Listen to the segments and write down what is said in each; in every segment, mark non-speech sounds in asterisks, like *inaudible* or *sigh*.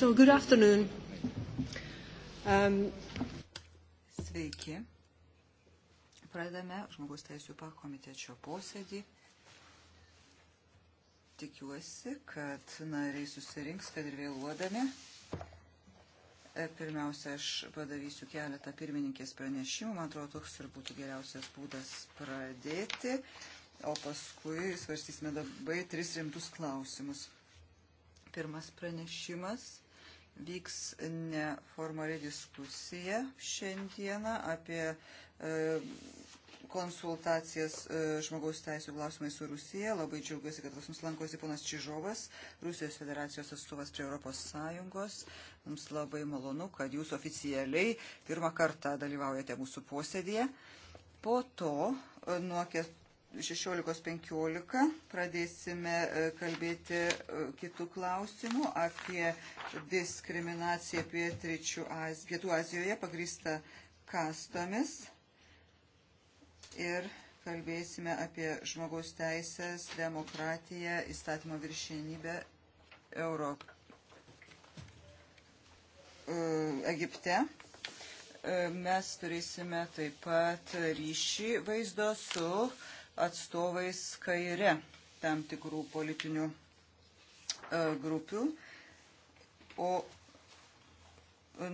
So, good afternoon. Um, Sveiki. Pradame žmogus teisų pakomitečio posėdį. Tikiuosi, kad nariai susirinks, kad ir vėluodami. E, pirmiausia, aš padarysiu keletą pirmininkės pranešimų. Man atrodo, toks ir būtų geriausias būdas pradėti. O paskui svarstysime labai tris rimtus klausimus. Pirmas pranešimas vyks neformali diskusija šiandieną apie e, konsultacijas e, žmogaus teisų klausimai su Rusija. Labai džiaugiuosi, kad pas mus lankosi ponas Čižovas, Rusijos federacijos atstovas prie Europos Sąjungos. Mums labai malonu, kad jūs oficialiai pirmą kartą dalyvaujate mūsų posėdėje. Po to e, nuo 16.15 pradėsime e, kalbėti e, kitų klausimų apie diskriminaciją pietričių, Pietų Azijoje pagrįsta kastomis ir kalbėsime apie žmogaus teisės, demokratiją, įstatymo viršienybę Europą. E, Egipte. Mes turėsime taip pat ryšį vaizdo su uh, atstovais kaire tam tikrų politinių e, grupių. O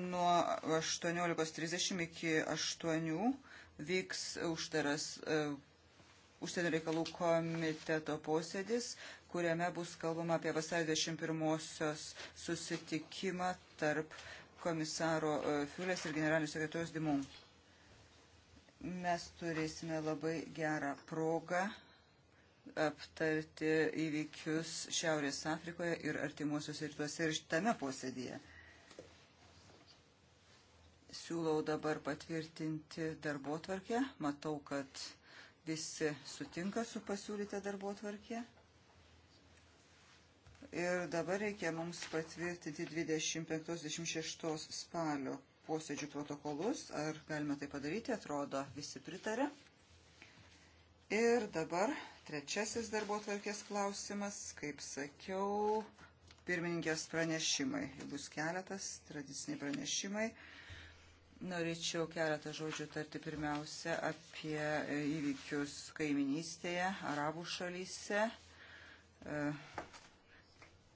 nuo 18.30 iki 8 vyks užtaras e, užsienio reikalų komiteto posėdis, kuriame bus kalbama apie vasario 21-osios susitikimą tarp komisaro e, Fiulės ir generalinio sekretoriaus Dimon mes turėsime labai gerą progą aptarti įvykius Šiaurės Afrikoje ir artimuosiuose rytuose ir tame posėdėje. Siūlau dabar patvirtinti darbo tvarkę. Matau, kad visi sutinka su pasiūlyta darbo tvarkė. Ir dabar reikia mums patvirtinti 25-26 spalio posėdžių protokolus. Ar galime tai padaryti? Atrodo, visi pritarė. Ir dabar trečiasis darbo tvarkės klausimas. Kaip sakiau, pirmininkės pranešimai. Bus keletas tradiciniai pranešimai. Norėčiau keletą žodžių tarti pirmiausia apie įvykius kaiminystėje, arabų šalyse. E,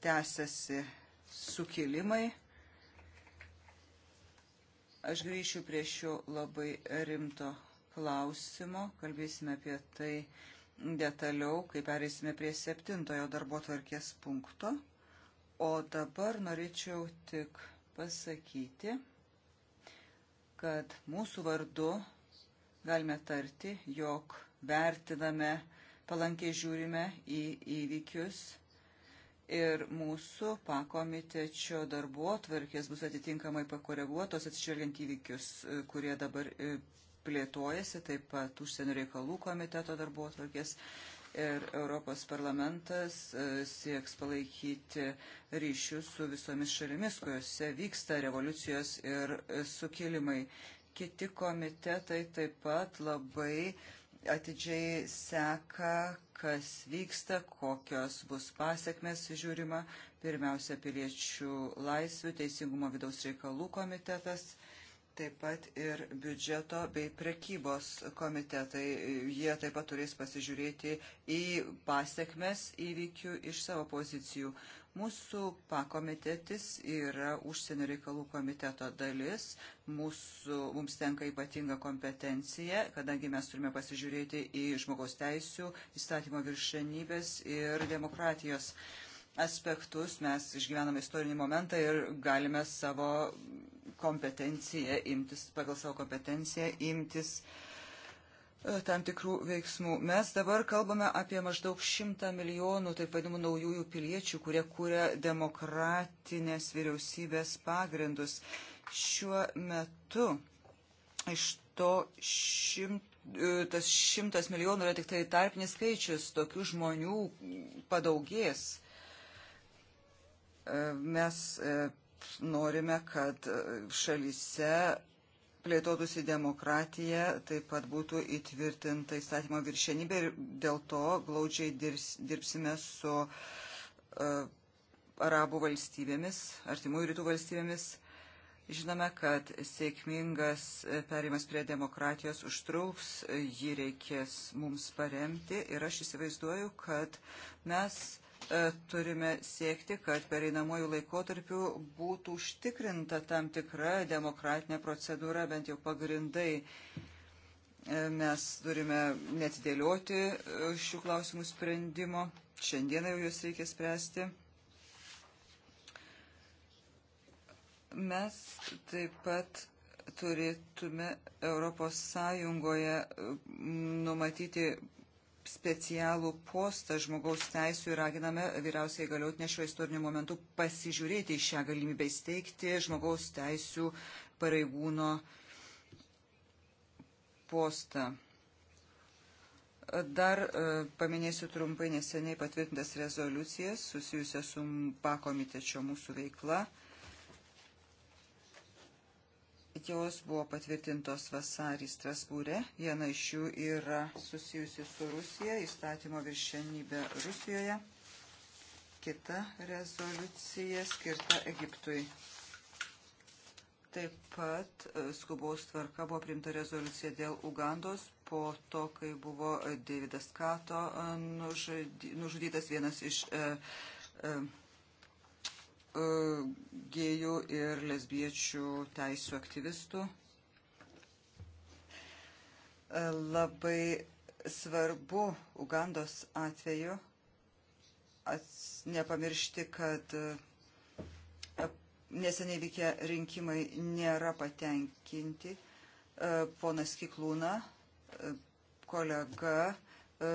tęsiasi sukilimai Aš grįšiu prie šio labai rimto klausimo, kalbėsime apie tai detaliau, kai pereisime prie septintojo darbo tvarkės punkto. O dabar norėčiau tik pasakyti, kad mūsų vardu galime tarti, jog vertiname, palankiai žiūrime į įvykius ir mūsų pakomitečio darbo tvarkės bus atitinkamai pakoreguotos atsižvelgiant įvykius, e, kurie dabar e, plėtojasi, taip pat užsienio reikalų komiteto darbo tvarkės ir Europos parlamentas e, sieks palaikyti ryšius su visomis šalimis, kuriuose vyksta revoliucijos ir sukilimai. Kiti komitetai taip pat labai atidžiai seka, kas vyksta, kokios bus pasiekmes žiūrima. Pirmiausia, piliečių laisvių, teisingumo vidaus reikalų komitetas, taip pat ir biudžeto bei prekybos komitetai. Jie taip pat turės pasižiūrėti į pasiekmes įvykių iš savo pozicijų. Mūsų pakomitetis yra užsienio reikalų komiteto dalis. Mūsų, mums tenka ypatinga kompetencija, kadangi mes turime pasižiūrėti į žmogaus teisų, įstatymo viršenybės ir demokratijos aspektus. Mes išgyvename istorinį momentą ir galime savo kompetenciją imtis, pagal savo kompetenciją imtis uh, E, tam tikrų veiksmų. Mes dabar kalbame apie maždaug šimtą milijonų taip vadimų naujųjų piliečių, kurie kūrė demokratinės vyriausybės pagrindus. Šiuo metu iš to šimt, e, tas šimtas milijonų yra tik tai tarpinis skaičius, tokių žmonių padaugės. E, mes norime, kad šalyse plėtotųsi demokratija, taip pat būtų įtvirtinta įstatymo viršenybė ir dėl to glaudžiai dirbs, dirbsime su uh, arabų valstybėmis, artimųjų rytų valstybėmis. Žinome, kad sėkmingas perimas prie demokratijos užtruks, jį reikės mums paremti ir aš įsivaizduoju, kad mes E, turime siekti, kad pereinamojų laikotarpių būtų užtikrinta tam tikra demokratinė procedūra, bent jau pagrindai. E, mes turime netidėlioti e, šių klausimų sprendimo. Šiandieną jau juos reikia spręsti. Mes taip pat turėtume Europos Sąjungoje numatyti specialų postą žmogaus teisų ir raginame vyriausiai galiotinę šiuo istoriniu momentu pasižiūrėti į šią galimybę įsteigti žmogaus teisų pareigūno postą. Dar e, paminėsiu trumpai neseniai patvirtintas rezoliucijas susijusias su pakomitečio mūsų veikla. Jos buvo patvirtintos vasarį Strasbūre. Viena iš jų yra susijusi su Rusija, įstatymo viršenybė Rusijoje. Kita rezoliucija skirta Egiptui. Taip pat e, skubaus tvarka buvo primta rezoliucija dėl Ugandos po to, kai buvo Davidas Kato e, nužudytas vienas iš. E, e, E, gėjų ir lesbiečių teisų aktyvistų. E, labai svarbu Ugandos atveju ats, nepamiršti, kad e, neseniai vykę rinkimai nėra patenkinti. Ponas Kiklūna, kolega, E,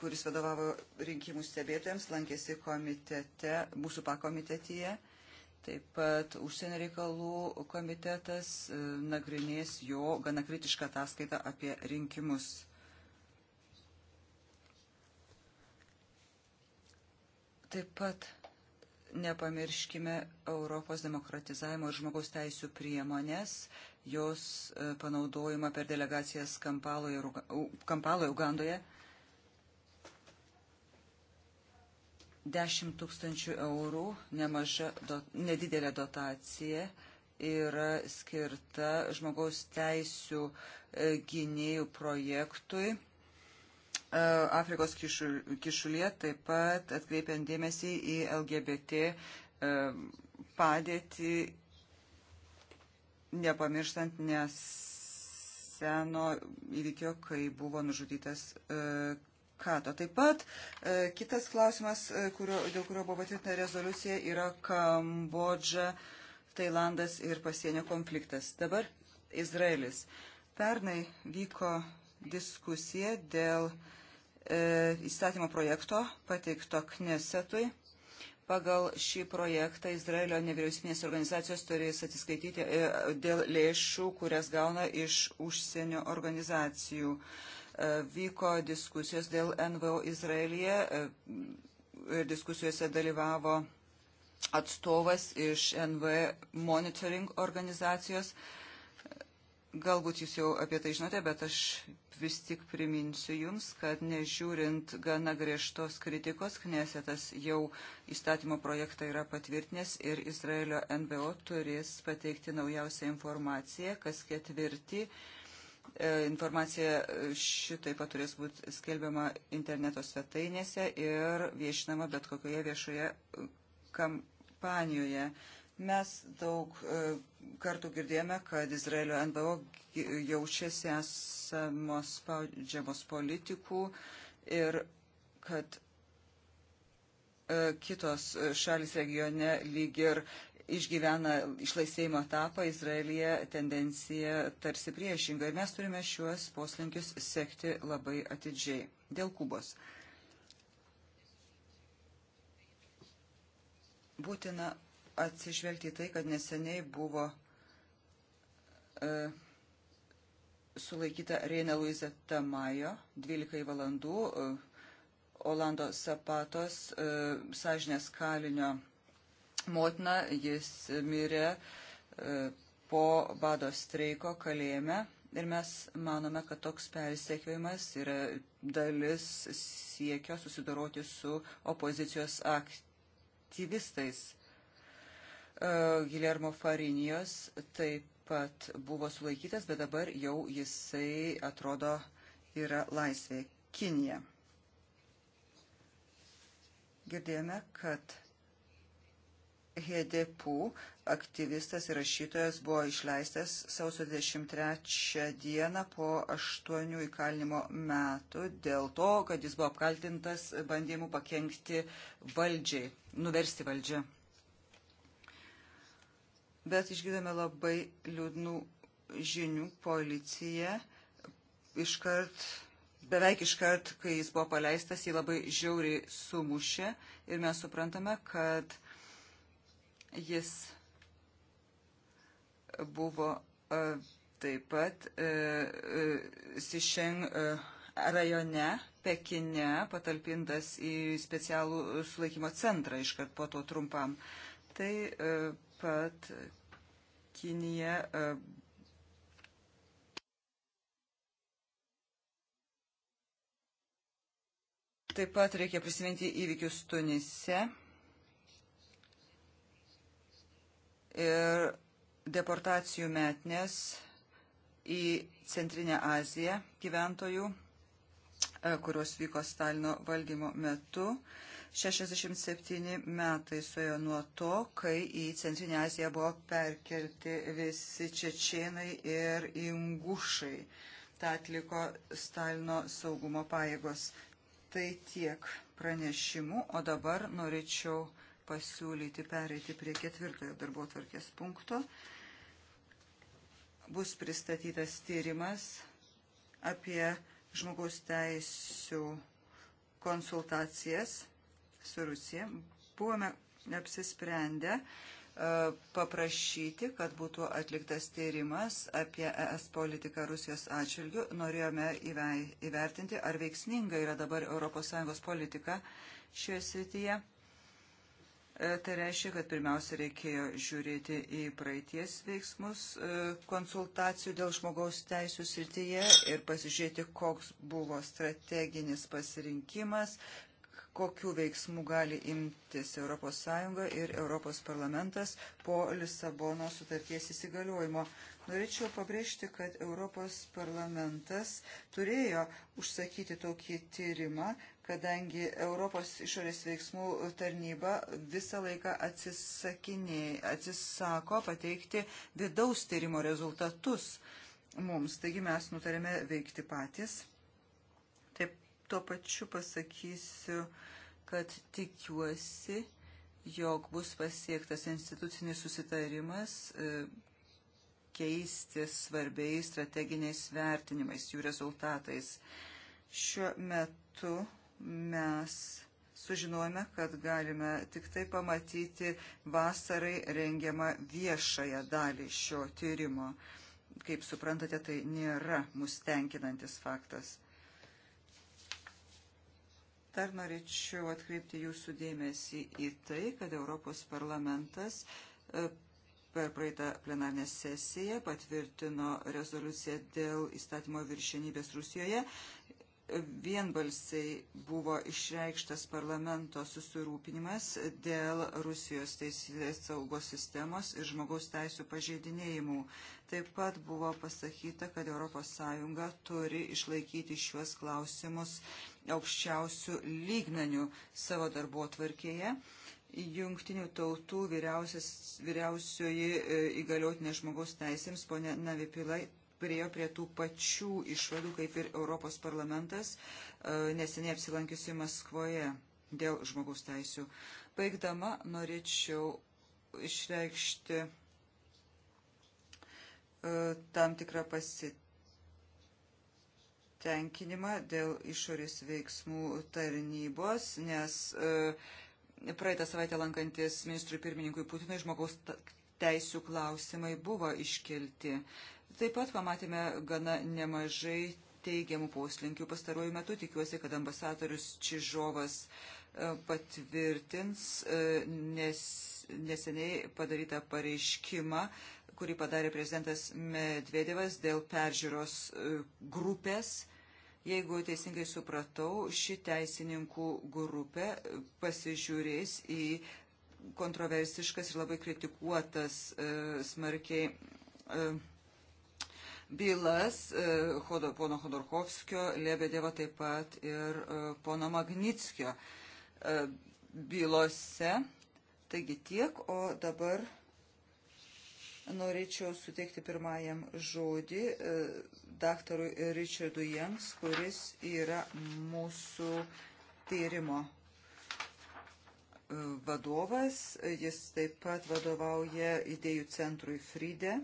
kuris vadovavo rinkimų stebėtojams, lankėsi komitete, mūsų pakomitetyje. Taip pat užsienio reikalų komitetas e, nagrinės jo gana kritišką ataskaitą apie rinkimus. Taip pat nepamirškime Europos demokratizavimo ir žmogaus teisų priemonės, jos e, panaudojimą per delegacijas Kampaloje, Kampaloje Ugandoje. 10 tūkstančių eurų, nemaža, do, nedidelė dotacija yra skirta žmogaus teisų e, gynėjų projektui. E, Afrikos kišulė taip pat atkreipiant dėmesį į LGBT e, padėtį, nepamirštant neseno įvykio, kai buvo nužudytas patriarkato. Taip pat e, kitas klausimas, e, kurio, dėl kurio buvo patvirtinta rezoliucija, yra Kambodža, Tailandas ir pasienio konfliktas. Dabar Izraelis. Pernai vyko diskusija dėl e, įstatymo projekto pateikto Knesetui. Pagal šį projektą Izraelio nevyriausybinės organizacijos turės atsiskaityti e, dėl lėšų, kurias gauna iš užsienio organizacijų. E, vyko diskusijos dėl NVO Izraelyje e, ir diskusijose dalyvavo atstovas iš NV monitoring organizacijos. Galbūt jūs jau apie tai žinote, bet aš vis tik priminsiu jums, kad nežiūrint gana griežtos kritikos, Knesetas jau įstatymo projektą yra patvirtinęs ir Izraelio NBO turės pateikti naujausią informaciją kas ketvirtį. Uh, E, informacija e, šitai pat turės būti skelbiama interneto svetainėse ir viešinama bet kokioje viešoje e, kampanijoje. Mes daug kartų girdėjome, kad Izraelio NBO jaučiasi esamos spaudžiamos politikų ir kad kitos šalis regione lyg ir išgyvena išlaisvėjimo etapą, Izraelija tendencija tarsi priešinga. Ir mes turime šiuos poslinkius sekti labai atidžiai. Dėl Kubos. Būtina atsižvelgti į tai, kad neseniai buvo e, sulaikyta Reina Luiza Tamajo 12 valandų e, Olando Sapatos e, sąžinės kalinio motiną. Jis mirė e, po bado streiko kalėjime. Ir mes manome, kad toks persiekiojimas yra dalis siekio susidoroti su opozicijos aktyvistais. E, Gilermo Farinijos taip pat buvo sulaikytas, bet dabar jau jisai atrodo yra laisvė. Kinija. Girdėjome, kad Hedepų, aktyvistas ir rašytojas, buvo išleistas sausio 23 dieną po aštuonių įkalinimo metų dėl to, kad jis buvo apkaltintas bandymų pakengti valdžiai, nuversti valdžią. Bet išgydome labai liūdnų žinių policija iškart beveik iškart, kai jis buvo paleistas, jį labai žiauriai sumušė ir mes suprantame, kad Jis buvo e, taip pat e, e, Sišeng rajone Pekine patalpintas į specialų sulaikymo centrą iškart po to trumpam. Tai pat Kinija Taip pat reikia prisiminti įvykius Tunise. ir deportacijų metnės į Centrinę Aziją gyventojų, e, kurios vyko Stalino valdymo metu. 67 metai suėjo nuo to, kai į Centrinę Aziją buvo perkelti visi čečienai ir ingušai. Ta atliko Stalino saugumo pajėgos. Tai tiek pranešimų, o dabar norėčiau pasiūlyti pereiti prie ketvirtojo darbo tvarkės punkto. Bus pristatytas tyrimas apie žmogaus teisų konsultacijas su Rusija. Buvome apsisprendę e, paprašyti, kad būtų atliktas tyrimas apie ES politiką Rusijos atšilgių. Norėjome įvertinti, ar veiksminga yra dabar ES politika šioje srityje. E, tai reiškia, kad pirmiausia reikėjo žiūrėti į praeities veiksmus e, konsultacijų dėl žmogaus teisų srityje ir pasižiūrėti, koks buvo strateginis pasirinkimas, kokių veiksmų gali imtis ES ir ES po Lisabono sutarties įsigaliojimo. Norėčiau pabrėžti, kad Europos parlamentas turėjo užsakyti tokį tyrimą, kadangi Europos išorės veiksmų tarnyba visą laiką atsisako pateikti vidaus tyrimo rezultatus mums. Taigi mes nutarėme veikti patys. Taip tuo pačiu pasakysiu, kad tikiuosi, jog bus pasiektas institucinis susitarimas. E, keistis svarbiais strateginiais vertinimais, jų rezultatais. Šiuo metu mes sužinojame, kad galime tik tai pamatyti vasarai rengiamą viešąją dalį šio tyrimo. Kaip suprantate, tai nėra mus tenkinantis faktas. Dar norėčiau atkreipti jūsų dėmesį į tai, kad Europos parlamentas e, per praeitą plenarnę sesiją patvirtino rezoliuciją dėl įstatymo viršienybės Rusijoje. Vienbalsiai buvo išreikštas parlamento susirūpinimas dėl Rusijos teisės saugos sistemos ir žmogaus teisų pažeidinėjimų. Taip pat buvo pasakyta, kad ES turi išlaikyti šiuos klausimus aukščiausių lygmenių savo darbo tvarkėje. Jungtinių tautų vyriausioji e, įgaliotinė žmogaus teisėms, ponė Navi Pilai, priejo prie tų pačių išvadų kaip ir Europos parlamentas, e, neseniai apsilankiusi Maskvoje dėl žmogaus teisų. Baigdama norėčiau išreikšti e, tam tikrą pasitenkinimą dėl išorės veiksmų tarnybos, nes uh, praeitą savaitę lankantis ministrui pirmininkui Putinui žmogaus teisų klausimai buvo iškelti. Taip pat pamatėme gana nemažai teigiamų poslinkių pastaruoju metu. Tikiuosi, kad ambasadorius Čižovas e, patvirtins e, nes, neseniai padarytą pareiškimą, kurį padarė prezidentas Medvedevas dėl peržiūros e, grupės Jeigu teisingai supratau, ši teisininkų grupė pasižiūrės į kontroversiškas ir labai kritikuotas e, smarkiai e, bylas e, hodo, pono Hodorkovskio, Lebedevo taip pat ir e, pono Magnitskio e, bylose. Taigi tiek, o dabar norėčiau suteikti pirmajam žodį e, daktarui Richardui Jengs, kuris yra mūsų tyrimo e, vadovas. Jis taip pat vadovauja idėjų centrui Fride.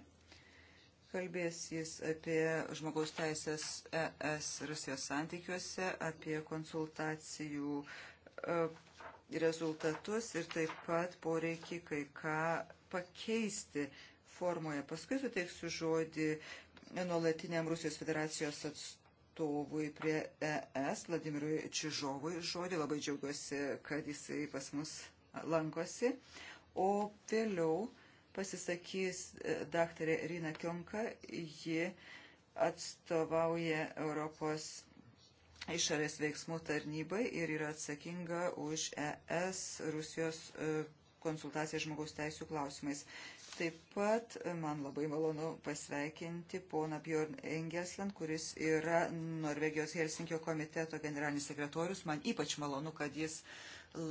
Kalbės jis apie žmogaus teisės ES Rusijos santykiuose, apie konsultacijų e, rezultatus ir taip pat poreikį kai ką pakeisti formoje. Paskui suteiksiu žodį nuolatiniam Rusijos federacijos atstovui prie ES, Vladimirui Čižovui. Žodį labai džiaugiuosi, kad jisai pas mus lankosi. O vėliau pasisakys e, daktarė Rina Kionka. Ji atstovauja Europos išorės veiksmų tarnybai ir yra atsakinga už ES Rusijos e, konsultaciją žmogaus teisų klausimais. Taip pat e, man labai malonu pasveikinti poną Bjorn Engelsland, kuris yra Norvegijos Helsinkio komiteto generalinis sekretorius. Man ypač malonu, kad jis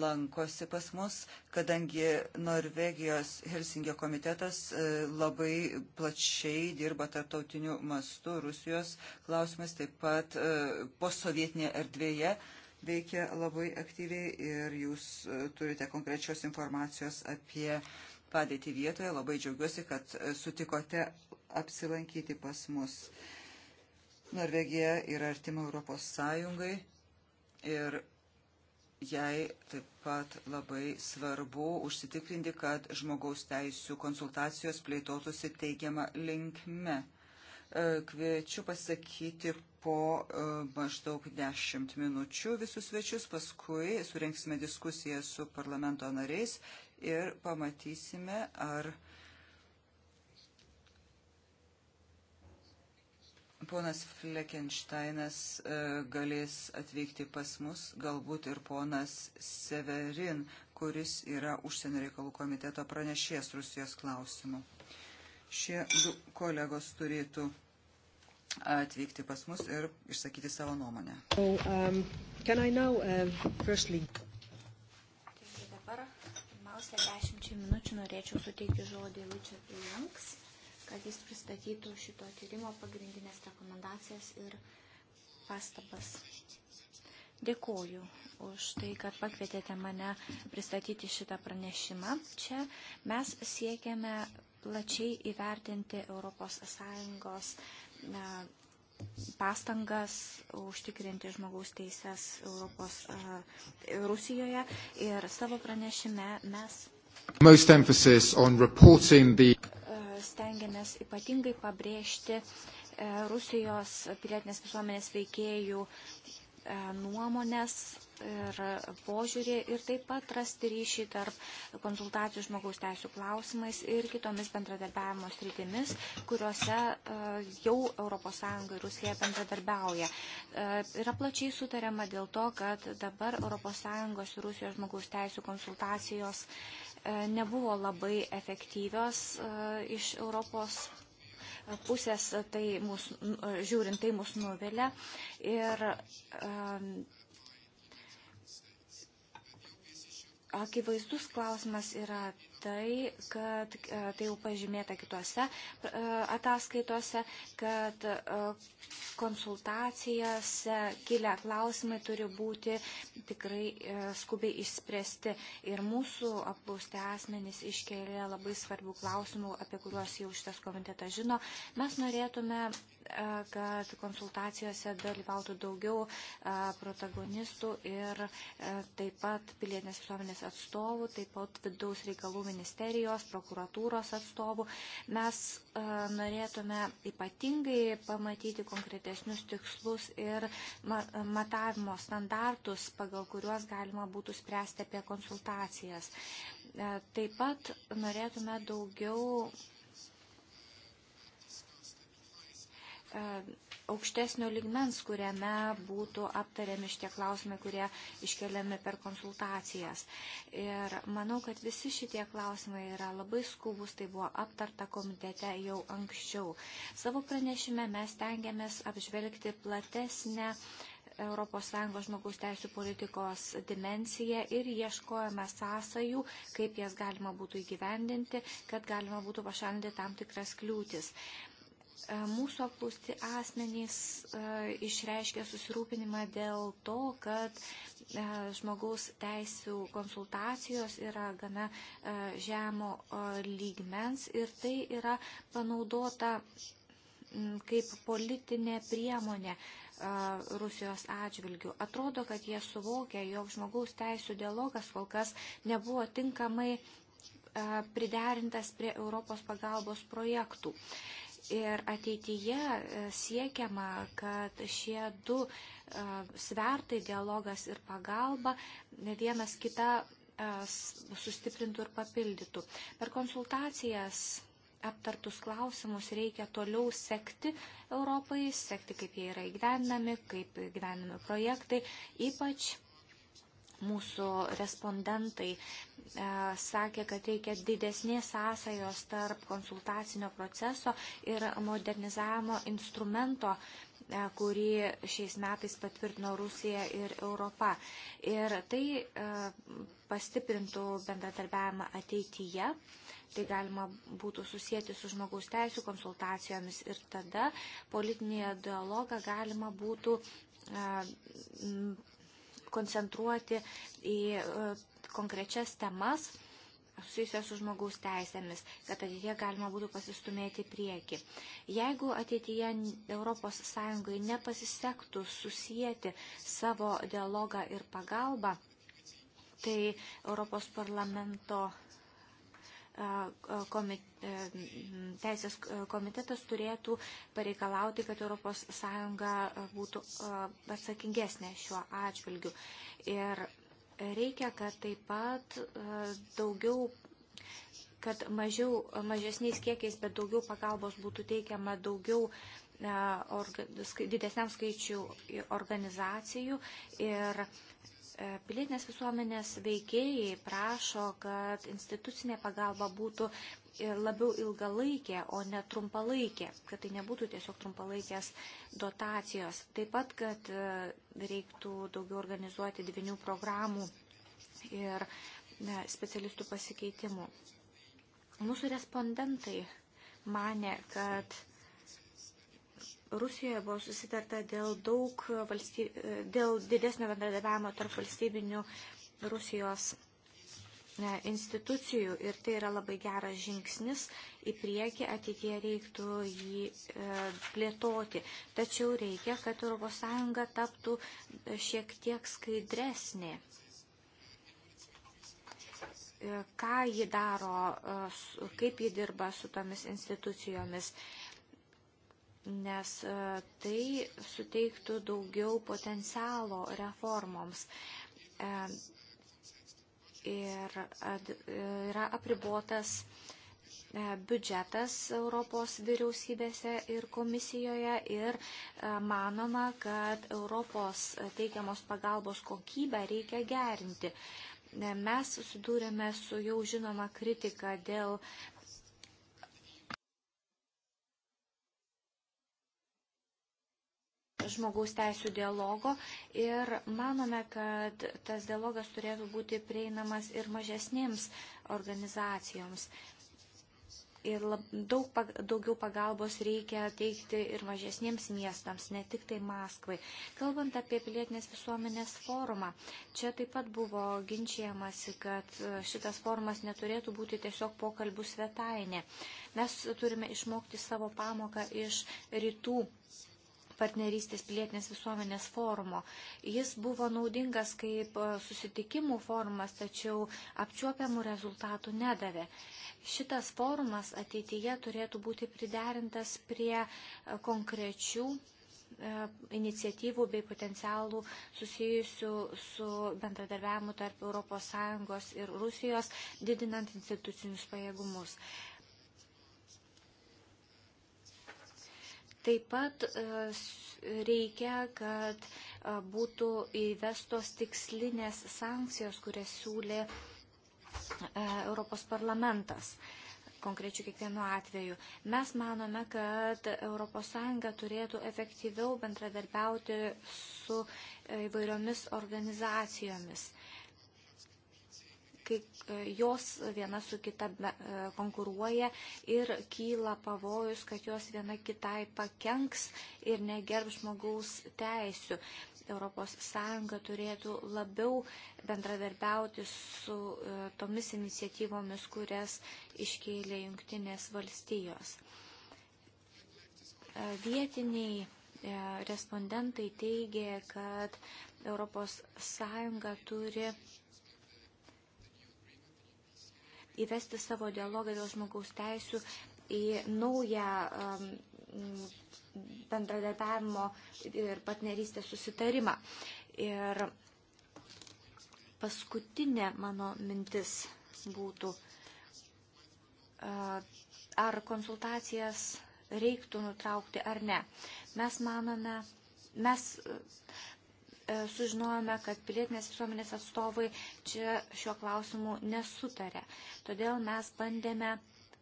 lankosi pas mus, kadangi Norvegijos Helsingio komitetas e, labai plačiai dirba tarptautiniu mastu Rusijos klausimais, taip pat e, posovietinėje erdvėje veikia labai aktyviai ir jūs turite konkrečios informacijos apie uh, padėtį vietoje. Labai džiaugiuosi, kad e, sutikote apsilankyti pas mus. Norvegija yra artima Europos Sąjungai ir jai taip pat labai svarbu užsitikrinti, kad žmogaus teisų konsultacijos plėtotųsi teigiamą linkme. E, kviečiu pasakyti po e, maždaug 10 minučių visus svečius, paskui surinksime diskusiją su parlamento nariais ir pamatysime, ar ponas Fleckensteinas e, galės atvykti pas mus, galbūt ir ponas Severin, kuris yra užsienio reikalų komiteto pranešės Rusijos klausimų. Šie du kolegos turėtų atvykti pas mus ir išsakyti savo nuomonę. So, um, now, uh, firstly... Pirmiausia, dešimčiai minučių norėčiau suteikti žodį Richardui Lanks, kad jis pristatytų šito tyrimo pagrindinės rekomendacijas ir pastabas. Dėkuoju už tai, kad pakvietėte mane pristatyti šitą pranešimą. Čia mes siekiame plačiai įvertinti ES pastangas užtikrinti žmogaus teises Europos Rusijoje ir savo pranešime mes the... stengiamės ypatingai pabrėžti Rusijos pilietinės visuomenės veikėjų E, nuomonės ir požiūrį ir taip pat rasti ryšį tarp konsultacijų žmogaus teisų klausimais ir kitomis bendradarbiavimo sritimis, kuriuose e, jau ES ir Rusija bendradarbiauja. E, yra plačiai sutariama dėl to, kad dabar ES ir Rusijos žmogaus teisų konsultacijos nebuvo labai efektyvios iš Europos pusės e, tai mus, e, žiūrint, tai mus nuvilia. Ir um, akivaizdus klausimas yra tai, kad e, tai jau pažymėta kitose e, ataskaitose, kad e, konsultacijose kilę klausimai turi būti tikrai skubiai išspręsti. Ir mūsų apklausti asmenys iškėlė labai svarbių klausimų, apie kuriuos jau šitas komitetas žino. Mes norėtume kad konsultacijose dalyvautų daugiau protagonistų ir taip pat pilietinės visuomenės atstovų, taip pat vidaus reikalų ministerijos, prokuratūros atstovų. Mes e, norėtume ypatingai pamatyti konkretesnius tikslus ir matavimo standartus, pagal kuriuos galima būtų spręsti apie konsultacijas. E, taip pat norėtume daugiau E, aukštesnio ligmens, kuriame būtų aptariami šitie klausimai, kurie iškeliami per konsultacijas. Ir manau, kad visi šitie klausimai yra labai skubus, tai buvo aptarta komitete jau anksčiau. Savo pranešime mes tengiamės apžvelgti platesnę ES žmogaus teisų politikos dimensiją ir ieškojame sąsajų, kaip jas galima būtų įgyvendinti, kad galima būtų pašalinti tam tikras kliūtis. E, mūsų apklausti asmenys e, išreiškė susirūpinimą dėl to, kad e, žmogaus teisų konsultacijos yra gana žemo lygmens ir tai yra panaudota kaip politinė priemonė Rusijos atžvilgių. Atrodo, kad jie suvokia, jog žmogaus teisų dialogas kol kas nebuvo tinkamai priderintas prie Europos pagalbos projektų. Ir ateityje e, siekiama, kad šie du e, svertai, dialogas ir pagalba, vienas kitą e, sustiprintų ir papildytų. Per konsultacijas aptartus klausimus reikia toliau sekti Europai, sekti, kaip jie yra įgyvendinami, kaip įgyvendinami projektai, ypač mūsų respondentai e, sakė, kad reikia didesnės sąsajos tarp konsultacinio proceso ir modernizavimo instrumento e, kurį šiais metais patvirtino Rusija ir Europa. Ir tai e, pastiprintų bendradarbiavimą ateityje. Tai galima būtų susijęti su žmogaus teisų konsultacijomis ir tada politinėje dialogą galima būtų koncentruoti į e, konkrečias temas susijusios su žmogaus teisėmis, kad ateitie galima būtų pasistumėti prieki. Jeigu ateityje ES nepasisektų susijęti savo dialogą ir pagalbą, tai Europos parlamento komit, e, teisės komitetas turėtų pareikalauti, kad ES būtų atsakingesnė šiuo atžvilgiu. Ir reikia, kad taip pat daugiau kad mažiau, mažesniais kiekiais, bet daugiau pagalbos būtų teikiama daugiau orga, didesniam skaičių organizacijų ir E, pilietinės visuomenės veikėjai prašo, kad institucinė pagalba būtų labiau ilgalaikė, o ne trumpalaikė, kad tai nebūtų tiesiog trumpalaikės dotacijos. Taip pat, kad e, reiktų daugiau organizuoti dvinių programų ir ne, specialistų pasikeitimų. Mūsų respondentai mane, kad Rusijoje buvo susitarta dėl, daug valstyb... dėl didesnio bendradarbiavimo tarp valstybinių Rusijos e, institucijų ir tai yra labai geras žingsnis į priekį, ateitie reiktų jį e, plėtoti. Tačiau reikia, kad ES taptų e, šiek tiek skaidresnė. Ką ji daro, kaip ji dirba su tomis institucijomis nes e, tai suteiktų daugiau potencialo reformoms. E, ir e, yra apribotas biudžetas Europos vyriausybėse ir komisijoje ir manoma, kad Europos teikiamos pagalbos kokybę reikia gerinti. Mes susidūrėme su jau žinoma kritika dėl žmogaus teisų dialogo ir manome, kad tas dialogas turėtų būti prieinamas ir mažesnėms organizacijoms. Ir lab, daug, pag, daugiau pagalbos reikia teikti ir mažesniems miestams, ne tik tai Maskvai. Kalbant apie pilietinės visuomenės forumą, čia taip pat buvo ginčiamasi, kad šitas forumas neturėtų būti tiesiog pokalbių svetainė. Mes turime išmokti savo pamoką iš rytų partnerystės pilietinės visuomenės forumo. Jis buvo naudingas kaip e, susitikimų forumas, tačiau apčiuopiamų rezultatų nedavė. Šitas forumas ateityje turėtų būti priderintas prie e, konkrečių e, iniciatyvų bei potencialų susijusių su bendradarbiavimu tarp ES ir Rusijos, didinant institucinius pajėgumus. Taip pat e, reikia, kad e, būtų įvestos tikslinės sankcijos, kurias siūlė e, Europos parlamentas konkrečių kiekvienu atveju. Mes manome, kad ES turėtų efektyviau bendradarbiauti su įvairiomis organizacijomis kai e, jos viena su kita e, konkuruoja ir kyla pavojus, kad jos viena kitai pakenks ir negerb žmogaus teisių. ES turėtų labiau bendradarbiauti su e, tomis iniciatyvomis, kurias iškėlė Junktinės valstijos. Vietiniai respondentai teigė, kad ES turi įvesti savo dialogą dėl žmogaus teisų į naują um, bendradarbiavimo ir partnerystės susitarimą. Ir paskutinė mano mintis būtų, uh, ar konsultacijas reiktų nutraukti ar ne. Mes manome, mes E, sužinojome, kad pilietinės visuomenės atstovai čia šiuo klausimu nesutarė. Todėl mes bandėme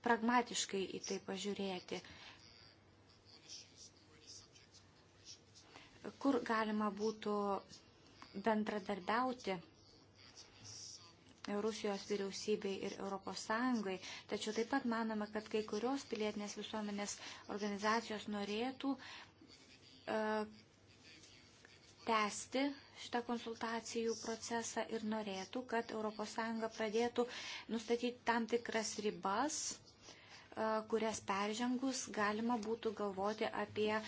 pragmatiškai į tai pažiūrėti. Kur galima būtų bendradarbiauti Rusijos vyriausybei ir Europos Sąjungai, tačiau taip pat manome, kad kai kurios pilietinės visuomenės organizacijos norėtų e, tęsti šitą konsultacijų procesą ir norėtų, kad ES pradėtų nustatyti tam tikras ribas, e, kurias peržengus galima būtų galvoti apie e,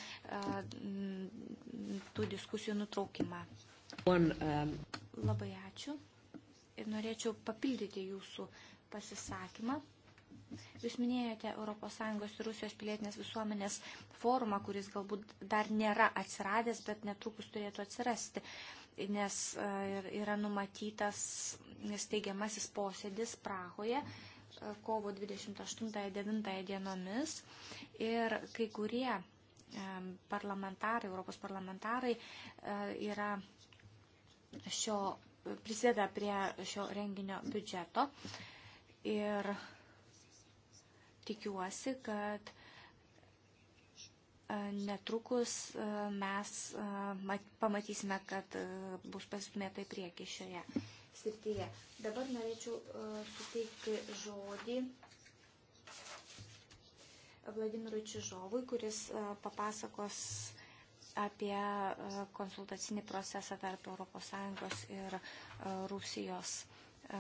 tų diskusijų nutraukimą. One, um... Labai ačiū. Ir norėčiau papildyti jūsų pasisakymą. Jūs minėjote ES ir Rusijos pilietinės visuomenės forumą, kuris galbūt dar nėra atsiradęs, bet netrukus turėtų atsirasti, nes e, yra numatytas steigiamasis posėdis Prahoje e, kovo 28-9 dienomis ir kai kurie e, parlamentarai, Europos parlamentarai yra šio prisideda prie šio renginio biudžeto. Ir tikiuosi, kad e, netrukus e, mes e, pamatysime, kad bus pasimėta į priekį šioje srityje. Dabar norėčiau suteikti žodį Vladimirui Čižovui, kuris papasakos apie konsultacinį procesą tarp ES ir Rusijos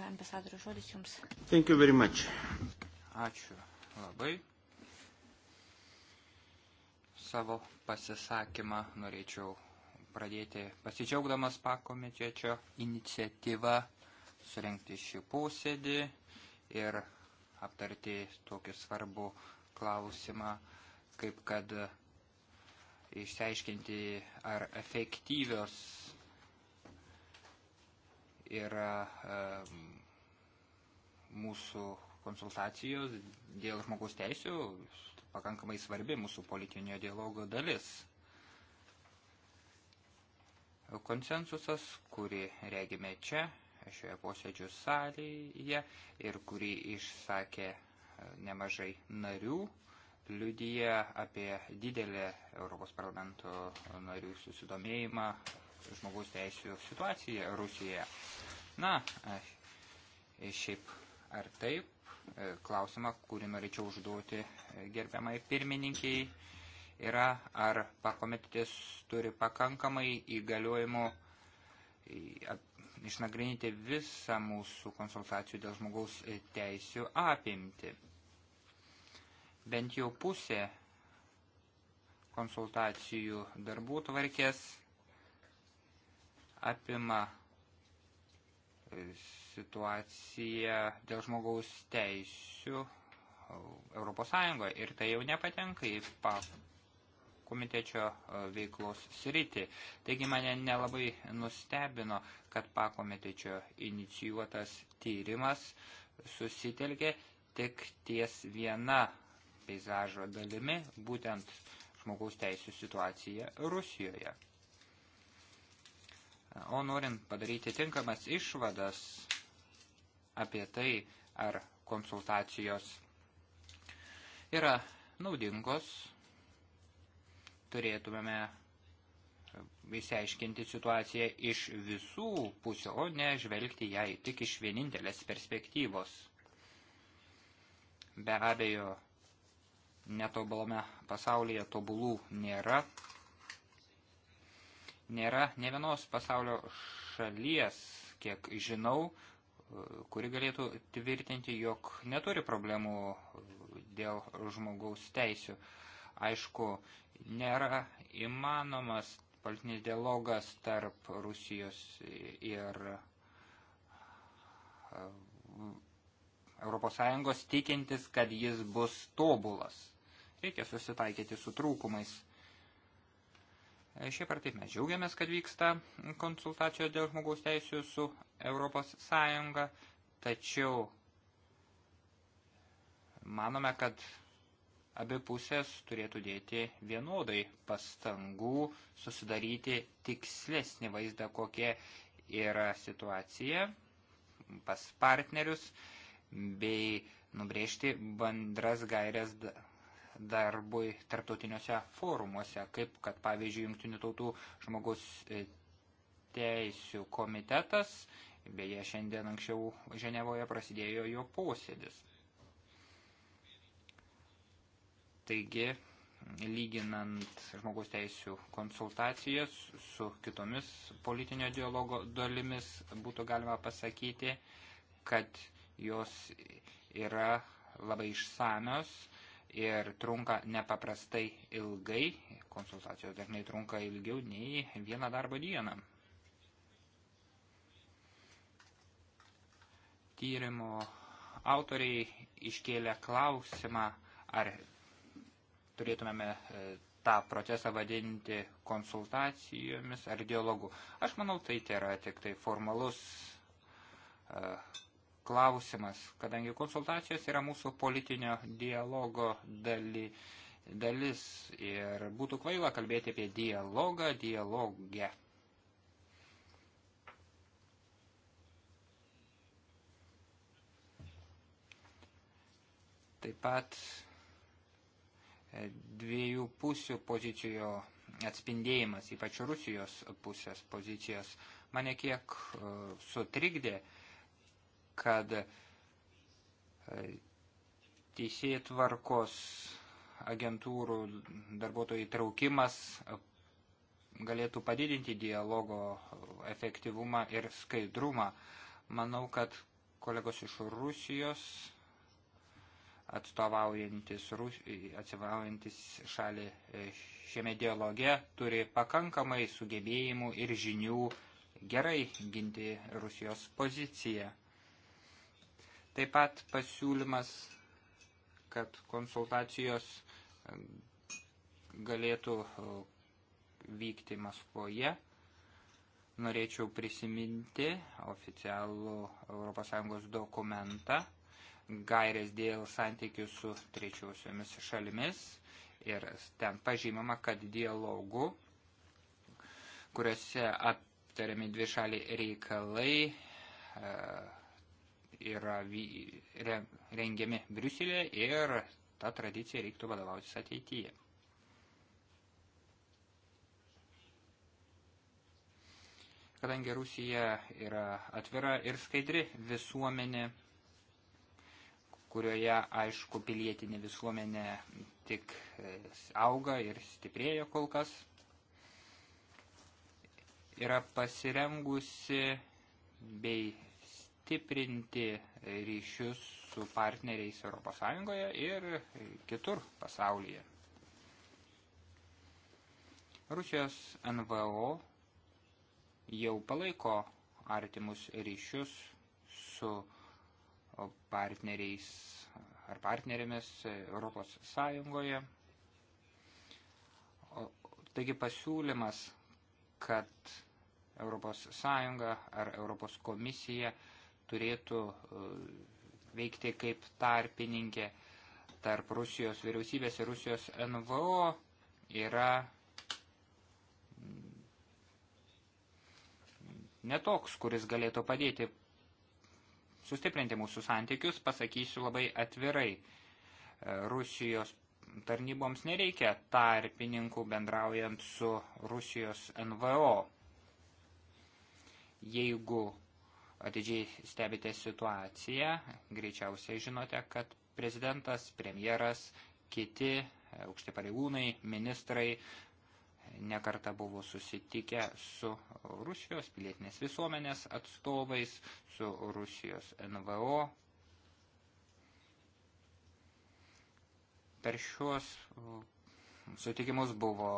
ambasadorių žodis jums. Thank you very much. Ačiū labai. Savo pasisakymą norėčiau pradėti pasidžiaugdamas pakomitečio iniciatyvą surenkti šį posėdį ir aptarti tokį svarbų klausimą, kaip kad išsiaiškinti, ar efektyvios yra e, mūsų konsultacijos dėl žmogaus teisių pakankamai svarbi mūsų politinio dialogo dalis. Konsensusas, kurį regime čia, šioje posėdžių salėje ir kurį išsakė e, nemažai narių, liudyje apie didelį Europos parlamento narių susidomėjimą žmogaus teisų situaciją Rusijoje. Na, e, šiaip ar taip, E, klausimą, kurį norėčiau užduoti e, gerbiamai pirmininkiai, yra, ar pakomitetis turi pakankamai įgaliojimų išnagrinėti visą mūsų konsultacijų dėl žmogaus e, teisių apimti. Bent jau pusė konsultacijų darbų tvarkės apima situacija dėl žmogaus teisių Europos Sąjungoje ir tai jau nepatenka į PAP komitečio e, veiklos sritį. Taigi mane nelabai nustebino, kad pakomitečio inicijuotas tyrimas susitelkė tik ties viena peizažo dalimi, būtent žmogaus teisų situacija Rusijoje. O norint padaryti tinkamas išvadas, apie tai, ar konsultacijos yra naudingos, turėtumėme įsiaiškinti situaciją iš visų pusių, o ne žvelgti jai tik iš vienintelės perspektyvos. Be abejo, netobulame pasaulyje tobulų nėra. Nėra ne vienos pasaulio šalies, kiek žinau, kuri galėtų tvirtinti, jog neturi problemų dėl žmogaus teisių. Aišku, nėra įmanomas politinis dialogas tarp Rusijos ir ES tikintis, kad jis bus tobulas. Reikia susitaikyti su trūkumais. Šiaip ar taip mes džiaugiamės, kad vyksta konsultacijos dėl žmogaus teisų su Europos Sąjunga, tačiau manome, kad abi pusės turėtų dėti vienodai pastangų susidaryti tikslesnį vaizdą, kokia yra situacija pas partnerius bei nubrėžti bandras gairias darbui tarptautiniuose forumuose, kaip kad pavyzdžiui Junktinių tautų žmogaus e, teisių komitetas, beje šiandien anksčiau Ženevoje prasidėjo jo posėdis. Taigi, lyginant žmogaus teisių konsultacijas su kitomis politinio dialogo dalimis, būtų galima pasakyti, kad jos yra labai išsamios, ir trunka nepaprastai ilgai, konsultacijos dažnai trunka ilgiau nei vieną darbo dieną. Tyrimo autoriai iškėlė klausimą, ar turėtumėme e, tą procesą vadinti konsultacijomis ar dialogu. Aš manau, tai yra tik tai formalus e, klausimas, kadangi konsultacijos yra mūsų politinio dialogo daly, dalis ir būtų kvaila kalbėti apie dialogą dialogę. Taip pat e, dviejų pusių pozicijų atspindėjimas, ypač Rusijos pusės pozicijos, mane kiek e, sutrikdė, uh, kad e, teisėjai tvarkos agentūrų darbuotojų įtraukimas galėtų padidinti dialogo efektyvumą ir skaidrumą. Manau, kad kolegos iš Rusijos atstovaujantis, atstovaujantis šalį e, šiame dialoge turi pakankamai sugebėjimų ir žinių gerai ginti Rusijos poziciją. Taip pat pasiūlymas, kad konsultacijos e, galėtų e, vykti Maskvoje. Norėčiau prisiminti oficialų ES dokumentą, gairės dėl santykių su trečiosiomis šalimis ir ten pažymama, kad dialogų, kuriuose aptariami dvišaliai reikalai, e, yra rengiami Briuselėje ir tą tradiciją reiktų vadovautis ateityje. Kadangi Rusija yra atvira ir skaidri visuomenė, kurioje, aišku, pilietinė visuomenė tik e, auga ir stiprėja kol kas, yra pasirengusi bei stiprinti ryšius su partneriais ES ir kitur pasaulyje. Rusijos NVO jau palaiko artimus ryšius su partneriais ar partnerėmis Europos Sąjungoje. Taigi pasiūlymas, kad Europos Sąjunga ar Europos komisija uh, turėtų e, veikti kaip tarpininkė tarp Rusijos vyriausybės ir Rusijos NVO yra netoks, kuris galėtų padėti sustiprinti mūsų santykius, pasakysiu labai atvirai. E, Rusijos tarnyboms nereikia tarpininkų bendraujant su Rusijos NVO. Jeigu atidžiai stebite situaciją, greičiausiai žinote, kad prezidentas, premjeras, kiti e, aukšti pareigūnai, ministrai nekarta buvo susitikę su Rusijos pilietinės visuomenės atstovais, su Rusijos NVO. Per šiuos e, sutikimus buvo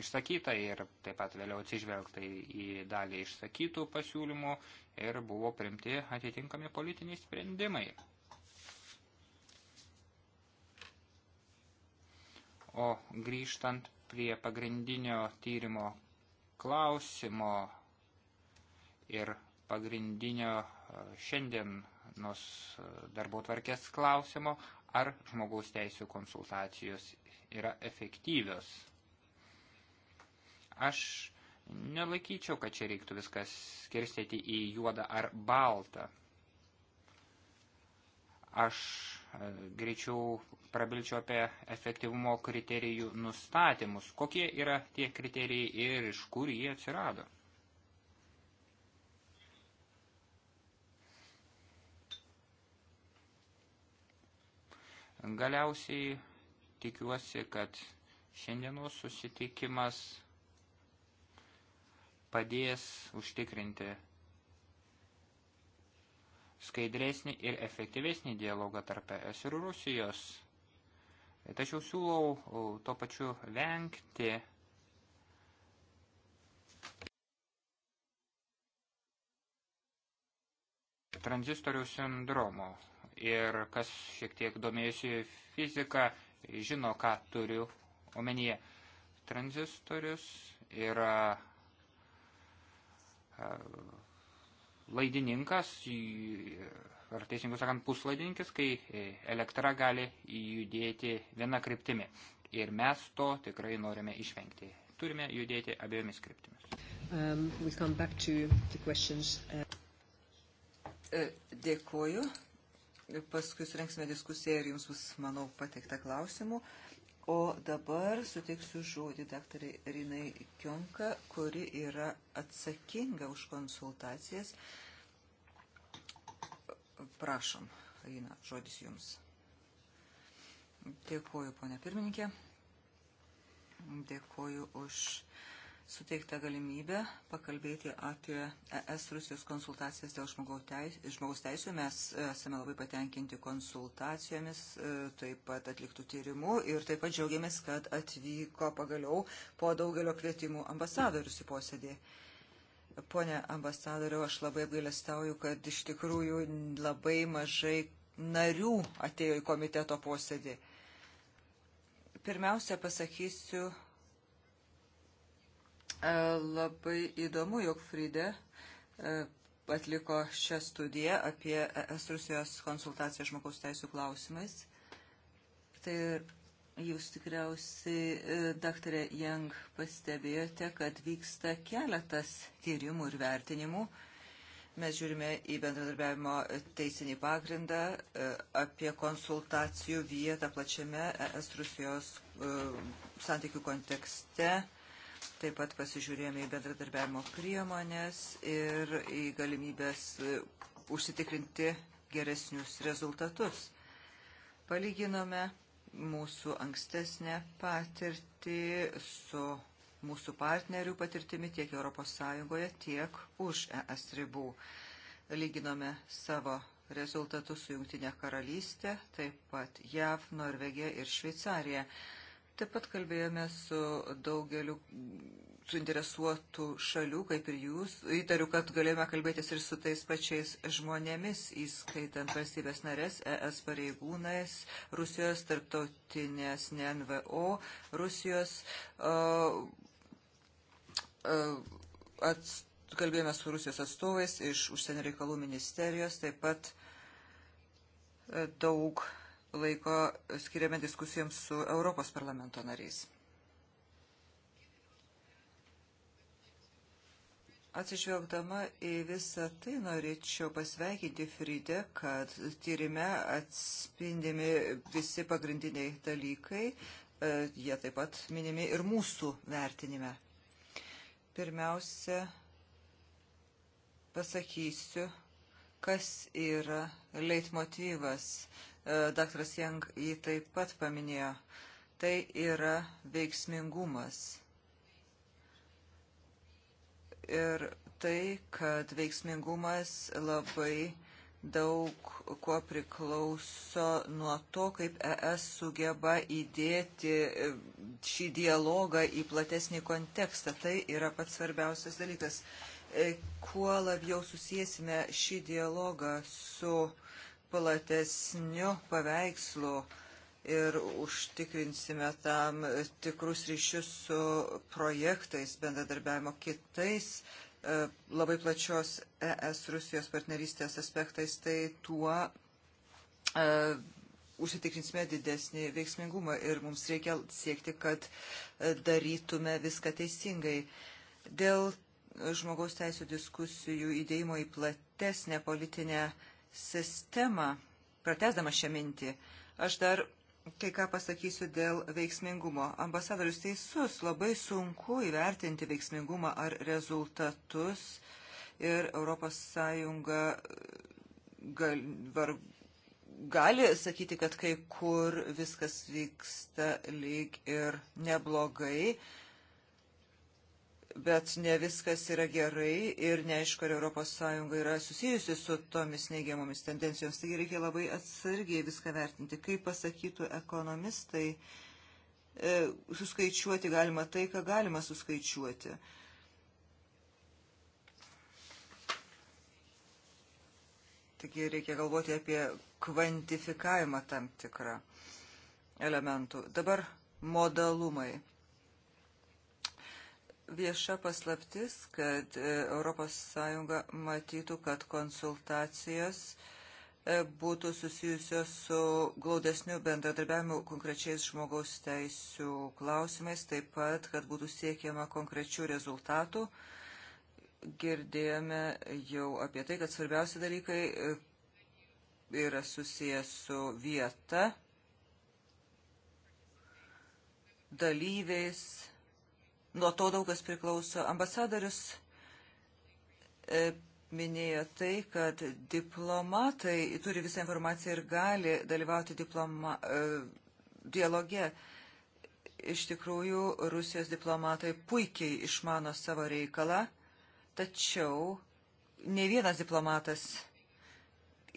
išsakyta ir taip pat vėliau atsižvelgta į dalį išsakytų pasiūlymų ir buvo primti atitinkami politiniai sprendimai. O grįžtant prie pagrindinio tyrimo klausimo ir pagrindinio e, šiandienos e, darbo tvarkės klausimo, ar žmogaus teisų konsultacijos yra efektyvios. Aš nelaikyčiau, kad čia reiktų viskas skirstyti į juodą ar baltą. Aš e, greičiau prabilčiau apie efektyvumo kriterijų nustatymus. Kokie yra tie kriterijai ir iš kur jie atsirado? Galiausiai tikiuosi, kad šiandienos susitikimas padės užtikrinti skaidresnį ir efektyvesnį dialogą tarp ES ir Rusijos. Tačiau siūlau to pačiu vengti tranzistorių sindromo. Ir kas šiek tiek domėjusi fiziką, žino, ką turiu omenyje. Tranzistorius yra laidininkas, ar teisingai sakant, puslaidininkis, kai e, elektra gali judėti viena kryptimi. Ir mes to tikrai norime išvengti. Turime judėti abiejomis kryptimis. Um, uh... E, Dėkuoju. Paskui surinksime diskusiją ir jums bus, manau, pateikta klausimų. Uh, O dabar suteiksiu žodį daktarai Rinai Kionka, kuri yra atsakinga už konsultacijas. Prašom, Rina, žodis jums. Dėkuoju, ponia pirmininkė. Dėkuoju už suteiktą galimybę pakalbėti apie ES Rusijos konsultacijas dėl žmogaus teisų. Mes esame labai patenkinti konsultacijomis, e, taip pat atliktų tyrimų ir taip pat džiaugiamės, kad atvyko pagaliau po daugelio kvietimų ambasadorius į posėdį. Pone ambasadoriu, aš labai apgailestauju, kad iš tikrųjų labai mažai narių atėjo į komiteto posėdį. Pirmiausia, pasakysiu E, labai įdomu, jog Fride e, atliko šią studiją apie ES Rusijos konsultaciją žmogaus teisų klausimais. Tai jūs tikriausiai, e, daktarė Jeng, pastebėjote, kad vyksta keletas tyrimų ir vertinimų. Mes žiūrime į bendradarbiavimo teisinį pagrindą, apie konsultacijų vietą plačiame ES Rusijos santykių kontekste Taip pat pasižiūrėjome į bendradarbiavimo priemonės ir į galimybės e, užsitikrinti geresnius rezultatus. Palyginome mūsų ankstesnę patirtį su mūsų partnerių patirtimi tiek ES, tiek už ES ribų. Lyginome savo rezultatus su Jungtinė karalystė, taip pat JAV, Norvegija ir Šveicarija. Taip pat kalbėjome su daugeliu suinteresuotų šalių, kaip ir jūs. Įtariu, kad galėjome kalbėtis ir su tais pačiais žmonėmis, įskaitant valstybės narės, ES pareigūnais, Rusijos tarptautinės ne NVO, Rusijos uh, uh, atstovų kalbėjome su Rusijos atstovais iš užsienio reikalų ministerijos, taip pat e, daug laiko skiriame diskusijoms su Europos parlamento nariais. Atsižvelgdama į visą tai norėčiau pasveikinti Fridę, kad tyrime atspindimi visi pagrindiniai dalykai, e, jie taip pat minimi ir mūsų vertinime. Pirmiausia, pasakysiu, kas yra leitmotyvas E, daktaras Jang jį taip pat paminėjo. Tai yra veiksmingumas. Ir tai, kad veiksmingumas labai daug kuo priklauso nuo to, kaip ES sugeba įdėti e, šį dialogą į platesnį kontekstą. Tai yra pats svarbiausias dalykas. E, kuo labiau susijęsime šį dialogą su platesniu paveikslu ir užtikrinsime tam tikrus ryšius su projektais bendradarbiavimo kitais e, labai plačios ES Rusijos partnerystės aspektais, tai tuo e, užsitikrinsime didesnį veiksmingumą ir mums reikia siekti, kad e, darytume viską teisingai. Dėl žmogaus teisų diskusijų įdėjimo į platesnę politinę uh, sistemą, pratesdama šią mintį, aš dar kai ką pasakysiu dėl veiksmingumo. Ambasadorius teisus, labai sunku įvertinti veiksmingumą ar rezultatus ir ES e, gal, var, gali sakyti, kad kai kur viskas vyksta lyg ir neblogai. Uh, bet ne viskas yra gerai ir neaišku, ar ES yra susijusi su tomis neigiamomis tendencijomis. Taigi reikia labai atsargiai viską vertinti. Kaip pasakytų ekonomistai, e, suskaičiuoti galima tai, ką galima suskaičiuoti. Taigi reikia galvoti apie kvantifikavimą tam tikrą elementų. Dabar modalumai vieša paslaptis, kad ES matytų, kad konsultacijos e, būtų susijusios su glaudesniu bendradarbiavimu konkrečiais žmogaus teisų klausimais, taip pat, kad būtų siekiama konkrečių rezultatų. Girdėjome jau apie tai, kad svarbiausi dalykai e, yra susijęs su vieta, dalyviais, nuo to daug kas priklauso. Ambasadorius e, minėjo tai, kad diplomatai turi visą informaciją ir gali dalyvauti diploma, e, dialoge. Iš tikrųjų, Rusijos diplomatai puikiai išmano savo reikalą, tačiau ne vienas diplomatas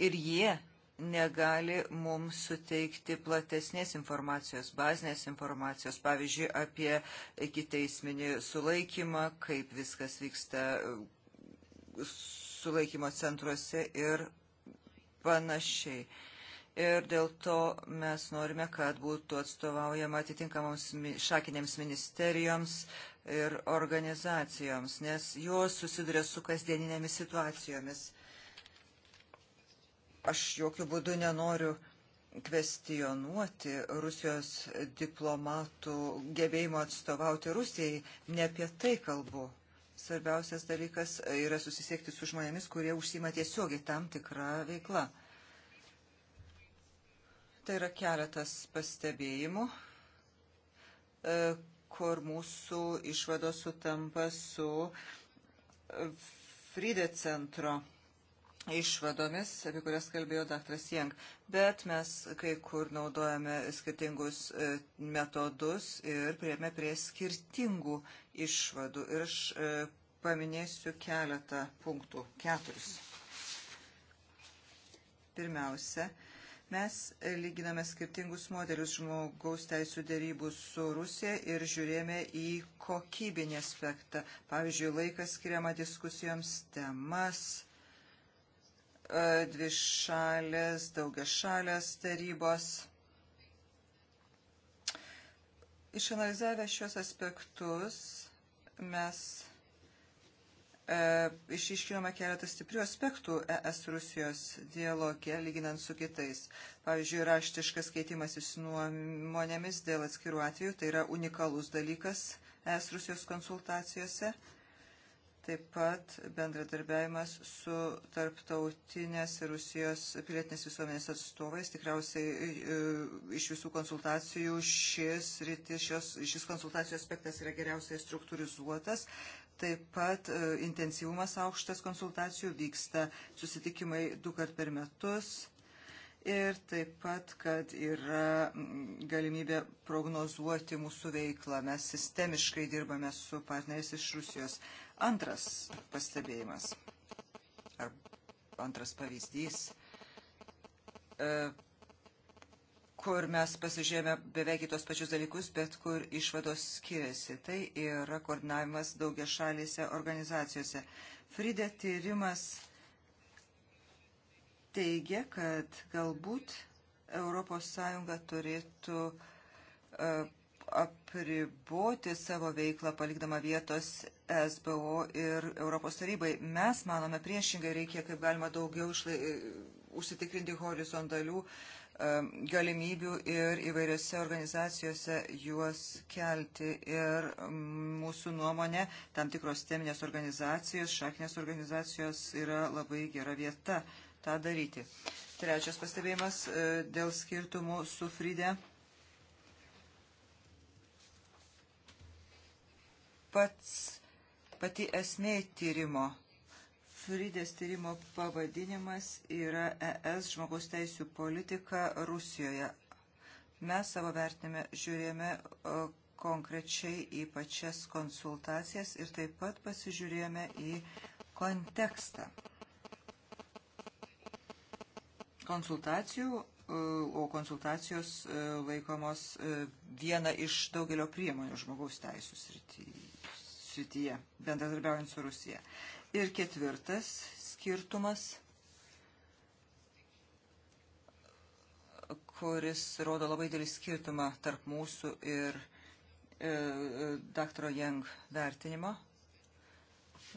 ir jie negali mums suteikti platesnės informacijos, bazinės informacijos, pavyzdžiui, apie ikiteisminį sulaikymą, kaip viskas vyksta sulaikymo centruose ir panašiai. Ir dėl to mes norime, kad būtų atstovaujama atitinkamoms šakinėms ministerijoms ir organizacijoms, nes jos susiduria su kasdieninėmis situacijomis. Aš jokių būdų nenoriu kvestionuoti Rusijos diplomatų gebėjimo atstovauti Rusijai. Ne apie tai kalbu. Svarbiausias dalykas yra susisiekti su žmonėmis, kurie užsima tiesiogiai tam tikrą veiklą. Tai yra keletas pastebėjimų, e, kur mūsų išvados sutampa su Fride centro išvadomis, apie kurias kalbėjo dr. Sieng. Bet mes kai kur naudojame skirtingus e, metodus ir prieėmė prie skirtingų išvadų. Ir aš e, paminėsiu keletą punktų, keturis. Pirmiausia, mes lyginame skirtingus modelius žmogaus teisų dėrybų su Rusija ir žiūrėjome į kokybinį aspektą. Pavyzdžiui, laikas skiriama diskusijoms, temas E, dvi šalės, daugia šalės tarybos. Išanalizavę šios aspektus mes e, išiškinome keletą stiprių aspektų ES Rusijos dialogė, lyginant su kitais. Pavyzdžiui, raštiškas keitimasis nuomonėmis dėl atskirų atvejų, tai yra unikalus dalykas ES Rusijos konsultacijose taip pat bendradarbiavimas su tarptautinės ir Rusijos pilietinės visuomenės atstovais. Tikriausiai e, iš visų konsultacijų šis, rytis, šios, šis konsultacijų aspektas yra geriausiai struktūrizuotas. Taip pat e, intensyvumas aukštas konsultacijų vyksta susitikimai du kart per metus. Ir taip pat, kad yra mm, galimybė prognozuoti mūsų veiklą. Mes sistemiškai dirbame su partneriais iš Rusijos. Antras pastebėjimas ar antras pavyzdys, e, kur mes pasižiūrėjome beveik į tos pačius dalykus, bet kur išvados skiriasi. Tai yra koordinavimas daugia šalyse organizacijose. Fride tyrimas teigia, kad galbūt ES turėtų uh, apriboti savo veiklą, palikdama vietos SBO ir Europos tarybai. Mes manome priešingai, reikia kaip galima daugiau išlai, užsitikrinti horizontalių um, galimybių ir įvairiose organizacijose juos kelti. Ir mūsų nuomonė, tam tikros teminės organizacijos, šaknės organizacijos yra labai gera vieta tą daryti. Trečias pastebėjimas e, dėl skirtumų su Fride pats, pati esmė tyrimo. Fridės tyrimo pavadinimas yra ES žmogaus teisų politika Rusijoje. Mes savo vertinime žiūrėjome konkrečiai į pačias konsultacijas ir taip pat pasižiūrėjome į kontekstą. Konsultacijų o konsultacijos e, laikomos e, viena iš daugelio priemonių žmogaus teisų srityje srityje, bendradarbiaujant su Rusija. Ir ketvirtas skirtumas, kuris rodo labai dėlį skirtumą tarp mūsų ir e, e, daktaro Jeng vertinimo.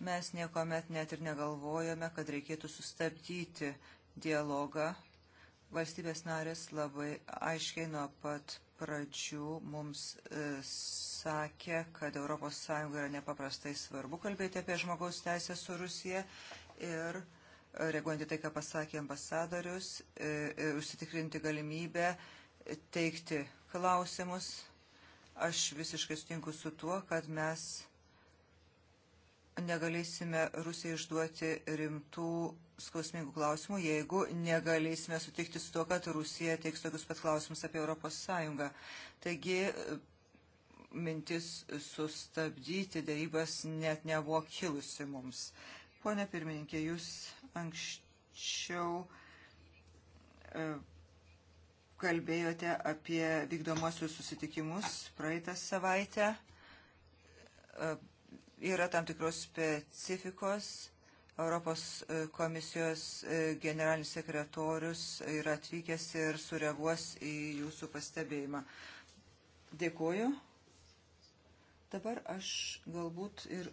Mes niekuomet net ir negalvojame, kad reikėtų sustabdyti dialogą. Valstybės narės labai aiškiai nuo pat pradžių mums e, sakė, kad ES yra nepaprastai svarbu kalbėti apie žmogaus teisę su Rusija ir e, reaguojant į tai, ką pasakė ambasadorius, e, užsitikrinti galimybę teikti klausimus. Aš visiškai sutinku su tuo, kad mes negalėsime Rusijai išduoti rimtų skausmingų klausimų, jeigu negalėsime sutikti su to, kad Rusija teiks tokius pat klausimus apie Europos Sąjungą. Taigi mintis sustabdyti darybas net nebuvo kilusi mums. Pone pirmininkė, jūs anksčiau e, kalbėjote apie vykdomosius susitikimus praeitą savaitę. E, yra tam tikros specifikos Europos e, komisijos e, generalinis sekretorius yra atvykęs ir sureaguos į jūsų pastebėjimą. Dėkuoju. Dabar aš galbūt ir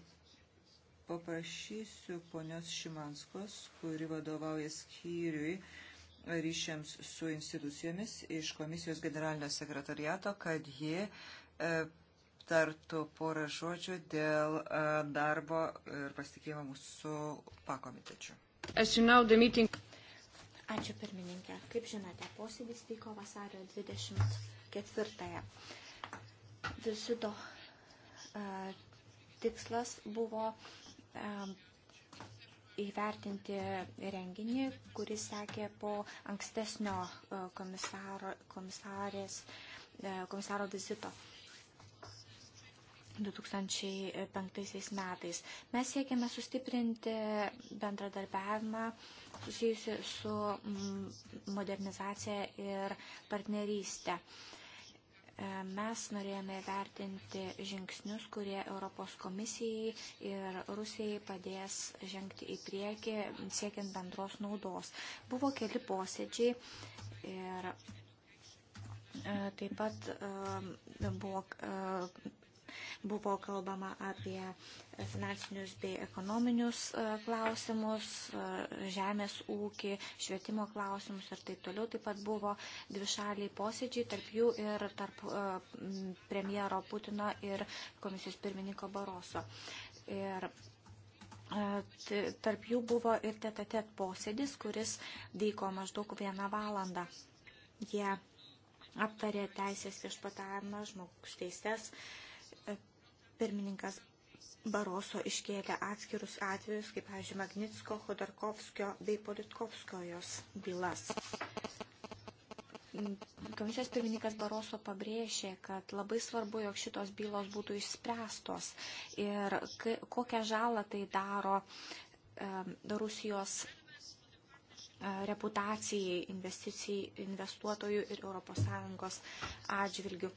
paprašysiu ponios Šimanskos, kuri vadovauja skyriui ryšiams su institucijomis iš komisijos generalinio sekretariato, kad ji e, tartų porą žodžių dėl e, darbo ir pasitikėjimo mūsų pakomitečių. As you know, the meeting... Ačiū pirmininkė. Kaip žinote, posėdis vyko vasario 24-ąją. Vizido uh, tikslas buvo uh, įvertinti renginį, kuris sekė po ankstesnio uh, komisaro, komisarės, komisaro vizito. Uh, 2005 metais. Mes siekiame sustiprinti bendradarbiavimą susijusi su mm, modernizacija ir partnerystė. E, mes norėjome vertinti žingsnius, kurie Europos komisijai ir Rusijai padės žengti į priekį, siekiant bendros naudos. Buvo keli posėdžiai ir e, Taip pat e, buvo Buvo kalbama apie finansinius bei ekonominius e, klausimus, e, žemės ūkį, švietimo klausimus ir taip toliau. Taip pat buvo dvišaliai posėdžiai, tarp jų ir tarp e, premjero Putino ir komisijos pirmininko Baroso. Ir tarp jų buvo ir tetatet posėdis, kuris vyko maždaug vieną valandą. Jie aptarė teisės viešpatavimą, žmogus teises, uh, Pirmininkas Baroso iškėlė atskirus atvejus, kaip, pavyzdžiui, Magnitsko, Khodorkovskio bei Politkovskojos bylas. Komisijos pirmininkas Baroso pabrėžė, kad labai svarbu, jog šitos bylos būtų išspręstos ir kokią žalą tai daro Rusijos e, reputacijai investicijai, investuotojų ir ES atžvilgių.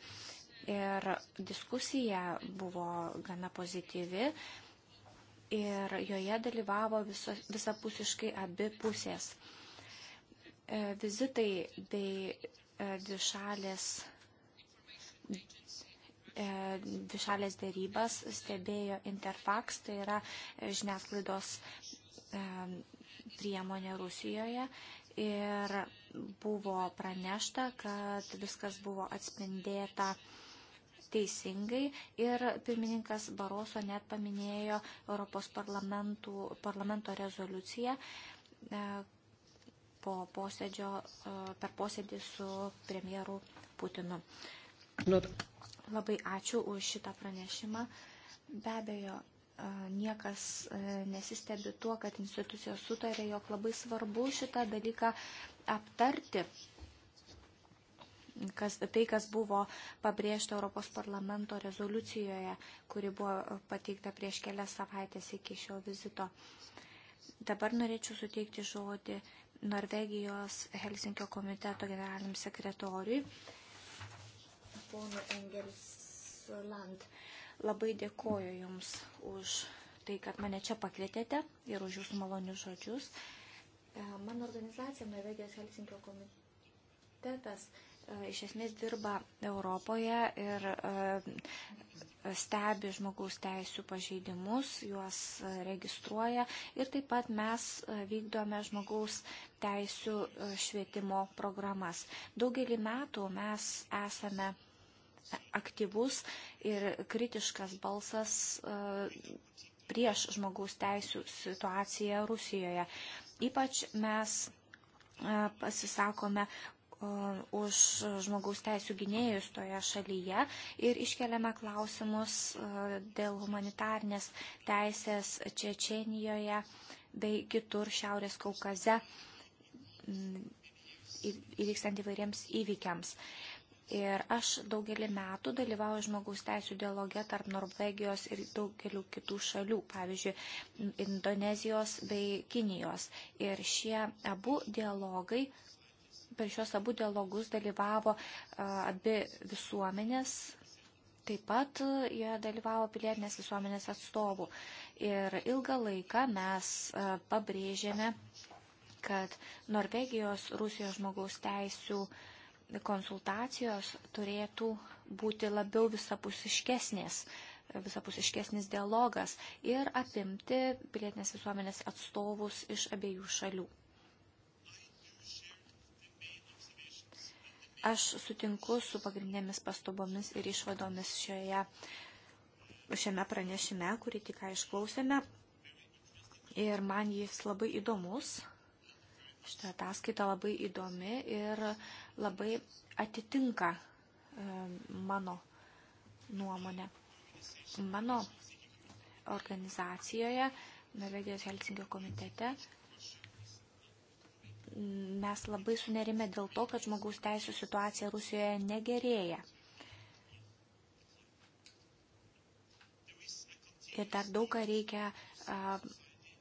Ir diskusija buvo gana pozityvi ir joje dalyvavo visos, visapusiškai abi pusės. E, vizitai bei e, dvišalės e, dvišalės dėrybas stebėjo Interfax, tai yra žiniasklaidos priemonė Rusijoje. Ir buvo pranešta, kad viskas buvo atspindėta uh, teisingai ir pirmininkas Baroso net paminėjo Europos parlamento rezoliuciją e, po posėdžio, e, per posėdį su premjeru Putinu. Labai ačiū už šitą pranešimą. Be abejo, e, niekas nesistebi tuo, kad institucijos sutarė, jog labai svarbu šitą dalyką aptarti kas, tai, kas buvo pabrėžta Europos parlamento rezoliucijoje, kuri buvo pateikta prieš kelias savaitės iki šio vizito. Dabar norėčiau suteikti žodį Norvegijos Helsinkio komiteto generaliniam sekretoriui, ponu Engels Land. Labai dėkoju Jums už tai, kad mane čia pakvietėte ir už Jūsų malonius žodžius. E, mano organizacija Norvegijos Helsinkio komitetas E, iš esmės dirba Europoje ir e, stebi žmogaus teisų pažeidimus, juos e, registruoja ir taip pat mes vykdome žmogaus teisų švietimo programas. Daugelį metų mes esame aktyvus ir kritiškas balsas prieš žmogaus teisų situaciją Rusijoje. Ypač mes pasisakome Um, už žmogaus teisų gynėjus toje šalyje ir iškeliame klausimus uh, dėl humanitarnės teisės Čečenijoje bei kitur Šiaurės Kaukaze mm, įvykstant įvairiems įvykiams. Ir aš daugelį metų dalyvauju žmogaus teisų dialoge tarp Norvegijos ir daugelių kitų šalių, pavyzdžiui, Indonezijos bei Kinijos. Ir šie abu dialogai per šios abu dialogus dalyvavo abi visuomenės, taip pat jie dalyvavo pilietinės visuomenės atstovų. Ir ilgą laiką mes pabrėžėme, kad Norvegijos Rusijos žmogaus teisų konsultacijos turėtų būti labiau visapusiškesnės visapusiškesnis dialogas ir apimti pilietinės visuomenės atstovus iš abiejų šalių. Aš sutinku su pagrindinėmis pastabomis ir išvadomis šioje, šiame pranešime, kurį tik išklausėme. Ir man jis labai įdomus. Šitą ataskaitą labai įdomi ir labai atitinka e, mano nuomonę. Mano organizacijoje, Norvegijos Helsinkio komitete, mes labai sunerime dėl to, kad žmogaus teisų situacija Rusijoje negerėja. Ir dar daug ką reikia a,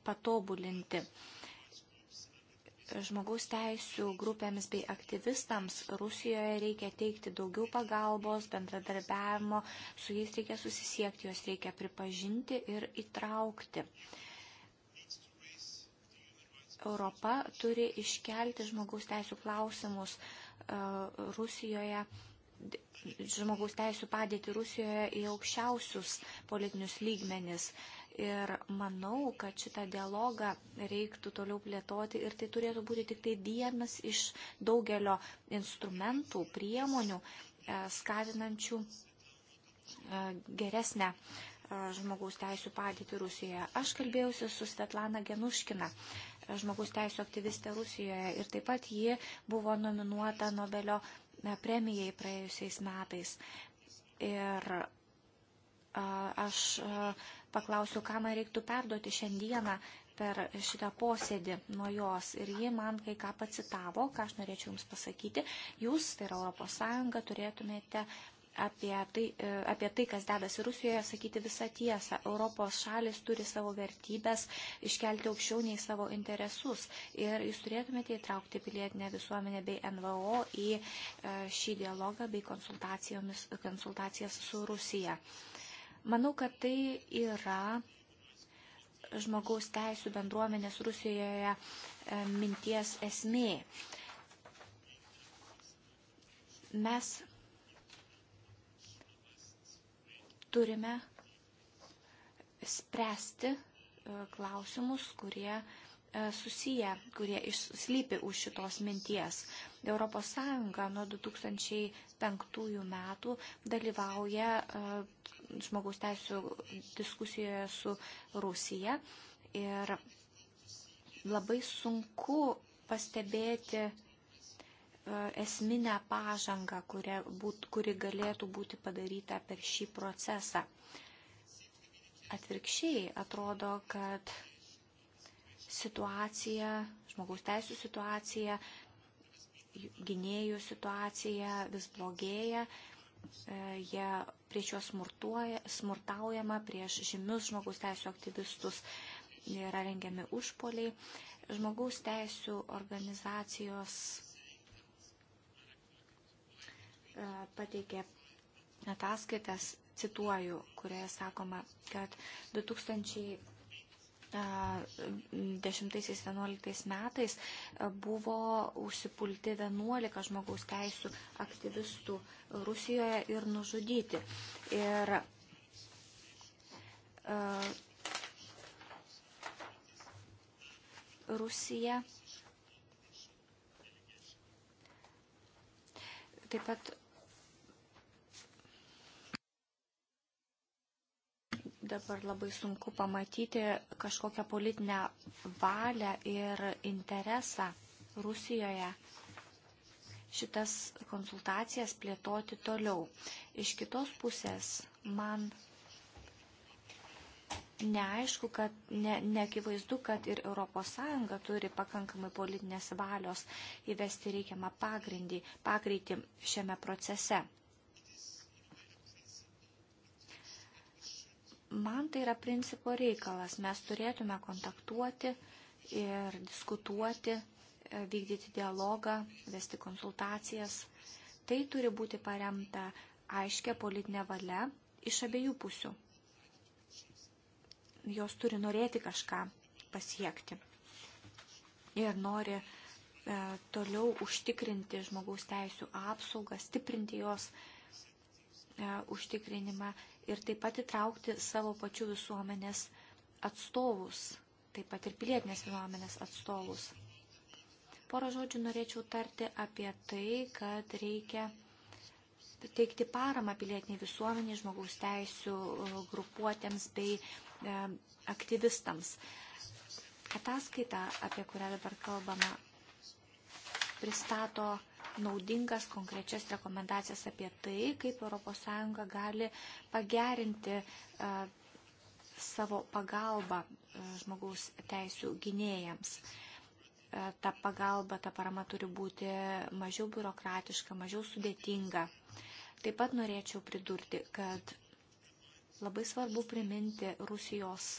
patobulinti. Žmogaus teisų grupėms bei aktyvistams Rusijoje reikia teikti daugiau pagalbos, bendradarbiavimo, su jais reikia susisiekti, juos reikia pripažinti ir įtraukti. A, Europa turi iškelti žmogaus teisų klausimus e, Rusijoje žmogaus teisų padėti Rusijoje į aukščiausius politinius lygmenis. Ir manau, kad šitą dialogą reiktų toliau plėtoti ir tai turėtų būti tik tai vienas iš daugelio instrumentų, priemonių, e, skatinančių e, geresnę žmogaus teisų padėtį Rusijoje. Aš kalbėjausi su Svetlana Genuškina žmogus teisų aktyvistė Rusijoje ir taip pat ji buvo nominuota Nobelio e, premijai praėjusiais metais. Ir e, aš e, paklausiu, ką man reiktų perduoti šiandieną per šitą posėdį nuo jos. Ir ji man kai ką pacitavo, ką aš norėčiau Jums pasakyti. Jūs, tai yra ES, turėtumėte apie tai, e, apie tai, kas dedasi Rusijoje, sakyti visą tiesą. Europos šalis turi savo vertybės iškelti aukščiau nei savo interesus. Ir jūs turėtumėte įtraukti pilietinę visuomenę bei NVO į e, šį dialogą bei konsultacijas su Rusija. Manau, kad tai yra žmogaus teisų bendruomenės Rusijoje e, minties esmė. Mes turime spręsti e, klausimus, kurie e, susiję, kurie išslypi už šitos minties. ES nuo 2005 metų dalyvauja e, žmogaus teisų diskusijoje su Rusija ir labai sunku pastebėti E, esminę pažangą, kuri, būt, kuri galėtų būti padaryta per šį procesą. Atvirkščiai atrodo, kad situacija, žmogaus teisų situacija, gynėjų situacija vis blogėja, e, jie prieš juos smurtaujama, prieš žymius žmogaus teisų aktyvistus yra rengiami užpoliai. Žmogaus teisų organizacijos E, pateikė ataskaitas, cituoju, kurioje sakoma, kad 2010-2011 e, metais e, buvo užsipulti 11 žmogaus teisų aktyvistų Rusijoje ir nužudyti. Ir uh, Rusija taip pat dabar labai sunku pamatyti kažkokią politinę valią ir interesą Rusijoje šitas konsultacijas plėtoti toliau. Iš kitos pusės man neaišku, kad ne, nekivaizdu, kad ir ES turi pakankamai politinės valios įvesti reikiamą pagrindį, pagreitį šiame procese. Man tai yra principo reikalas. Mes turėtume kontaktuoti ir diskutuoti, e, vykdyti dialogą, vesti konsultacijas. Tai turi būti paremta aiškia politinė valia iš abiejų pusių. Jos turi norėti kažką pasiekti ir nori e, toliau užtikrinti žmogaus teisų apsaugą, stiprinti jos e, užtikrinimą ir taip pat įtraukti savo pačių visuomenės atstovus, taip pat ir pilietinės visuomenės atstovus. Porą žodžių norėčiau tarti apie tai, kad reikia teikti paramą pilietiniai visuomeniai, žmogaus teisų uh, grupuotėms bei e, aktyvistams. Ataskaita, apie kurią dabar kalbama, pristato naudingas konkrečias rekomendacijas apie tai, kaip ES gali pagerinti e, savo pagalbą e, žmogaus teisų gynėjams. E, ta pagalba, ta parama turi būti mažiau biurokratiška, mažiau sudėtinga. Taip pat norėčiau pridurti, kad labai svarbu priminti Rusijos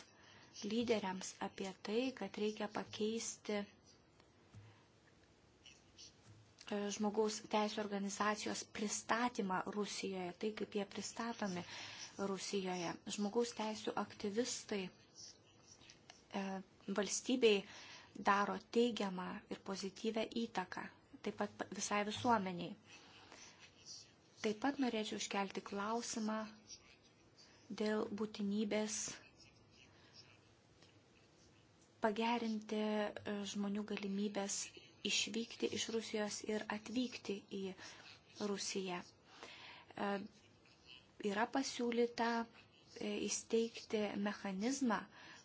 lyderiams apie tai, kad reikia pakeisti E, žmogaus teisų organizacijos pristatymą Rusijoje, tai kaip jie pristatomi Rusijoje. Žmogaus teisų aktyvistai e, valstybei daro teigiamą ir pozityvę įtaką, taip pat visai visuomeniai. Taip pat norėčiau iškelti klausimą dėl būtinybės pagerinti e, žmonių galimybės išvykti iš Rusijos ir atvykti į Rusiją. E, yra pasiūlyta e, įsteigti mechanizmą,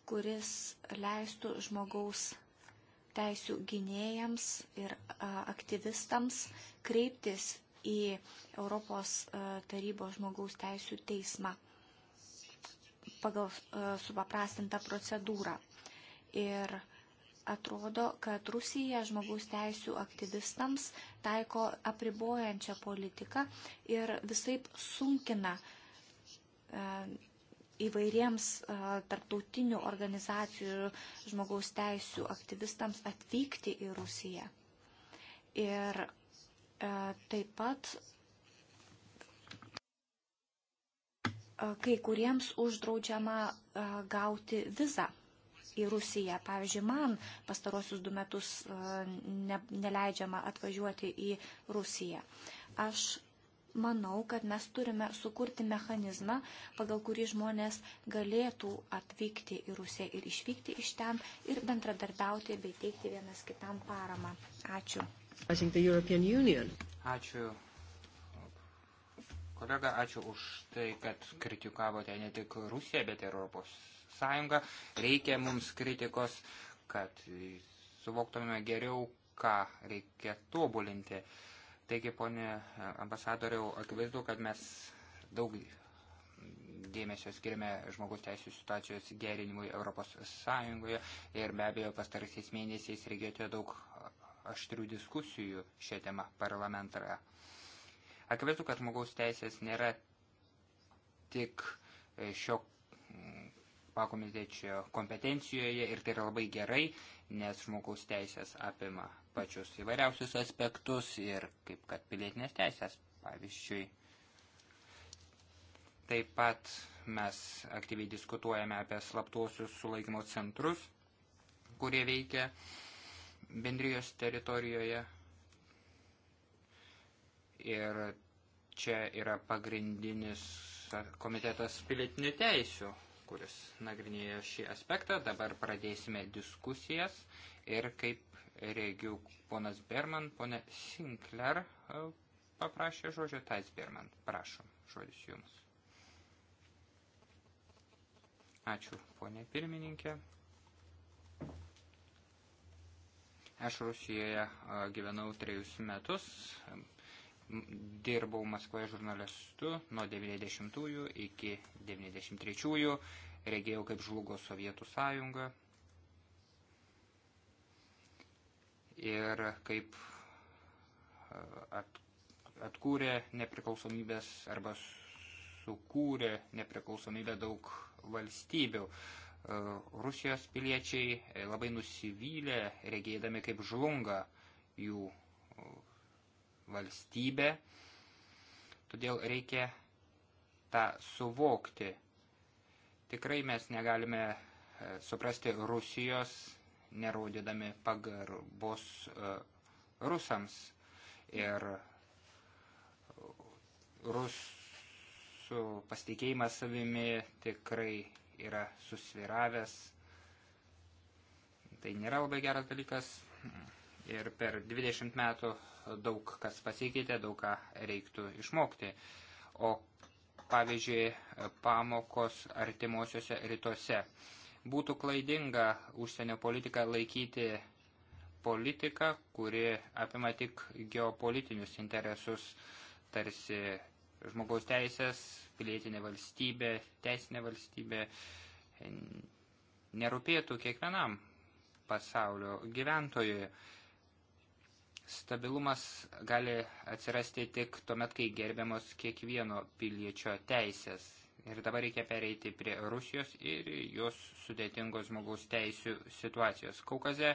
kuris leistų žmogaus teisų gynėjams ir aktyvistams kreiptis į Europos e, tarybos žmogaus teisų teismą pagal supaprastintą procedūrą. Ir atrodo, kad Rusija žmogaus teisų aktyvistams taiko apribojančią politiką ir visai sunkina e, įvairiems e, tarptautinių organizacijų žmogaus teisų aktyvistams atvykti į Rusiją. Ir e, taip pat kai kuriems uždraudžiama gauti vizą į Rusiją. Pavyzdžiui, man pastarosius du metus e, ne, neleidžiama atvažiuoti į Rusiją. Aš manau, kad mes turime sukurti mechanizmą, pagal kurį žmonės galėtų atvykti į Rusiją ir išvykti iš ten ir bendradarbiauti bei teikti vienas kitam paramą. Ačiū. Ačiū kolega, ačiū už tai, kad kritikavote ne tik Rusiją, bet ir Europos sąjungą. Reikia mums kritikos, kad suvoktumėme geriau, ką reikia tobulinti. Taigi, ponė ambasadoriau, akivaizdu, kad mes daug dėmesio skiriame žmogus teisų situacijos gerinimui Europos Sąjungoje ir be abejo pastaraisiais mėnesiais regėjote daug aštrių diskusijų šią temą parlamentarą. Akivaizdu, kad žmogaus teisės nėra tik šio pakomitečio kompetencijoje ir tai yra labai gerai, nes žmogaus teisės apima pačius įvairiausius aspektus ir kaip kad pilietinės teisės, pavyzdžiui. Taip pat mes aktyviai diskutuojame apie slaptuosius sulaikymo centrus, kurie veikia bendrijos teritorijoje. Ir čia yra pagrindinis komitetas pilietinių teisių kuris nagrinėjo šį aspektą. Dabar pradėsime diskusijas ir kaip regiu ponas Berman, ponė Sinclair e, paprašė žodžio Tais Berman. Prašom, žodis jums. Ačiū, ponė pirmininkė. Aš Rusijoje e, gyvenau trejus metus, dirbau Maskvoje žurnalistu nuo 90-ųjų iki 93-ųjų, regėjau kaip žlugo Sovietų sąjunga ir kaip e, atkūrė nepriklausomybės arba sukūrė nepriklausomybę daug valstybių. E, Rusijos piliečiai labai nusivylė, regėdami kaip žlunga jų valstybė, todėl reikia tą suvokti. Tikrai mes negalime e, suprasti Rusijos, nerodydami pagarbos e, rusams ir rusų pasitikėjimas savimi tikrai yra susviravęs. Tai nėra labai geras dalykas ir per 20 metų daug kas pasikeitė, daug ką reiktų išmokti. O pavyzdžiui, pamokos artimuosiuose rytuose. Būtų klaidinga užsienio politiką laikyti politiką, kuri apima tik geopolitinius interesus, tarsi žmogaus teisės, pilietinė valstybė, teisinė valstybė, nerūpėtų kiekvienam pasaulio gyventojui. Stabilumas gali atsirasti tik tuomet, kai gerbiamos kiekvieno piliečio teisės. Ir dabar reikia pereiti prie Rusijos ir jos sudėtingos žmogaus teisių situacijos. Kaukaze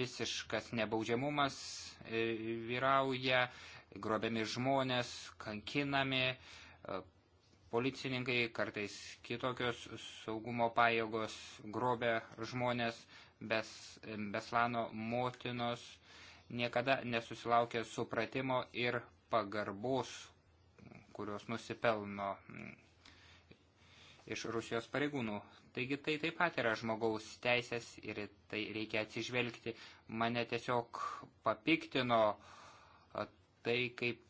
visiškas nebaudžiamumas e, vyrauja, grobiami žmonės, kankinami, e, policininkai, kartais kitokios saugumo pajėgos grobia žmonės, bes, e, beslano motinos niekada nesusilaukė supratimo ir pagarbos, kurios nusipelno mm, iš Rusijos pareigūnų. Taigi tai taip pat yra žmogaus teisės ir tai reikia atsižvelgti. Mane tiesiog papiktino tai, kaip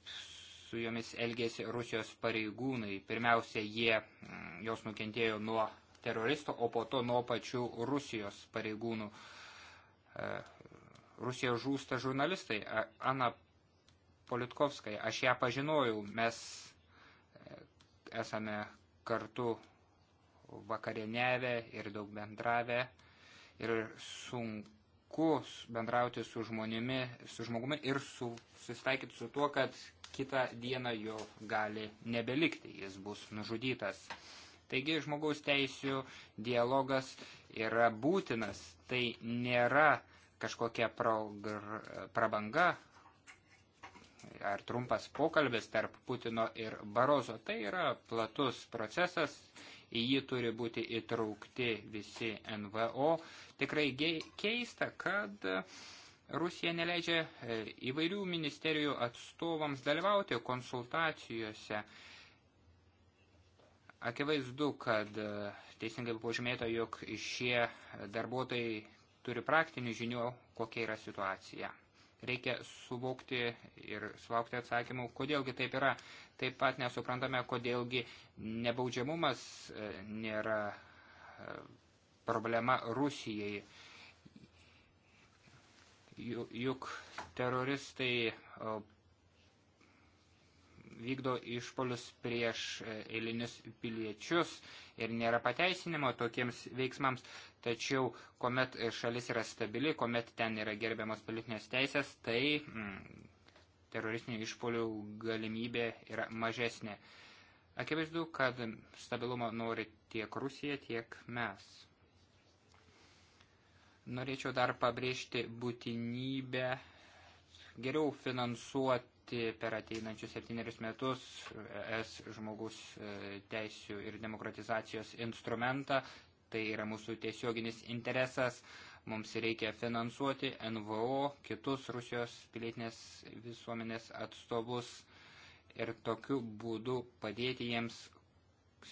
su jomis elgėsi Rusijos pareigūnai. Pirmiausia, jie mm, jos nukentėjo nuo teroristo, o po to nuo pačių Rusijos pareigūnų Rusijoje žūsta žurnalistai. Ana Politkovskai, aš ją pažinojau, mes e, esame kartu vakarienevę ir daug bendravę ir sunku bendrauti su žmonėmi, su žmogumi ir su, susitaikyti su tuo, kad kitą dieną jo gali nebelikti, jis bus nužudytas. Taigi žmogaus teisių dialogas yra būtinas, tai nėra kažkokia prabanga ar trumpas pokalbis tarp Putino ir Barozo. Tai yra platus procesas, į jį turi būti įtraukti visi NVO. Tikrai keista, kad Rusija neleidžia e, įvairių ministerijų atstovams dalyvauti konsultacijose. Akivaizdu, kad e, teisingai pažymėta, jog šie darbuotojai turi praktinių žinių, kokia yra situacija. Reikia suvokti ir sulaukti atsakymų, kodėlgi taip yra. Taip pat nesuprantame, kodėlgi nebaudžiamumas e, nėra e, problema Rusijai. Juk teroristai vykdo išpolius prieš e, eilinius piliečius ir nėra pateisinimo tokiems veiksmams, tačiau kuomet šalis yra stabili, kuomet ten yra gerbiamas politinės teisės, tai mm, teroristinių išpolių galimybė yra mažesnė. Akivaizdu, kad stabilumo nori tiek Rusija, tiek mes. Norėčiau dar pabrėžti būtinybę geriau finansuoti siekti per ateinančius septynerius metus es žmogus e, teisių ir demokratizacijos instrumentą. Tai yra mūsų tiesioginis interesas. Mums reikia finansuoti NVO, kitus Rusijos pilietinės visuomenės atstovus ir tokiu būdu padėti jiems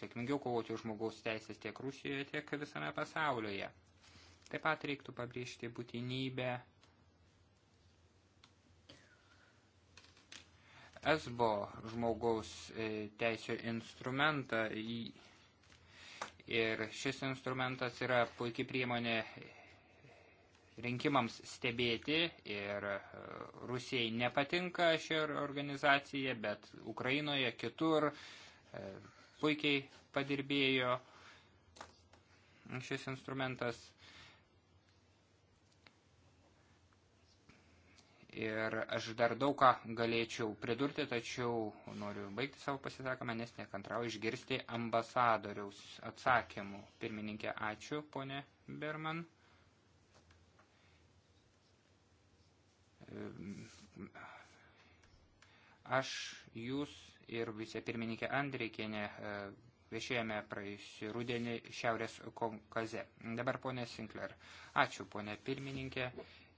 sėkmingiau kovoti už žmogaus teisės tiek Rusijoje, tiek visame pasaulyje. Taip pat reiktų pabrėžti būtinybę esbo žmogaus e, teisio instrumentą. Ir šis instrumentas yra puikiai priemonė rinkimams stebėti ir e, Rusijai nepatinka ši organizacija, bet Ukrainoje kitur e, puikiai padirbėjo šis instrumentas. Ir aš dar daug ką galėčiau pridurti, tačiau noriu baigti savo pasisakymą, nes nekantrau išgirsti ambasadoriaus atsakymų. Pirmininkė, ačiū, ponė Berman. Ehm, aš, jūs ir vicepirmininkė Andreikienė ehm, viešėjame praėjusį rudenį Šiaurės Kaukaze. Dabar ponė Sinclair. Ačiū, ponė pirmininkė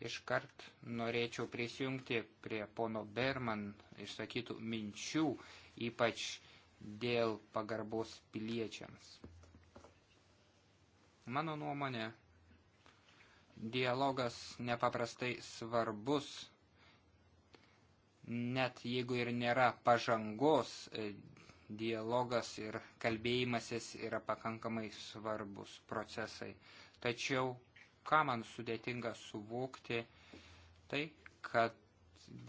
iškart norėčiau prisijungti prie pono Berman išsakytų minčių, ypač dėl pagarbos piliečiams. Mano nuomonė, dialogas nepaprastai svarbus, net jeigu ir nėra pažangos, e, dialogas ir kalbėjimasis yra pakankamai svarbus procesai. Tačiau ką man sudėtinga suvokti, tai, kad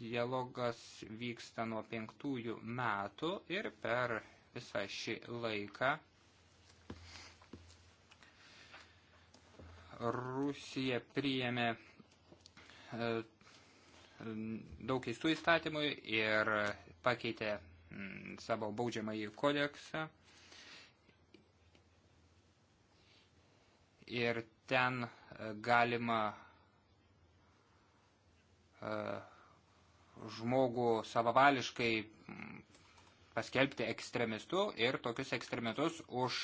dialogas vyksta nuo penktųjų metų ir per visą šį laiką Rusija priėmė e, daug keistų įstatymų ir pakeitė savo baudžiamąjį kodeksą. Ir ten galima e, žmogų savavališkai paskelbti ekstremistu ir tokius ekstremistus už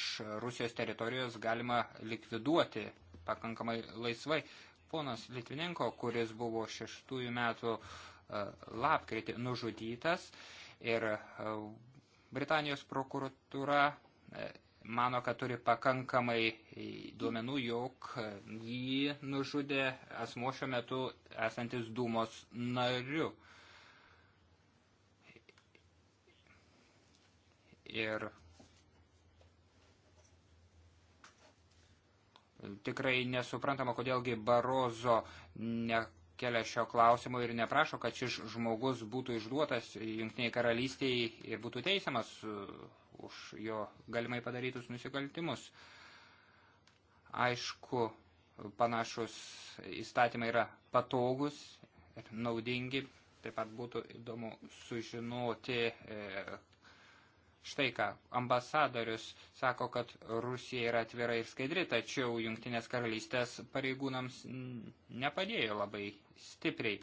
Rusijos teritorijos galima likviduoti pakankamai laisvai. Ponas Litvinenko, kuris buvo šeštųjų metų e, lapkritį nužudytas ir e, Britanijos prokuratūra mano, kad turi pakankamai e, duomenų, jog jį nužudė asmo šiuo metu esantis Dūmos nariu. Ir tikrai nesuprantama, kodėlgi Barozo nekelia šio klausimo ir neprašo, kad šis žmogus būtų išduotas Junktiniai karalystiai ir būtų teisiamas už jo galimai padarytus nusikaltimus. Aišku, panašus įstatymai yra patogus ir naudingi. Taip pat būtų įdomu sužinoti e, štai ką. Ambasadorius sako, kad Rusija yra atvira ir skaidri, tačiau Jungtinės karalystės pareigūnams nepadėjo labai stipriai.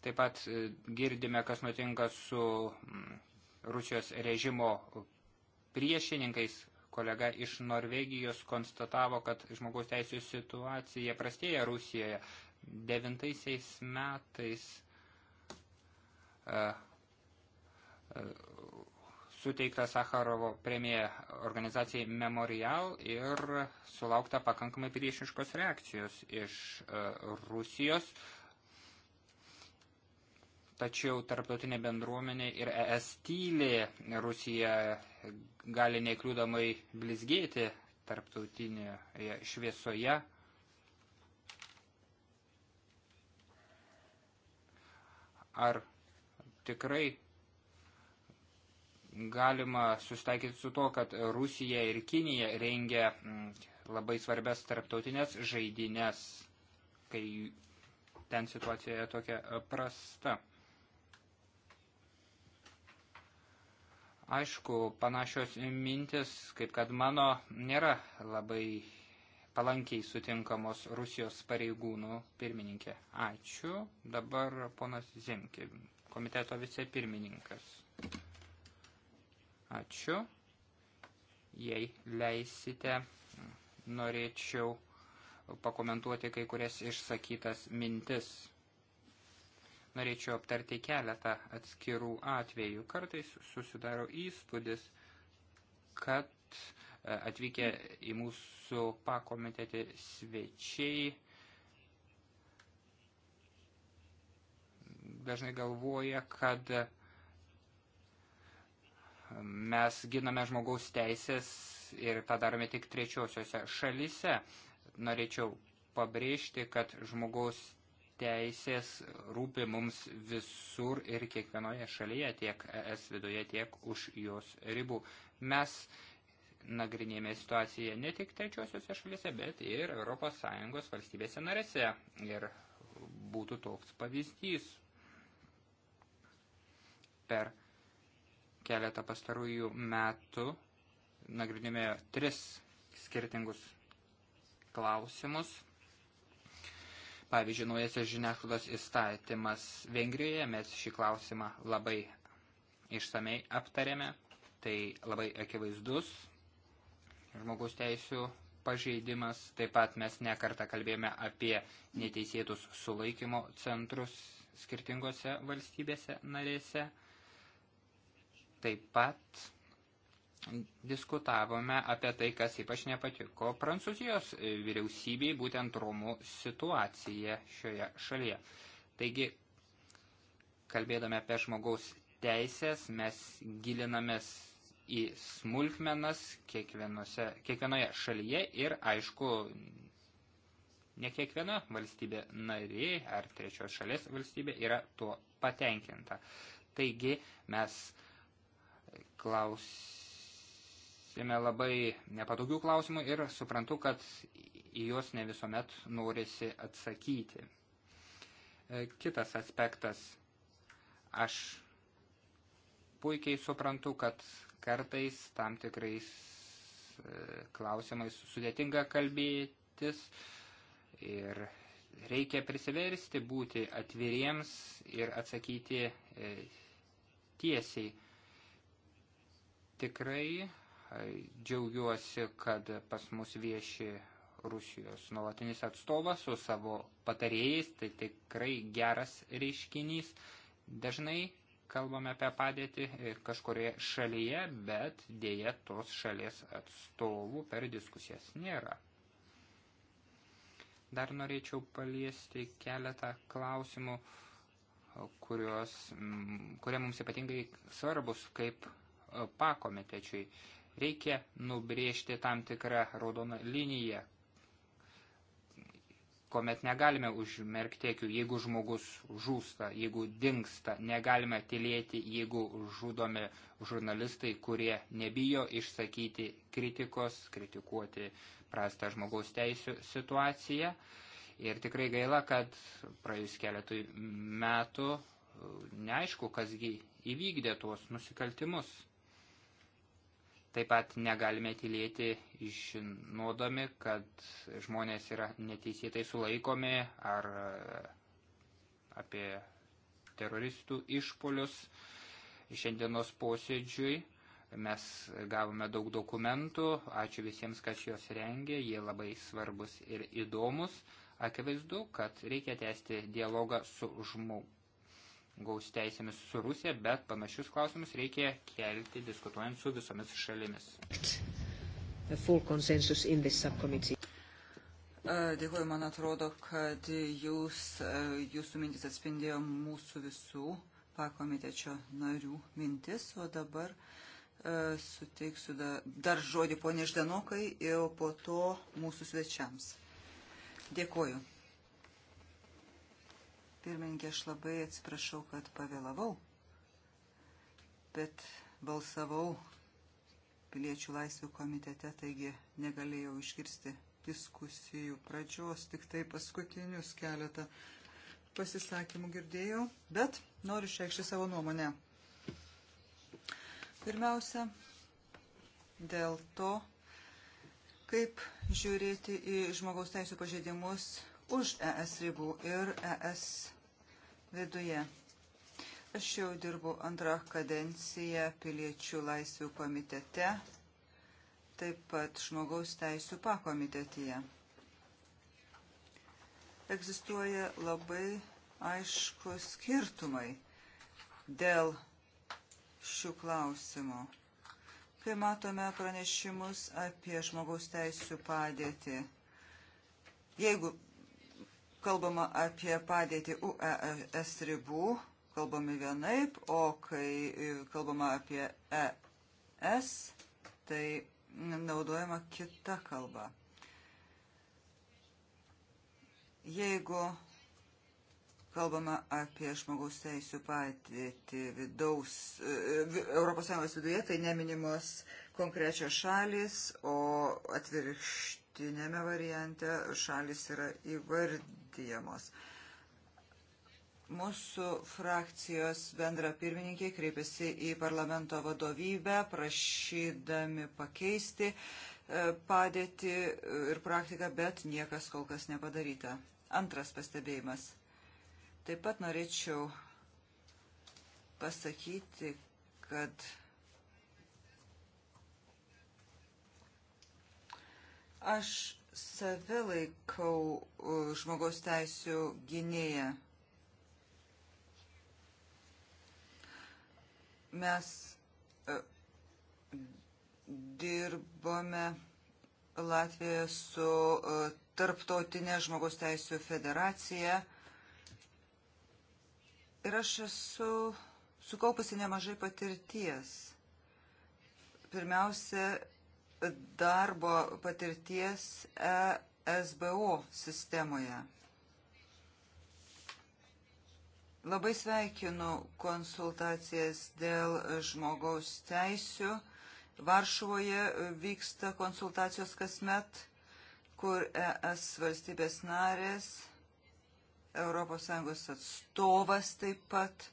Taip pat e, girdime, kas nutinka su Rusijos režimo priešininkais. Kolega iš Norvegijos konstatavo, kad žmogaus teisų situacija prastėja Rusijoje. Devintaisiais metais uh, uh, suteikta Sakarovo premija organizacijai Memorial ir sulaukta pakankamai priešiškos reakcijos iš uh, Rusijos. Uh, tačiau tarptautinė bendruomenė ir ES tylė Rusija gali nekliūdamai blizgėti tarptautinėje šviesoje. Ar tikrai galima sustaikyti su to, kad Rusija ir Kinija rengia mm, labai svarbias tarptautinės žaidinės, kai ten situacija tokia prasta. Aišku, panašios mintis, kaip kad mano, nėra labai palankiai sutinkamos Rusijos pareigūnų pirmininkė. Ačiū. Dabar ponas Zimkė, komiteto vicepirmininkas. Ačiū. Jei leisite, norėčiau pakomentuoti kai kurias išsakytas mintis. Norėčiau aptarti keletą atskirų atvejų. Kartais susidaro įspūdis, kad e, atvykę į mūsų pakomitetį svečiai dažnai galvoja, kad mes giname žmogaus teisės ir tą darome tik trečiosiuose šalise. Norėčiau pabrėžti, kad žmogaus teisės rūpi mums visur ir kiekvienoje šalyje, tiek ES viduje, tiek už jos ribų. Mes nagrinėjame situaciją ne tik trečiosiuose šalyse, bet ir ES valstybėse narėse. Ir būtų toks pavyzdys. Per keletą pastarųjų metų nagrinėjome tris skirtingus klausimus – Pavyzdžiui, naujasis žiniasklaidos įstatymas Vengrijoje, mes šį klausimą labai išsamei aptarėme, tai labai akivaizdus žmogaus teisų pažeidimas. Taip pat mes nekartą kalbėjome apie neteisėtus sulaikymo centrus skirtingose valstybėse narėse. Taip pat diskutavome apie tai, kas ypač nepatiko Prancūzijos vyriausybei, būtent Romų situacija šioje šalyje. Taigi, kalbėdami apie žmogaus teisės, mes gilinamės į smulkmenas kiekvienoje šalyje ir, aišku, ne kiekviena valstybė narė ar trečios šalies valstybė yra tuo patenkinta. Taigi, mes klausime išklausėme labai nepatogių klausimų ir suprantu, kad į juos ne visuomet norisi atsakyti. E, kitas aspektas. Aš puikiai suprantu, kad kartais tam tikrais e, klausimais sudėtinga kalbėtis ir reikia prisiversti būti atviriems ir atsakyti e, tiesiai. Tikrai Džiaugiuosi, kad pas mus vieši Rusijos nuolatinis atstovas su savo patarėjais, tai tikrai geras reiškinys. Dažnai kalbame apie padėtį kažkurioje šalyje, bet dėja tos šalies atstovų per diskusijas nėra. Dar norėčiau paliesti keletą klausimų, kurios, kurie mums ypatingai svarbus kaip pakomitečiui reikia nubrėžti tam tikrą raudoną liniją, kuomet negalime užmerkti akių, jeigu žmogus žūsta, jeigu dinksta, negalime tylėti, jeigu žudomi žurnalistai, kurie nebijo išsakyti kritikos, kritikuoti prastą žmogaus teisų situaciją. Ir tikrai gaila, kad praėjus keletui metų neaišku, kasgi įvykdė tuos nusikaltimus. Taip pat negalime tylėti žinodami, kad žmonės yra neteisėtai sulaikomi ar e, apie teroristų išpolius. Šiandienos posėdžiui mes gavome daug dokumentų. Ačiū visiems, kas juos rengė. Jie labai svarbus ir įdomus. Akivaizdu, kad reikia tęsti dialogą su žmogumi gaus teisėmis su Rusija, bet panašius klausimus reikia kelti diskutuojant su visomis šalimis. Dėkuoju, man atrodo, kad jūs, jūsų mintis atspindėjo mūsų visų pakomitečio narių mintis, o dabar e, suteiksiu da, dar žodį ponė Ždanokai ir po to mūsų svečiams. Dėkuoju. Pirmininkė, aš labai atsiprašau, kad pavėlavau, bet balsavau piliečių laisvių komitete, taigi negalėjau išgirsti diskusijų pradžios, tik tai paskutinius keletą pasisakymų girdėjau, bet noriu išreikšti savo nuomonę. Pirmiausia, dėl to, kaip žiūrėti į žmogaus teisų pažeidimus už ES ribų ir ES viduje. Aš jau dirbu antrą kadenciją piliečių laisvių komitete, taip pat žmogaus teisų pakomitetyje. Egzistuoja labai aiškus skirtumai dėl šių klausimų. Kai matome pranešimus apie žmogaus teisų padėtį, jeigu kalbama apie padėtį UES ribų, kalbame vienaip, o kai e, kalbama apie ES, tai naudojama kita kalba. Jeigu kalbama apie žmogaus teisų patėti vidaus, ES viduje, tai neminimos konkrečios šalis, o atvirkštinėme variante šalis yra įvardinti garantijamos. Mūsų frakcijos bendra pirmininkė kreipėsi į parlamento vadovybę, prašydami pakeisti e, padėtį e, ir praktiką, bet niekas kol kas nepadaryta. Antras pastebėjimas. Taip pat norėčiau pasakyti, kad aš save laikau e, žmogaus teisų gynėja. Mes e, dirbome Latvijoje su e, Tarptautinė žmogaus teisų federacija. Ir aš esu sukaupusi nemažai patirties. Pirmiausia, darbo patirties ESBO sistemoje. Labai sveikinu konsultacijas dėl žmogaus teisių. Varšuvoje vyksta konsultacijos kasmet, kur ES valstybės narės, ES atstovas taip pat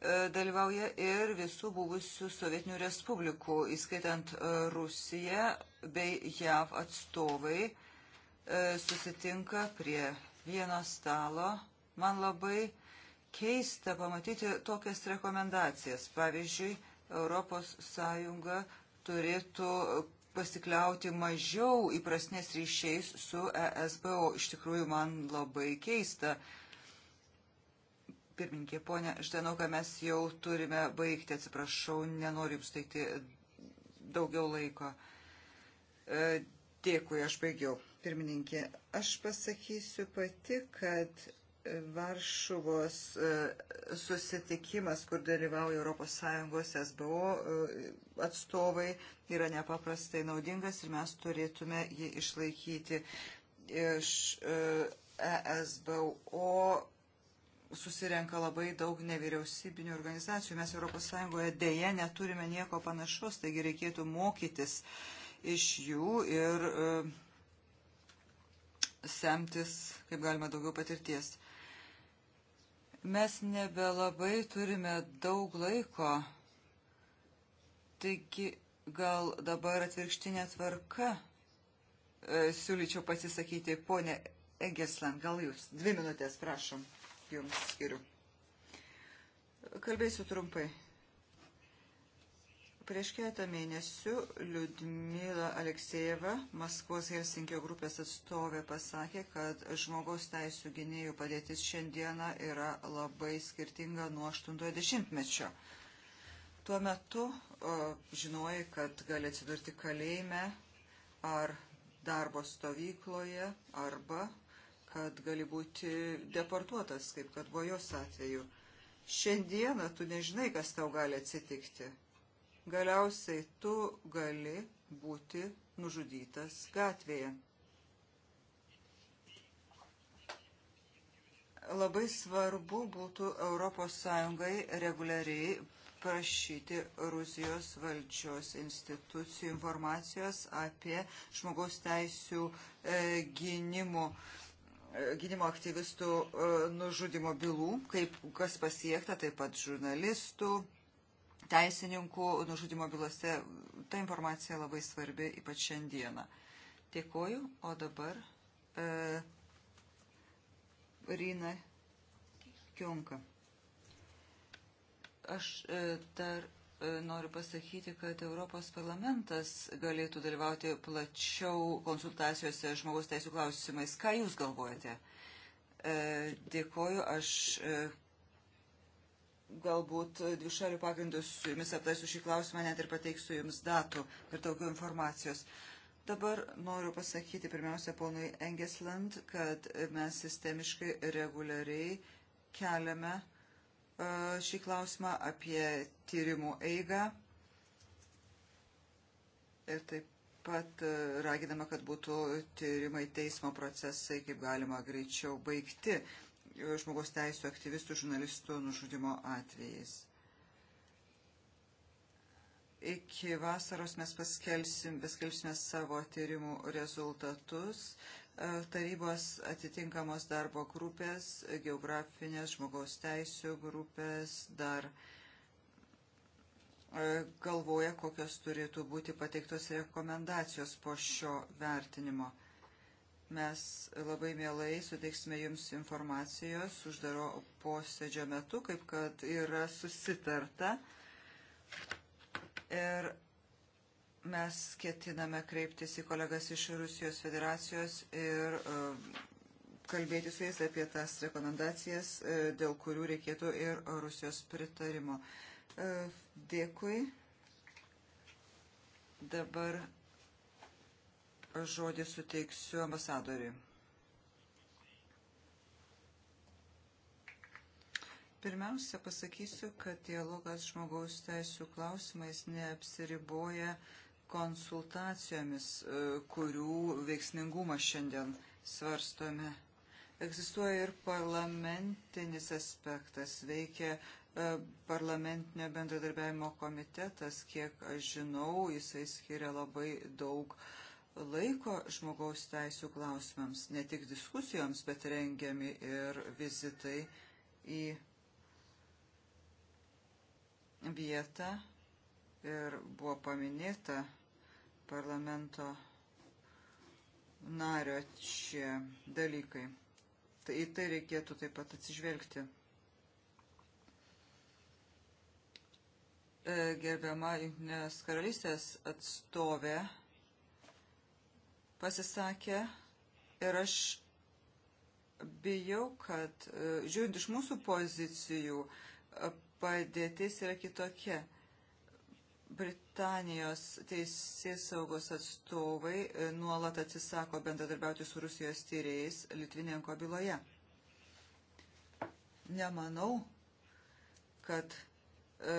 E, dalyvauja ir visų buvusių sovietinių respublikų, įskaitant e, Rusiją bei JAV atstovai, e, susitinka prie vieno stalo. Man labai keista pamatyti tokias rekomendacijas. Pavyzdžiui, Europos Sąjunga turėtų pasikliauti mažiau įprasnės ryšiais su ESBO. Iš tikrųjų, man labai keista. Uh, Pirminkė, ponė Ždenoka, mes jau turime baigti, atsiprašau, nenoriu jums teikti daugiau laiko. E, dėkui, aš baigiau. Pirmininkė, aš pasakysiu pati, kad Varšuvos e, susitikimas, kur dalyvauja ES SBO e, atstovai, yra nepaprastai naudingas ir mes turėtume jį išlaikyti iš ESBO susirenka labai daug nevyriausybinių organizacijų. Mes ES dėje neturime nieko panašaus, taigi reikėtų mokytis iš jų ir uh, semtis, kaip galima, daugiau patirties. Mes nebelabai turime daug laiko, taigi gal dabar atvirkštinė tvarka e, siūlyčiau pasisakyti, ponė Egeslan, gal jūs, dvi minutės, prašom jums skiriu. Kalbėsiu trumpai. Prieš keletą mėnesių Liudmila Aleksejeva, Maskvos Helsinkio grupės atstovė, pasakė, kad žmogaus teisų gynėjų padėtis šiandieną yra labai skirtinga nuo 80-mečio. Tuo metu o, žinojai, kad gali atsidurti kalėjime ar darbo stovykloje arba kad gali būti deportuotas, kaip kad buvo jos atveju. Šiandieną tu nežinai, kas tau gali atsitikti. Galiausiai tu gali būti nužudytas gatvėje. Labai svarbu būtų ES reguliariai prašyti Rusijos valdžios institucijų informacijos apie žmogaus teisų e, gynimo e, E, gynimo aktyvistų e, nužudimo bylų, kaip kas pasiekta, taip pat žurnalistų, teisininkų nužudimo bylose. Ta informacija labai svarbi, ypač šiandieną. Dėkoju, o dabar e, Rina Kionka. Aš e, dar E, noriu pasakyti, kad Europos parlamentas galėtų dalyvauti plačiau konsultacijose žmogaus teisų klausimais. Ką Jūs galvojate? E, dėkoju, aš e, galbūt dvišalių pagrindų su Jumis aptaisiu šį klausimą, net ir pateiksiu Jums datų ir daugiau informacijos. Dabar noriu pasakyti pirmiausia ponui Engesland, kad mes sistemiškai reguliariai keliame uh, šį klausimą, apie tyrimų eigą ir taip pat raginama, kad būtų tyrimai teismo procesai kaip galima greičiau baigti žmogaus teisų aktyvistų žurnalistų nužudimo atvejais. Iki vasaros mes paskelsim, paskelbsime savo tyrimų rezultatus. E, tarybos atitinkamos darbo grupės, geografinės žmogaus teisų grupės dar e, galvoja, kokios turėtų būti pateiktos rekomendacijos po šio vertinimo. Mes labai mielai suteiksime Jums informacijos uždaro posėdžio metu, kaip kad yra susitarta. Ir Mes ketiname kreiptis į kolegas iš Rusijos federacijos ir e, kalbėti su jais apie tas rekomendacijas, e, dėl kurių reikėtų ir Rusijos pritarimo. E, dėkui. Dabar žodį suteiksiu ambasadoriui. Pirmiausia, pasakysiu, kad dialogas žmogaus teisų klausimais neapsiriboja konsultacijomis, e, kurių veiksmingumą šiandien svarstome. Egzistuoja ir parlamentinis aspektas, veikia e, parlamentinio bendradarbiavimo komitetas, kiek aš žinau, jisai skiria labai daug laiko žmogaus teisų klausimams, ne tik diskusijoms, bet rengiami ir vizitai į vietą ir buvo paminėta parlamento nario šie dalykai. Tai į tai reikėtų taip pat atsižvelgti. E, gerbiama Junktinės karalystės atstovė pasisakė ir aš bijau, kad e, žiūrint iš mūsų pozicijų, padėtis yra kitokia. Britanijos teisės saugos atstovai e, nuolat atsisako bendradarbiauti su Rusijos tyrėjais Litvinenko byloje. Nemanau, kad e,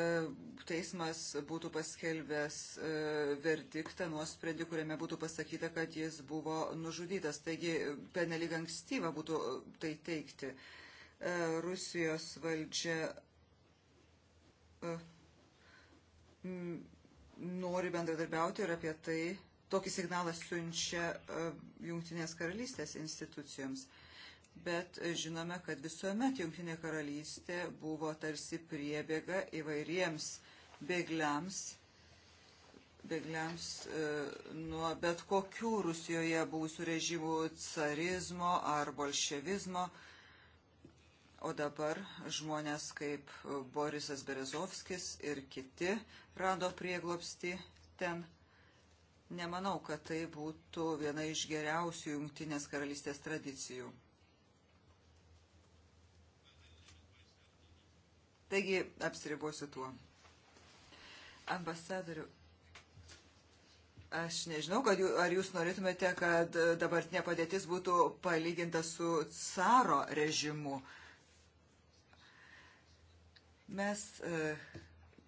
teismas būtų paskelbęs e, verdiktą nuosprendį, kuriame būtų pasakyta, kad jis buvo nužudytas. Taigi, penelyg ankstyva būtų tai teikti. Rusijos valdžia Mm, nori bendradarbiauti ir apie tai tokį signalą siunčia e, Jungtinės karalystės institucijoms. Bet e, žinome, kad visuomet Jungtinė karalystė buvo tarsi priebėga įvairiems bėgliams bėgliams e, nuo bet kokių Rusijoje buvusių režimų carizmo ar bolševizmo. E, O dabar žmonės kaip Borisas Berezovskis ir kiti rado prieglopsti ten. Nemanau, kad tai būtų viena iš geriausių jungtinės karalystės tradicijų. Taigi apsiribosiu tuo. Ambasadoriu, aš nežinau, kad jų, ar jūs norėtumėte, kad dabartinė padėtis būtų palyginta su caro režimu. Uh, Mes e,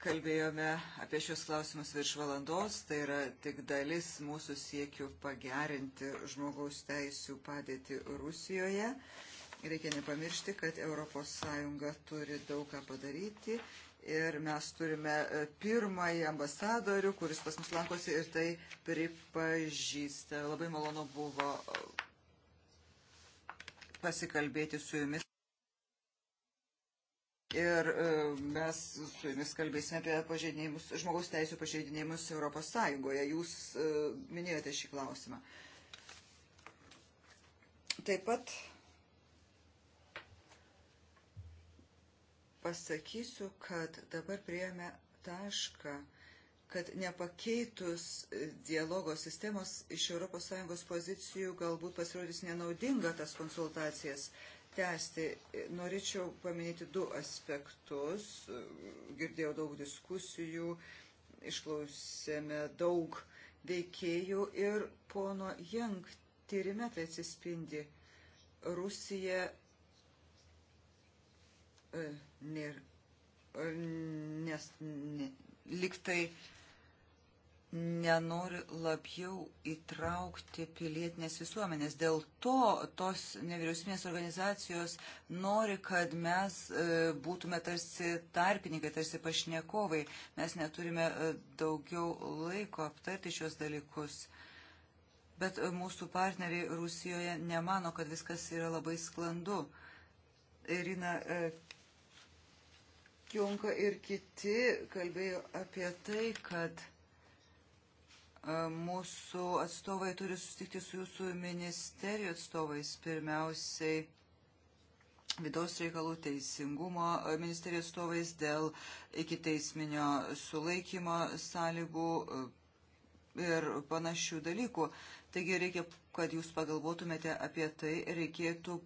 kalbėjome apie šios klausimus virš valandos, tai yra tik dalis mūsų siekių pagerinti žmogaus teisų padėtį Rusijoje. Reikia nepamiršti, kad ES turi daug ką padaryti ir mes turime e, pirmąjį ambasadorių, kuris pas mus lankosi ir tai pripažįsta. Labai malonu buvo pasikalbėti su jumis ir e, mes su jumis kalbėsime apie pažeidinėjimus, žmogaus teisų pažeidinėjimus Europos Sąjungoje. Jūs e, minėjote šį klausimą. Taip pat pasakysiu, kad dabar priėmė tašką, kad nepakeitus dialogo sistemos iš ES pozicijų galbūt pasirodys nenaudinga tas konsultacijas. Uh, tęsti. Norėčiau paminėti du aspektus. Girdėjau daug diskusijų, išklausėme daug veikėjų ir pono Jank tyrime tai atsispindi. Rusija e, nėra, nes ne, liktai. Ne, nenori labiau įtraukti pilietinės visuomenės. Dėl to tos nevyriausybinės organizacijos nori, kad mes e, būtume tarsi tarpininkai, tarsi pašnekovai. Mes neturime e, daugiau laiko aptarti šios dalykus. Bet e, mūsų partneriai Rusijoje nemano, kad viskas yra labai sklandu. Irina Kionka ir kiti kalbėjo apie tai, kad Mūsų atstovai turi susitikti su jūsų ministerijų atstovais, pirmiausiai vidaus reikalų teisingumo ministerijos atstovais dėl iki teisminio sulaikymo sąlygų ir panašių dalykų. Taigi reikia, kad jūs pagalvotumėte apie tai, reikėtų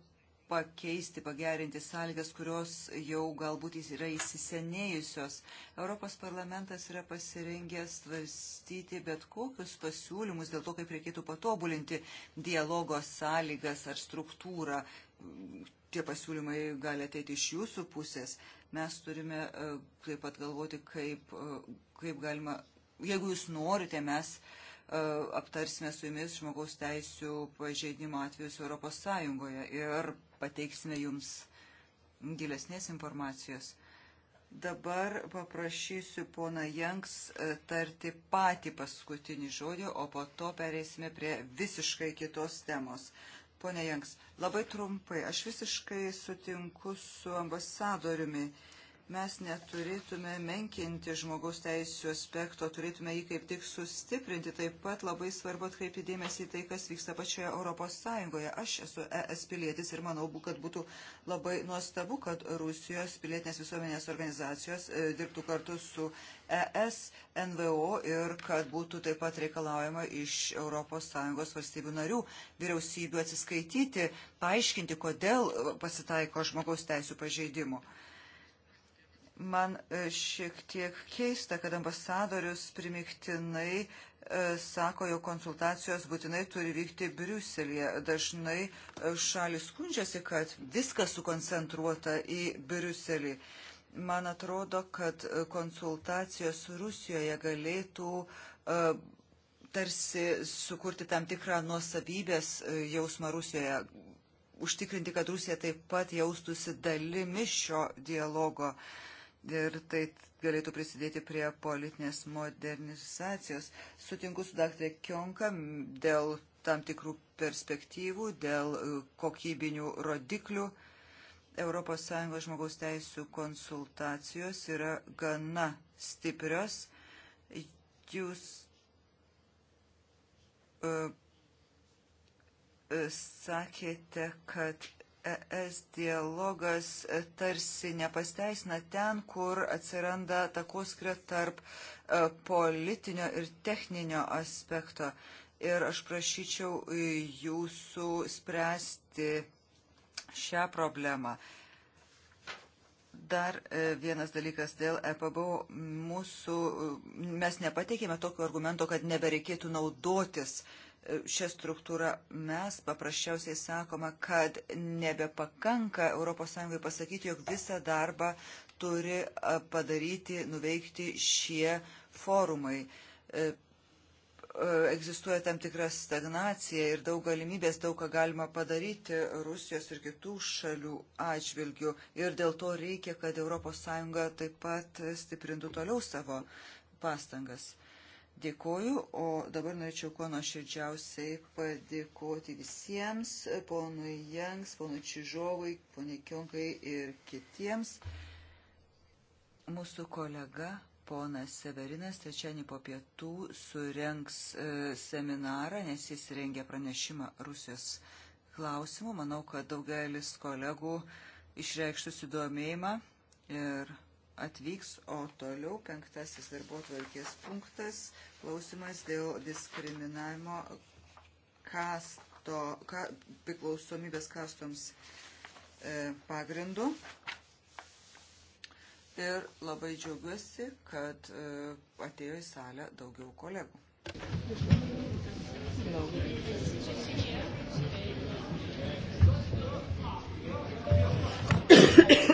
pakeisti, pagerinti sąlygas, kurios jau galbūt yra įsisenėjusios. Europos parlamentas yra pasirengęs svarstyti bet kokius pasiūlymus dėl to, kaip reikėtų patobulinti dialogo sąlygas ar struktūrą. Tie pasiūlymai gali ateiti iš jūsų pusės. Mes turime e, taip pat galvoti, kaip, e, kaip galima, jeigu jūs norite, mes e, aptarsime su jumis žmogaus teisų pažeidimo atvejus Europos Sąjungoje ir pateiksime jums gilesnės informacijos. Dabar paprašysiu pona Janks e, tarti patį paskutinį žodį, o po to pereisime prie visiškai kitos temos. Pone Janks, labai trumpai, aš visiškai sutinku su ambasadoriumi. Uh, Mes neturėtume menkinti žmogaus teisų aspekto, turėtume jį kaip tik sustiprinti. Taip pat labai svarbu atkreipti dėmesį į tai, kas vyksta pačioje Europos Sąjungoje. Aš esu ES pilietis ir manau, kad būtų labai nuostabu, kad Rusijos pilietinės visuomenės organizacijos e, dirbtų kartu su ES, NVO ir kad būtų taip pat reikalaujama iš Europos Sąjungos valstybių narių vyriausybių atsiskaityti, paaiškinti, kodėl e, pasitaiko žmogaus teisų pažeidimų. Man e, šiek tiek keista, kad ambasadorius primiktinai e, sako, jo konsultacijos būtinai turi vykti Briuselėje. Dažnai e, šalis skundžiasi, kad viskas sukoncentruota į Briuselį. Man atrodo, kad konsultacijos Rusijoje galėtų tarsi sukurti tam tikrą nuosavybės jausmą Rusijoje, užtikrinti, kad Rusija taip pat jaustųsi dalimi šio dialogo. Uh, ir tai galėtų prisidėti prie politinės modernizacijos. Sutinku su daktarė Kionka dėl tam tikrų perspektyvų, dėl e, kokybinių rodiklių. ES žmogaus teisų konsultacijos yra gana stiprios. Jūs uh, sakėte, kad ES dialogas e, tarsi nepasteisina ten, kur atsiranda takoskrio tarp e, politinio ir techninio aspekto. Ir aš prašyčiau e, jūsų spręsti šią problemą. Dar vienas dalykas dėl EPBO. Mūsų, mes nepateikėme tokio argumento, kad nebereikėtų naudotis uh, šią struktūrą. Mes paprasčiausiai sakoma, kad nebepakanka ES pasakyti, jog visą darbą turi padaryti, nuveikti šie forumai. E, e, egzistuoja tam tikra stagnacija ir daug galimybės, daug ką galima padaryti Rusijos ir kitų šalių atžvilgių. Ir dėl to reikia, kad ES taip pat stiprintų toliau savo pastangas. Dėkoju, o dabar norėčiau kuo nuoširdžiausiai padėkoti visiems, ponui Jangs, ponui Čižovui, poniai Kionkai ir kitiems. Mūsų kolega ponas Severinas trečiąjį po pietų surenks e, seminarą, nes jis rengia pranešimą Rusijos klausimų. Manau, kad daugelis kolegų išreikštų sudomėjimą ir atvyks, o toliau penktasis darbo tvarkės punktas - klausimas dėl diskriminavimo kasto, ka, priklausomybės kastoms e, pagrindu. Ir labai džiaugiuosi, kad e, atėjo į salę daugiau kolegų. No. Thank you.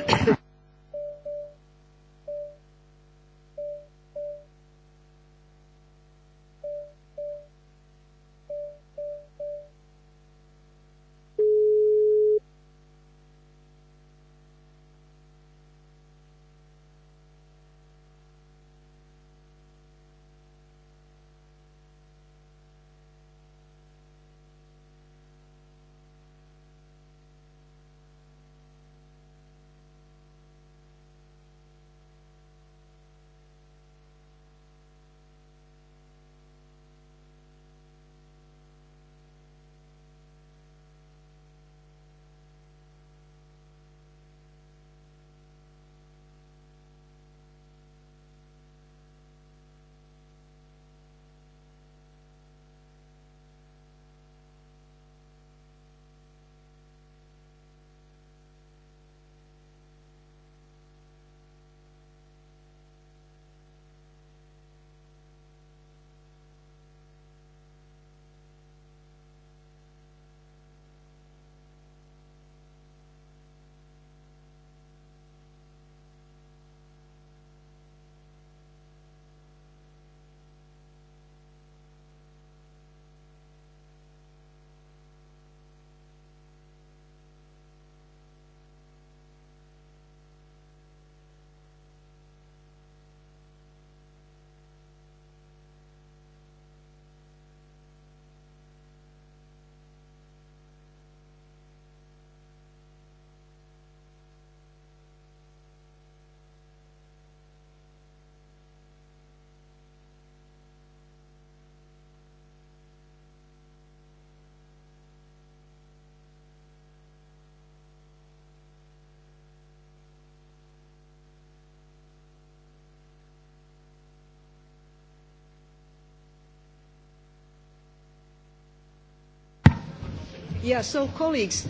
Yeah, so colleagues,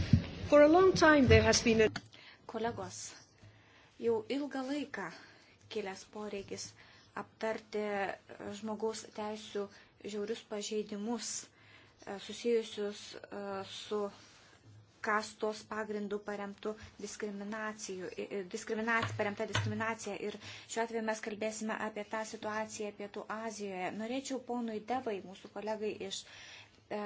for a long time there has been a... Kolegos, jau ilgą laiką kilęs poreikis aptarti e, žmogaus teisų žiaurius pažeidimus e, susijusius e, su kastos pagrindų paremtų diskriminacijų, diskriminacija, paremta diskriminacija. Ir šiuo atveju mes kalbėsime apie tą situaciją Pietų Azijoje. Norėčiau ponui Devai, mūsų kolegai iš uh, E,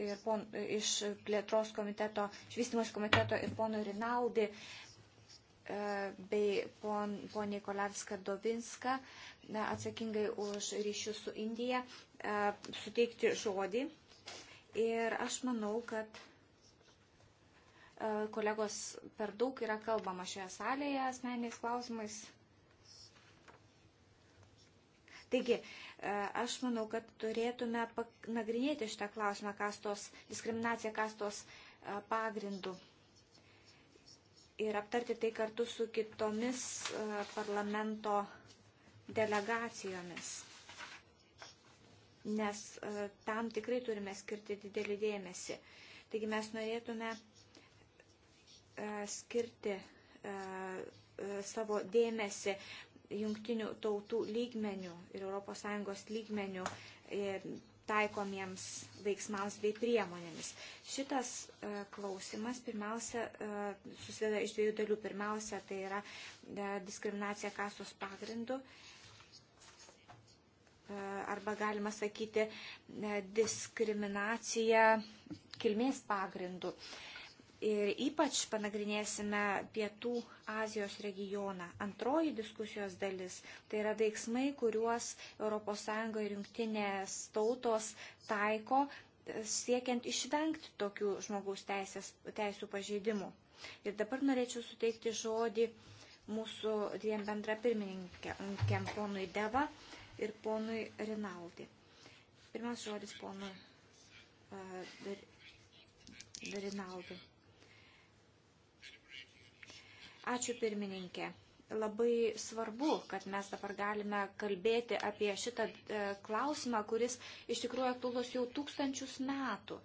ir pon, iš plėtros komiteto, išvystymus komiteto ir pono Rinaldi e, bei pon, poniai Kolevska Dovinska atsakingai už ryšius su Indija e, suteikti žodį. Ir aš manau, kad kolegos per daug yra kalbama šioje salėje asmeniais klausimais Taigi, e, aš manau, kad turėtume nagrinėti šitą klausimą kastos, diskriminaciją kastos e, pagrindų ir aptarti tai kartu su kitomis e, parlamento delegacijomis. Nes tam tikrai turime skirti didelį dėmesį. Taigi mes norėtume skirti savo dėmesį jungtinių tautų lygmenių ir ES lygmenių taikomiems veiksmams bei priemonėmis. Šitas e, klausimas pirmiausia e, susideda iš dviejų dalių. Pirmiausia, tai yra e, diskriminacija kasos pagrindu arba galima sakyti diskriminacija kilmės pagrindu. Ir ypač panagrinėsime Pietų Azijos regioną. Antroji diskusijos dalis tai yra veiksmai, kuriuos ES ir jungtinės tautos taiko e, siekiant išvengti tokių žmogaus teisės, teisų pažeidimų. Ir dabar norėčiau suteikti žodį mūsų dviem bendrapirmininkėm, ponui Deva ir ponui Rinaldi. Pirmas žodis ponui uh, Rinaldi. Ačiū pirmininkė. Labai svarbu, kad mes dabar galime kalbėti apie šitą e, klausimą, kuris iš tikrųjų aktuolus jau tūkstančius metų.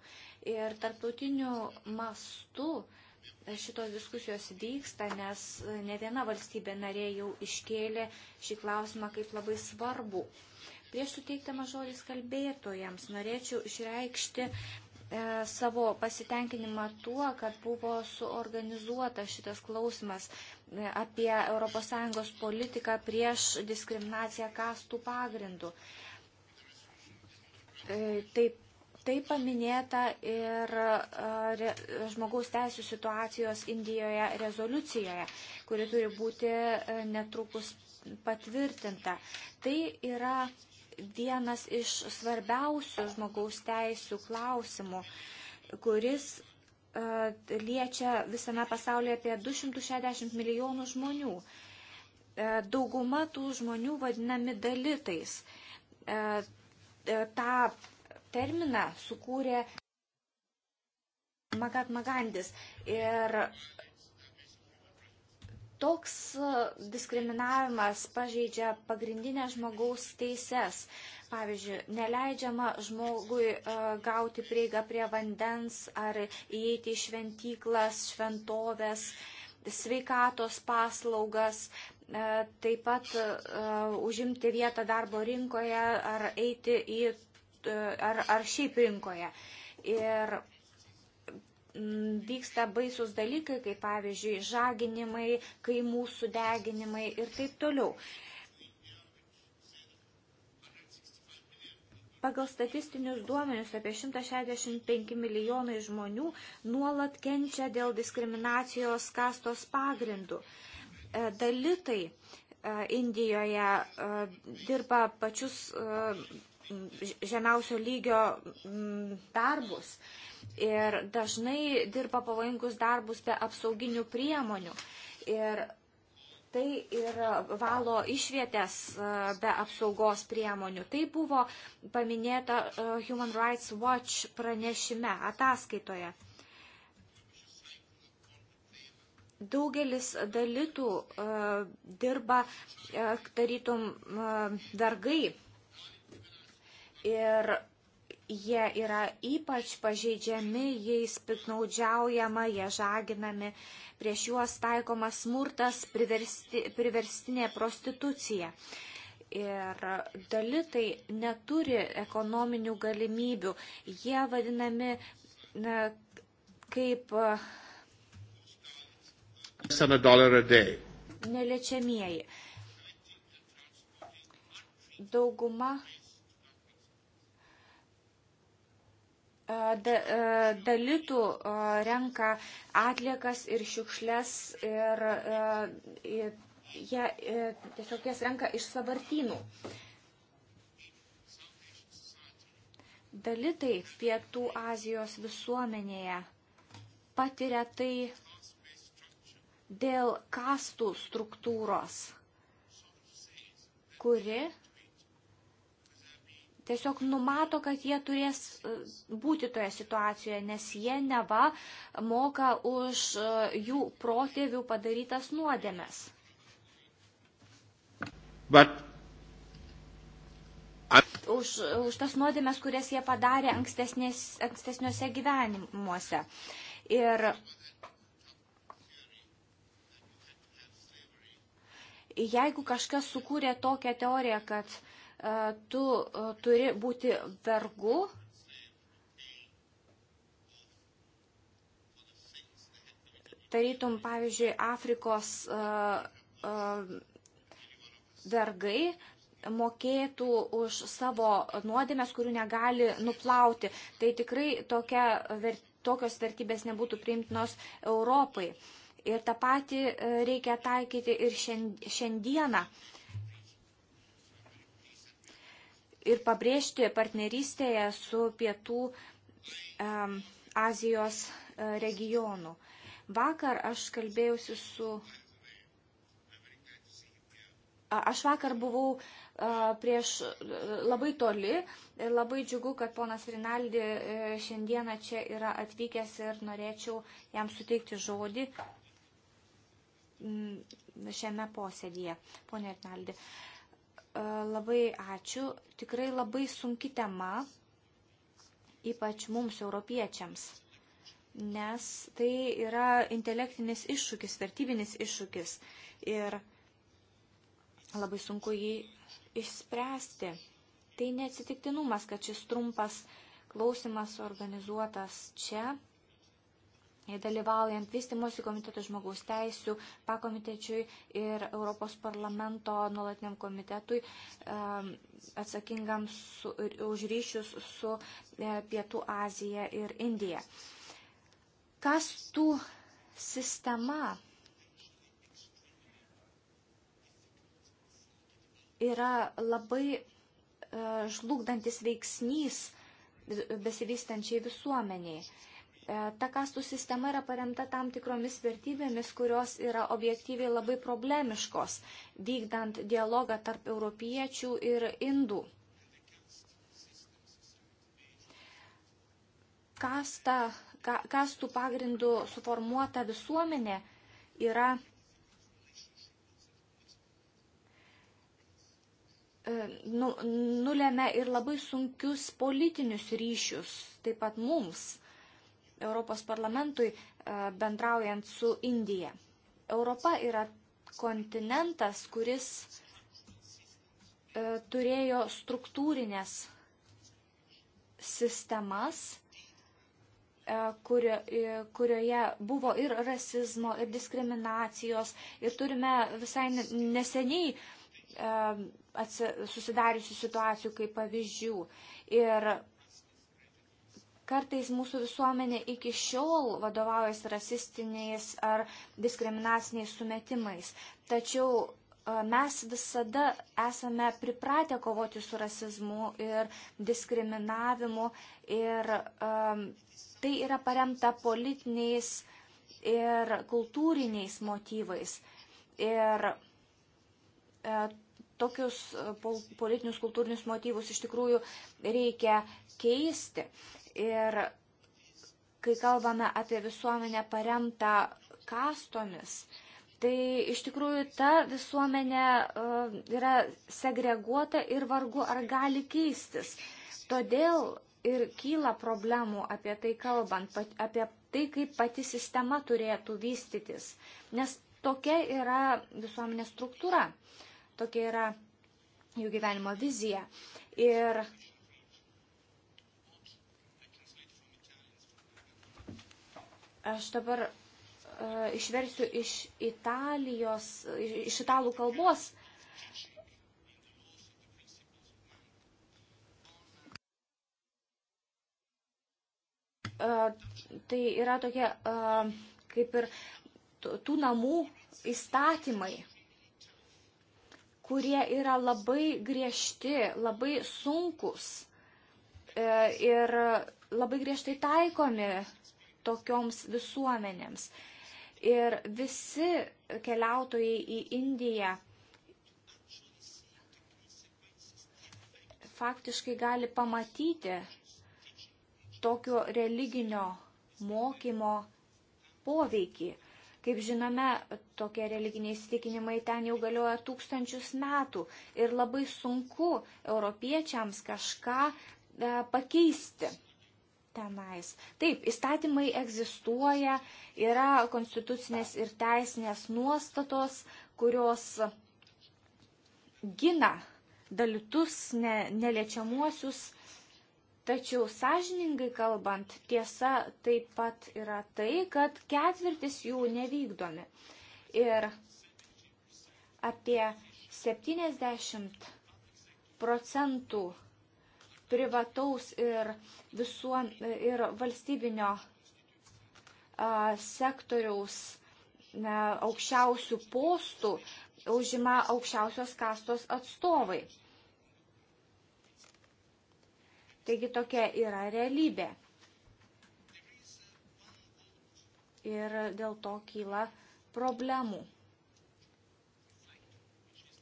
Ir tarptautiniu mastu e, šitos diskusijos vyksta, nes e, ne viena valstybė narė jau iškėlė šį klausimą kaip labai svarbu. Prieš suteiktama žodis kalbėtojams norėčiau išreikšti E, savo pasitenkinimą tuo, kad buvo suorganizuota šitas klausimas e, apie ES politiką prieš diskriminaciją kastų pagrindų. E, taip, tai paminėta ir žmogaus teisų situacijos Indijoje rezoliucijoje, kuri turi būti netrukus patvirtinta. Tai yra vienas iš svarbiausių žmogaus teisų klausimų, kuris uh, liečia visame pasaulyje apie 260 milijonų žmonių. Uh, dauguma tų žmonių vadinami dalitais. Uh, tą terminą sukūrė Magat Magandis ir Toks e, diskriminavimas pažeidžia pagrindinės žmogaus teises. Pavyzdžiui, neleidžiama žmogui e, gauti prieigą prie vandens ar įeiti į šventyklas, šventovės, sveikatos paslaugas, e, taip pat užimti vietą darbo rinkoje ar eiti į, ar, ar šiaip rinkoje. Ir Mm, vyksta baisus dalykai, kaip pavyzdžiui, žaginimai, kaimų sudeginimai ir taip toliau. Pagal statistinius duomenius apie 165 milijonai žmonių nuolat kenčia dėl diskriminacijos kastos pagrindų. E, dalitai e, Indijoje e, dirba pačius žemiausio lygio mm, darbus ir dažnai dirba pavojingus darbus be apsauginių priemonių. Ir tai ir valo išvietės e, be apsaugos priemonių. Tai buvo paminėta e, Human Rights Watch pranešime, ataskaitoje. Daugelis dalytų e, dirba, tarytum, vergai ir jie yra ypač pažeidžiami, jais piknaudžiaujama, jie žaginami, prieš juos taikomas smurtas, priversti, priverstinė prostitucija. Ir dalitai neturi ekonominių galimybių. Jie vadinami na, kaip neliečiamieji. Dauguma dalitų renka atliekas ir šiukšles ir jie tiesiog jas renka iš savartynų. Dalitai Pietų Azijos visuomenėje patiria tai dėl kastų struktūros, kuri tiesiog numato, kad jie turės e, būti toje situacijoje, nes jie neva moka už e, jų protėvių padarytas nuodėmes. But... Už, už tas nuodėmes, kurias jie padarė ankstesniuose gyvenimuose. Ir jeigu kažkas sukūrė tokią teoriją, kad uh, E, tu e, turi būti vergu. Tarytum, pavyzdžiui, Afrikos e, vergai mokėtų už savo nuodėmės, kurių negali nuplauti. Tai tikrai tokia, ver, tokios vertybės nebūtų priimtinos Europai. Ir tą patį reikia taikyti ir šiandieną. Šiandien ir pabrėžti partnerystėje su pietų um, Azijos e, regionu. Vakar aš kalbėjausi su. Aš vakar buvau e, prieš e, labai toli ir labai džiugu, kad ponas Rinaldi šiandieną čia yra atvykęs ir norėčiau jam suteikti žodį šiame posėdėje. Pone Rinaldi. Uh, labai ačiū. Tikrai labai sunki tema, ypač mums, europiečiams, nes tai yra intelektinis iššūkis, vertybinis iššūkis ir labai sunku jį išspręsti. Tai neatsitiktinumas, kad šis trumpas klausimas organizuotas čia dalyvaujant vystimosi komiteto žmogaus teisų pakomitečiui ir Europos parlamento nuolatiniam komitetui atsakingam su, už ryšius su e, Pietų Azija ir Indija. Kastų sistema yra labai e, žlugdantis veiksnys besivystančiai visuomeniai. E, ta kastų sistema yra paremta tam tikromis vertybėmis, kurios yra objektyviai labai problemiškos, vykdant dialogą tarp europiečių ir indų. Kasta, ka, kastų pagrindų suformuota visuomenė yra e, nu, nulėmė ir labai sunkius politinius ryšius, taip pat mums. Europos parlamentui e, bendraujant su Indija. Europa yra kontinentas, kuris e, turėjo struktūrinės sistemas, e, kurio, kurioje buvo ir rasizmo, ir diskriminacijos, ir turime visai neseniai susidariusių situacijų kaip pavyzdžių. Ir Kartais mūsų visuomenė iki šiol vadovaujasi rasistiniais ar diskriminaciniais sumetimais. Tačiau e, mes visada esame pripratę kovoti su rasizmu ir diskriminavimu ir um, tai yra paremta politiniais ir kultūriniais motyvais. Ir e, tokius e, politinius kultūrinius motyvus iš tikrųjų reikia keisti. Ir kai kalbame apie visuomenę paremtą kastomis, tai iš tikrųjų ta visuomenė e, yra segreguota ir vargu ar gali keistis. Todėl ir kyla problemų apie tai kalbant, apie tai, kaip pati sistema turėtų vystytis. Nes tokia yra visuomenės struktūra, tokia yra jų gyvenimo vizija. Ir Aš dabar uh, išversiu iš Italijos, iš, iš italų kalbos. Uh, tai yra tokie uh, kaip ir tų namų įstatymai, kurie yra labai griežti, labai sunkus uh, ir labai griežtai taikomi tokioms visuomenėms. Ir visi keliautojai į Indiją faktiškai gali pamatyti tokio religinio mokymo poveikį. Kaip žinome, tokie religiniai įsitikinimai ten jau galioja tūkstančius metų ir labai sunku europiečiams kažką e, pakeisti tenais. Taip, įstatymai egzistuoja, yra konstitucinės ir teisinės nuostatos, kurios gina dalytus, ne, neliečiamuosius, tačiau sąžiningai kalbant, tiesa taip pat yra tai, kad ketvirtis jų nevykdomi. Ir apie 70 procentų privataus ir, visuom, ir valstybinio sektoriaus aukščiausių postų užima aukščiausios kastos atstovai. Taigi tokia yra realybė. Ir dėl to kyla problemų.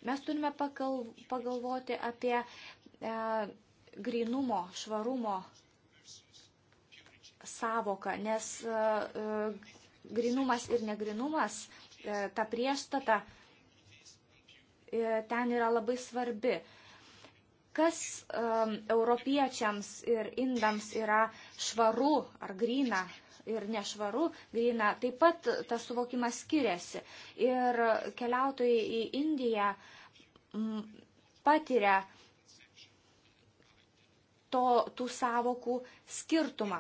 Mes turime pagalvoti apie grinumo, švarumo savoką, nes e, e, grinumas ir negrinumas, e, ta priešstata ten yra labai svarbi. Kas um, europiečiams ir indams yra švaru ar grina ir nešvaru grina, taip pat tas suvokimas skiriasi. Ir keliautojai į Indiją m, patiria to, tų savokų skirtumą.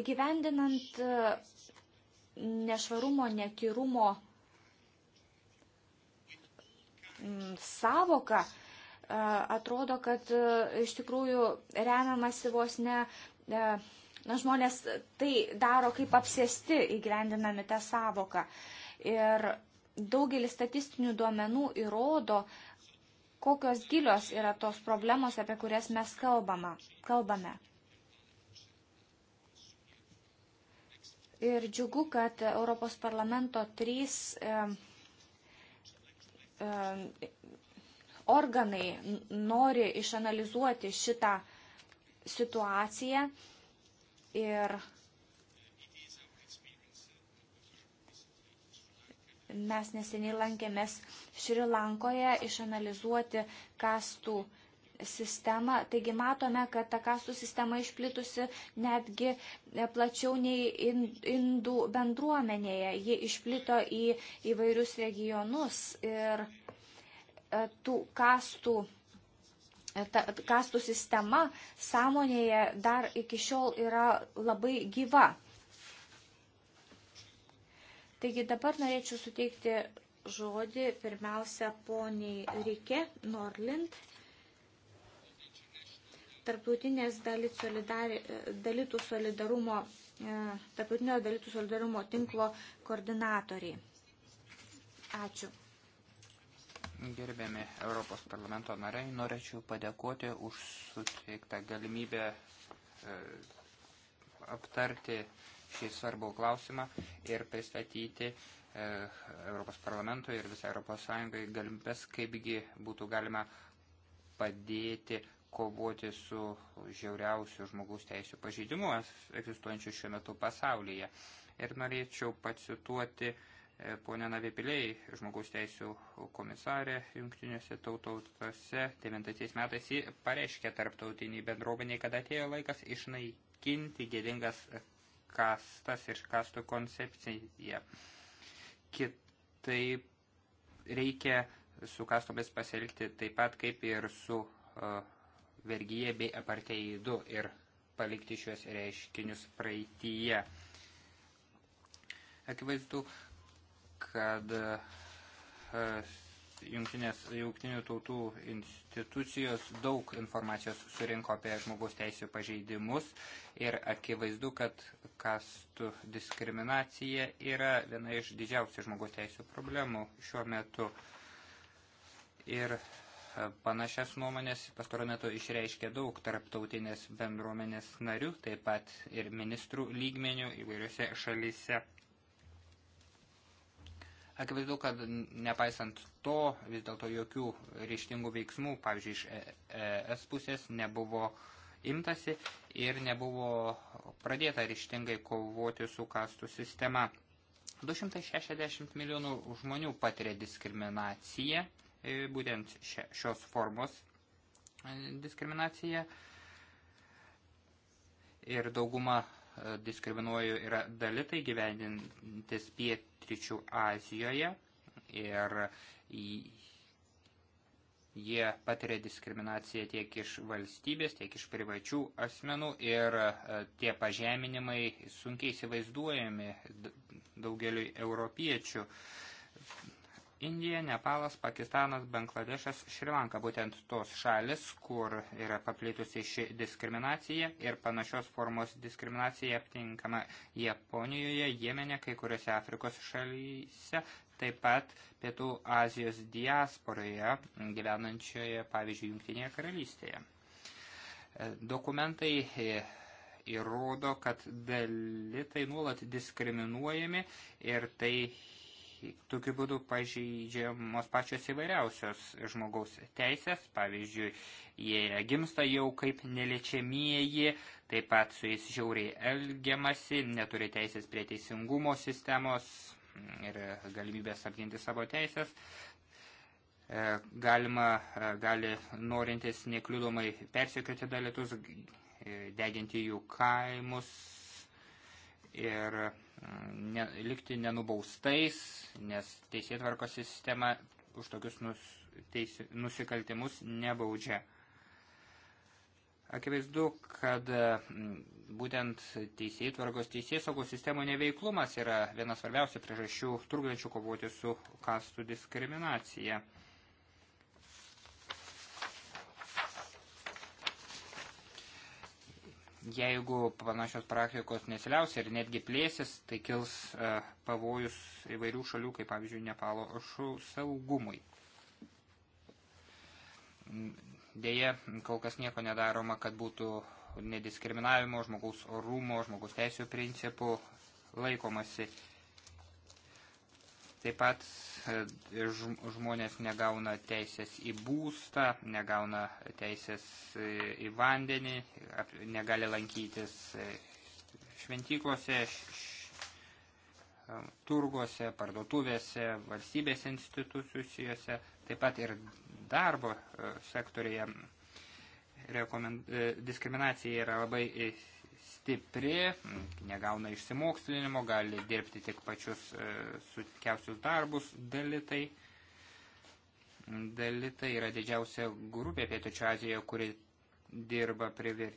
Įgyvendinant e, nešvarumo, netyrumo savoką, e, atrodo, kad e, iš tikrųjų remiamasi vos ne, na, žmonės tai daro kaip apsėsti įgyvendinami tą savoką. Ir daugelis statistinių duomenų įrodo, kokios gilios yra tos problemos, apie kurias mes kalbama, kalbame. Ir džiugu, kad Europos parlamento trys e, e, organai nori išanalizuoti šitą situaciją ir Mes neseniai lankėmės Šri Lankoje išanalizuoti kastų sistemą. Taigi matome, kad ta kastų sistema išplitusi netgi plačiau nei indų bendruomenėje. Ji išplito į įvairius regionus ir e, tų kastų. E, ta, kastų sistema sąmonėje dar iki šiol yra labai gyva. Taigi dabar norėčiau suteikti žodį pirmiausia poniai Rike Norlind, tarptautinės dalytų, solidari, dalytų solidarumo, e, tarptautinio dalytų solidarumo tinklo koordinatoriai. Ačiū. Gerbėmi Europos parlamento nariai, norėčiau padėkoti už suteiktą galimybę e, aptarti šį svarbų klausimą ir pristatyti e, Europos parlamentui ir visai Europos Sąjungai galimybės, kaipgi būtų galima padėti kovoti su žiauriausiu žmogaus teisų pažeidimu egzistuojančiu šiuo metu pasaulyje. Ir norėčiau pacituoti e, ponę Navipiliai, žmogaus teisų komisarė jungtiniuose tautautose, 90 metais ji pareiškė tarptautiniai bendruomeniai, kad atėjo laikas išnaikinti gėdingas kastas ir kastų koncepcija. Kitaip reikia su kastomis pasielgti taip pat kaip ir su uh, e, vergyje bei aparteidu ir palikti šios reiškinius praeityje. Akivaizdu, kad uh, jungtinės, jungtinių tautų institucijos daug informacijos surinko apie žmogaus teisų pažeidimus ir akivaizdu, kad kastų diskriminacija yra viena iš didžiausių žmogaus teisų problemų šiuo metu. Ir e, panašias nuomonės pastaruo metu išreiškė daug tarptautinės bendruomenės narių, taip pat ir ministrų lygmenių įvairiose šalyse. Akivaizdu, kad nepaisant to, vis dėlto jokių ryštingų veiksmų, pavyzdžiui, iš ES e, pusės nebuvo imtasi ir nebuvo pradėta ryštingai kovoti su kastų sistema. 260 milijonų žmonių patiria diskriminaciją, e, būtent šios formos e, diskriminacija. Ir dauguma diskriminuoju yra dalitai gyvenintis pietričių Azijoje ir jie patiria diskriminaciją tiek iš valstybės, tiek iš privačių asmenų ir e, tie pažeminimai sunkiai įsivaizduojami daugeliu europiečių. Indija, Nepalas, Pakistanas, Bangladešas, Šrilanka, būtent tos šalis, kur yra paplitusi ši diskriminacija ir panašios formos diskriminacija aptinkama Japonijoje, Jemene, kai kuriuose Afrikos šalyse, taip pat Pietų Azijos diasporoje gyvenančioje, pavyzdžiui, Jungtinėje karalystėje. E, dokumentai e, įrodo, kad dalitai nuolat diskriminuojami ir tai tokiu būdu pažeidžiamos pačios įvairiausios žmogaus teisės, pavyzdžiui, jie gimsta jau kaip neliečiamieji, taip pat su jais žiauriai elgiamasi, neturi teisės prie teisingumo sistemos ir galimybės apginti savo teisės. E, galima, e, gali norintis nekliudomai persikioti dalytus, e, deginti jų kaimus ir ne, likti nenubaustais, nes teisėtvarkos sistema už tokius nus, teisi, nusikaltimus nebaudžia. Akivaizdu, kad mm, būtent teisėtvarkos teisėsaugos sistemų neveiklumas yra vienas svarbiausių priežasčių trukdančių kovoti su kastų diskriminacija. Jeigu panašios praktikos nesiliaus ir netgi plėsis, tai kils uh, pavojus įvairių šalių, kaip pavyzdžiui Nepalo saugumui. Deja, kol kas nieko nedaroma, kad būtų nediskriminavimo, žmogaus orumo, žmogaus teisų principų laikomasi. Uh, Taip pat e, žmonės negauna teisės į būstą, negauna teisės e, į vandenį, negali lankytis e, šventyklose, turguose, parduotuvėse, valstybės institucijose, taip pat ir darbo sektorėje diskriminacija yra labai stipri, negauna išsimokslinimo, gali dirbti tik pačius e, sutikiausius darbus dalitai. Dalitai yra didžiausia grupė Pietųčio Azijoje, kuri dirba priver,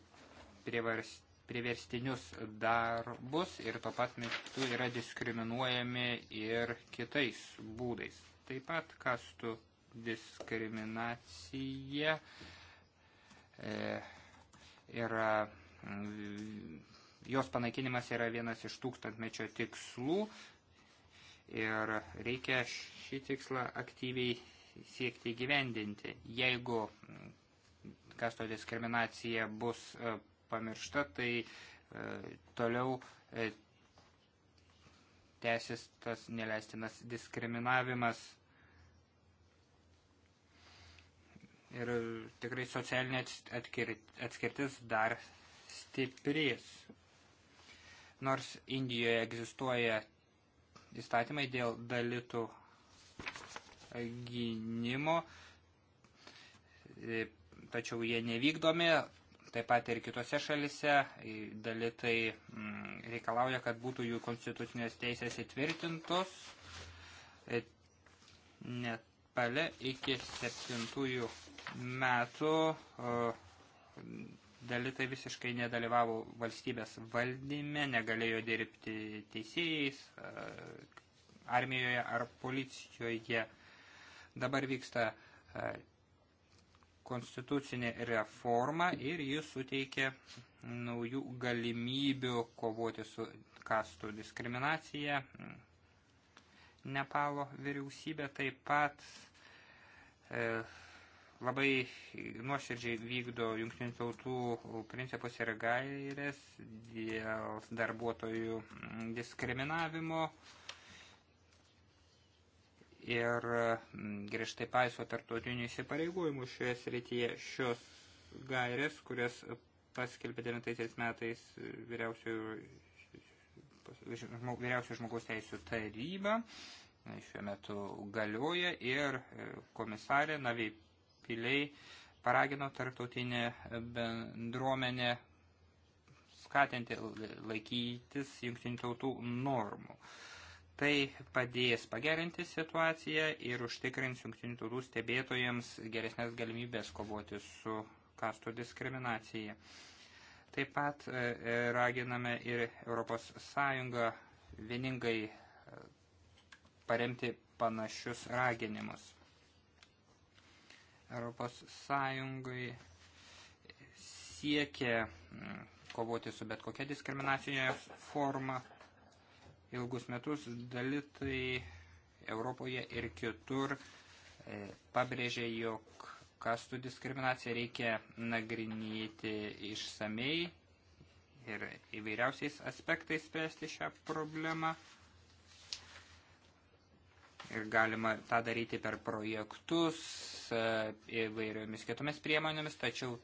privers, priverstinius darbus ir tuo pat metu yra diskriminuojami ir kitais būdais. Taip pat kastų diskriminacija e, yra Jos panaikinimas yra vienas iš tūkstantmečio tikslų ir reikia šį tikslą aktyviai siekti gyvendinti. Jeigu kasto diskriminacija bus e, pamiršta, tai e, toliau e, tęsis tas neleistinas diskriminavimas. Ir tikrai socialinė atskirtis dar stiprės. Nors Indijoje egzistuoja įstatymai dėl dalitų gynimo, tačiau jie nevykdomi, taip pat ir kitose šalise dalitai mm, reikalauja, kad būtų jų konstitucinės teisės įtvirtintos. E, Nepale iki septintųjų metų Dalitai visiškai nedalyvavo valstybės valdyme, negalėjo dirbti teisėjais, e, armijoje ar policijoje. Dabar vyksta e, konstitucinė reforma ir jis suteikė naujų galimybių kovoti su kastų diskriminacija. Nepalo vyriausybė taip pat e, labai nuoširdžiai vykdo jungtinių tautų principus ir gairės dėl darbuotojų diskriminavimo ir griežtai paiso tarptautinių įsipareigojimų šioje srityje šios gairės, kurias paskelbė 9 metais vyriausių, vyriausių žmogaus teisų taryba. Šiuo metu galioja ir komisarė Naviai subtiliai paragino tarptautinę bendruomenę skatinti laikytis jungtinių tautų normų. Tai padės pagerinti situaciją ir užtikrins jungtinių tautų stebėtojams geresnės galimybės kovoti su kastų diskriminacija. Taip pat e, e, raginame ir Europos Sąjungą vieningai e, paremti panašius raginimus. Europos Sąjungai siekia mm, kovoti su bet kokia diskriminacijos forma. Ilgus metus dalitai Europoje ir kitur e, pabrėžė, jog kastų diskriminaciją reikia nagrinėti išsamei ir įvairiausiais aspektais spręsti šią problemą ir galima tą daryti per projektus e, įvairiomis kitomis priemonėmis, tačiau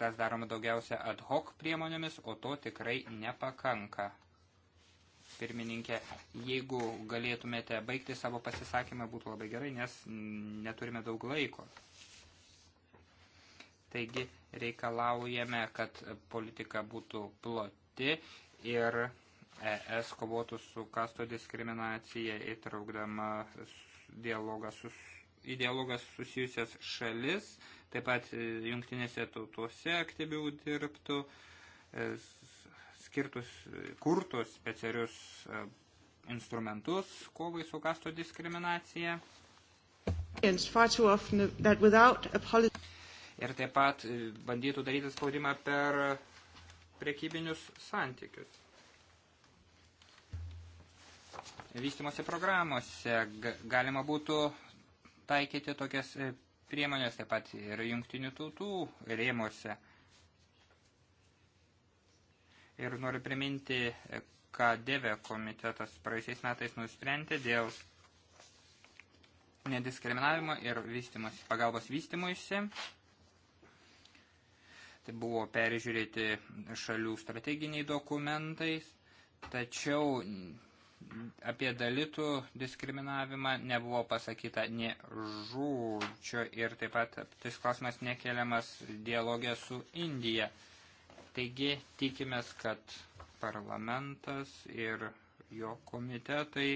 tas daroma daugiausia ad hoc priemonėmis, o to tikrai nepakanka. Pirmininkė, jeigu galėtumėte baigti savo pasisakymą, būtų labai gerai, nes neturime daug laiko. Taigi reikalaujame, kad politika būtų ploti ir ES kovotų su kasto diskriminacija įtraukdama dialogą sus, į dialogą susijusias šalis, taip pat e, jungtinėse tautose aktyviau dirbtų, e, skirtus, kurtus specialius e, instrumentus kovai su kasto diskriminacija. Ir taip pat bandytų daryti spaudimą per prekybinius santykius. vystimosi programuose. Galima būtų taikyti tokias e, priemonės taip pat ir jungtinių tautų rėmuose. Ir noriu priminti, e, ką Deve komitetas praėjusiais metais nusprendė dėl nediskriminavimo ir vystimus, pagalbos vystimuisi. Tai buvo peržiūrėti šalių strateginiai dokumentais, tačiau apie dalitų diskriminavimą nebuvo pasakyta ne žūčio ir taip pat tas klausimas nekeliamas dialogė su Indija. Taigi tikimės, kad parlamentas ir jo komitetai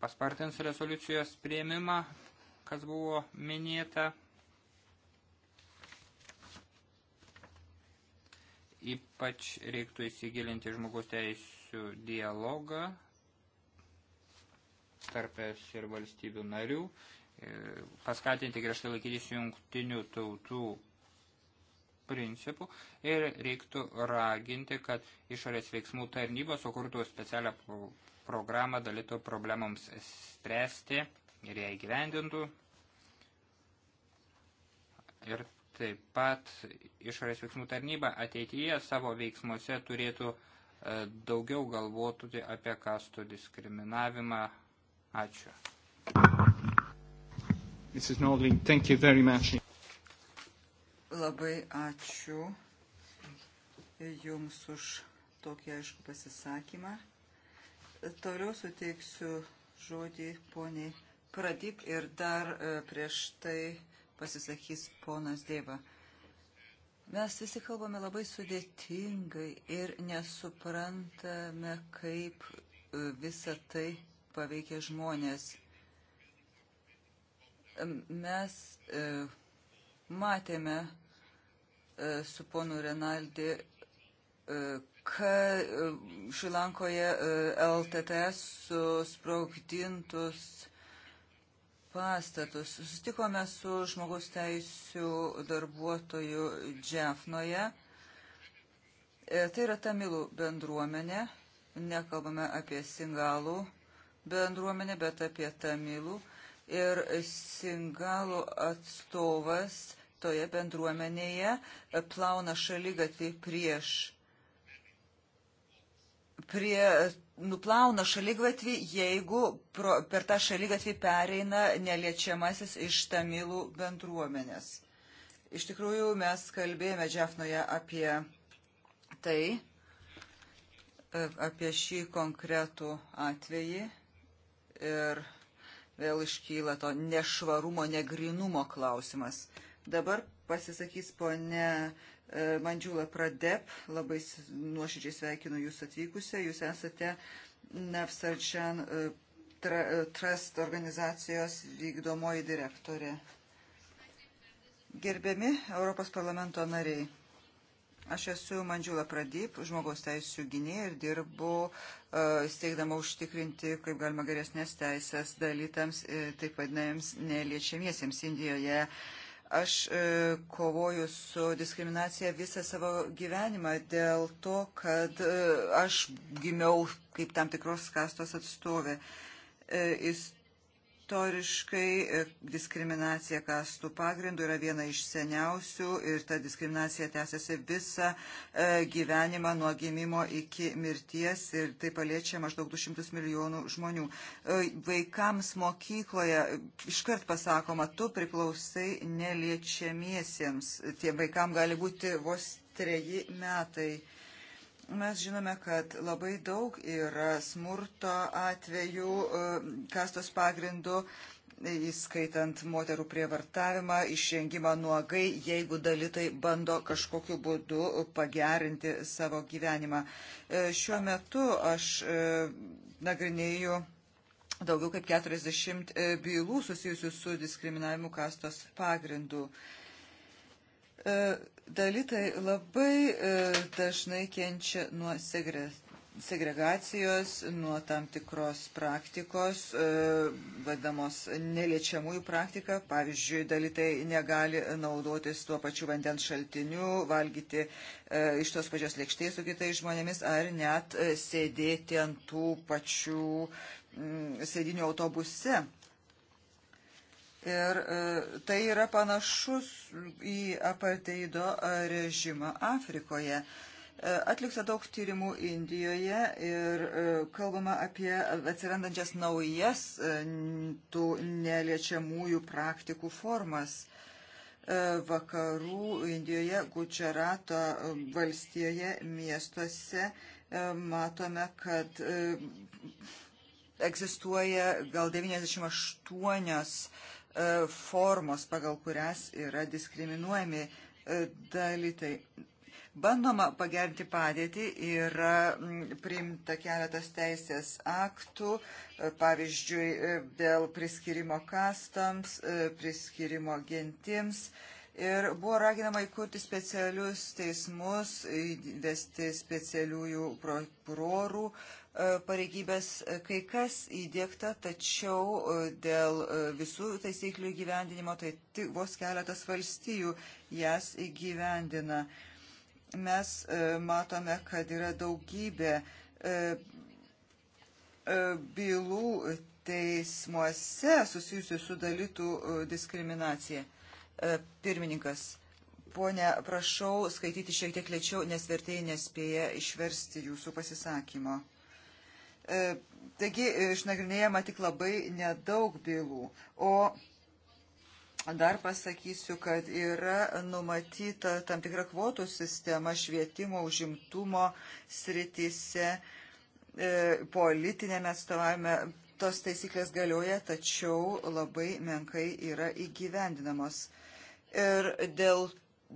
paspartins rezoliucijos prieimimą, kas buvo minėta. Ypač reiktų įsigilinti žmogaus teisų dialogą tarp es ir valstybių narių, e, paskatinti griežtai laikytis jungtinių tautų principų ir reiktų raginti, kad išorės veiksmų tarnyba sukurtų specialią programą dalytų problemams spręsti ir ją įgyvendintų. Ir Taip pat išorės veiksmų tarnyba ateityje savo veiksmuose turėtų e, daugiau galvotų apie kastų diskriminavimą. Ačiū. Mrs. Nordling, thank you very much. Labai ačiū Jums už tokį aišku pasisakymą. Toliau suteiksiu žodį poniai Pradip ir dar e, prieš tai pasisakys ponas Dėva. Mes visi kalbame labai sudėtingai ir nesuprantame, kaip e, visa tai paveikia žmonės. Mes e, matėme e, su ponu Renaldi, e, kad e, Šilankoje e, LTTS susprogdintus pastatus. Sustikome su žmogaus teisų darbuotoju Džefnoje. E, tai yra tamilų bendruomenė. Nekalbame apie singalų bendruomenę, bet apie tamilų. Ir singalų atstovas toje bendruomenėje plauna šalygatį prieš prie, nuplauna šalygatvį, jeigu pro, per tą šalygatvį pereina neliečiamasis iš tamilų bendruomenės. Iš tikrųjų, mes kalbėjome Džefnoje apie tai, e, apie šį konkretų atvejį ir vėl iškyla to nešvarumo, negrinumo klausimas. Dabar pasisakys ponė ne E, Mandžiula Pradep, labai nuoširdžiai sveikinu Jūs atvykusią. Jūs esate Nefsarčian e, e, Trust organizacijos vykdomoji direktorė. Gerbiami Europos parlamento nariai. Aš esu Mandžiula Pradyp, žmogaus teisų gynėja ir dirbu steigdama užtikrinti, kaip galima geresnės teisės dalytams, taip vadinėjams, neliečiamiesiems Indijoje. Uh, Aš e, kovoju su diskriminacija visą savo gyvenimą dėl to, kad e, aš gimiau kaip tam tikros kastos atstovė. E, ist, Istoriškai e, diskriminacija kastų pagrindų yra viena iš seniausių ir ta diskriminacija tęsiasi visą e, gyvenimą nuo gimimo iki mirties ir tai paliečia maždaug 200 milijonų žmonių. E, vaikams mokykloje iškart pasakoma, tu priklausai neliečiamiesiems. Tie vaikam gali būti vos treji metai. Mes žinome, kad labai daug yra smurto atvejų e, kastos pagrindų, įskaitant moterų prievartavimą, išrengimą nuogai, jeigu dalitai bando kažkokiu būdu pagerinti savo gyvenimą. E, šiuo metu aš e, nagrinėju daugiau kaip 40 bylų susijusių su diskriminavimu kastos pagrindu. E, dalitai labai e, dažnai kenčia nuo segre, segregacijos, nuo tam tikros praktikos, e, vadamos neliečiamųjų praktika. Pavyzdžiui, dalitai negali naudotis tuo pačiu vandens šaltiniu, valgyti iš tos pačios lėkštės su kitais žmonėmis ar net sėdėti ant tų pačių sėdinių autobuse Ir e, tai yra panašus į aparteido režimą Afrikoje. E, atlikta daug tyrimų Indijoje ir e, kalbama apie atsirandančias naujas tų neliečiamųjų praktikų formas. Vakarų Indijoje, Gučerato valstijoje, miestuose matome, kad egzistuoja gal 98 E, formos, pagal kurias yra diskriminuojami e, dalytai. Bandoma pagerinti padėtį ir priimta keletas teisės aktų, e, pavyzdžiui, dėl priskirimo kastams, priskirimo gentims. Ir buvo raginama įkurti specialius teismus, įvesti specialiųjų prokurorų, E, pareigybės e, kai kas įdėkta, tačiau e, dėl visų taisyklių įgyvendinimo tai tik vos keletas valstijų jas įgyvendina. Mes matome, kad yra daugybė bylų teismuose susijusių su dalytų diskriminacija. Pirmininkas, ponė, prašau skaityti šiek tiek lėčiau, nes vertėjai nespėja išversti jūsų pasisakymo. E, taigi e, išnagrinėjama tik labai nedaug bylų. O dar pasakysiu, kad yra numatyta tam tikra kvotų sistema švietimo užimtumo sritise, e, politinėme atstovavime. Tos taisyklės galioja, tačiau labai menkai yra įgyvendinamos. Ir dėl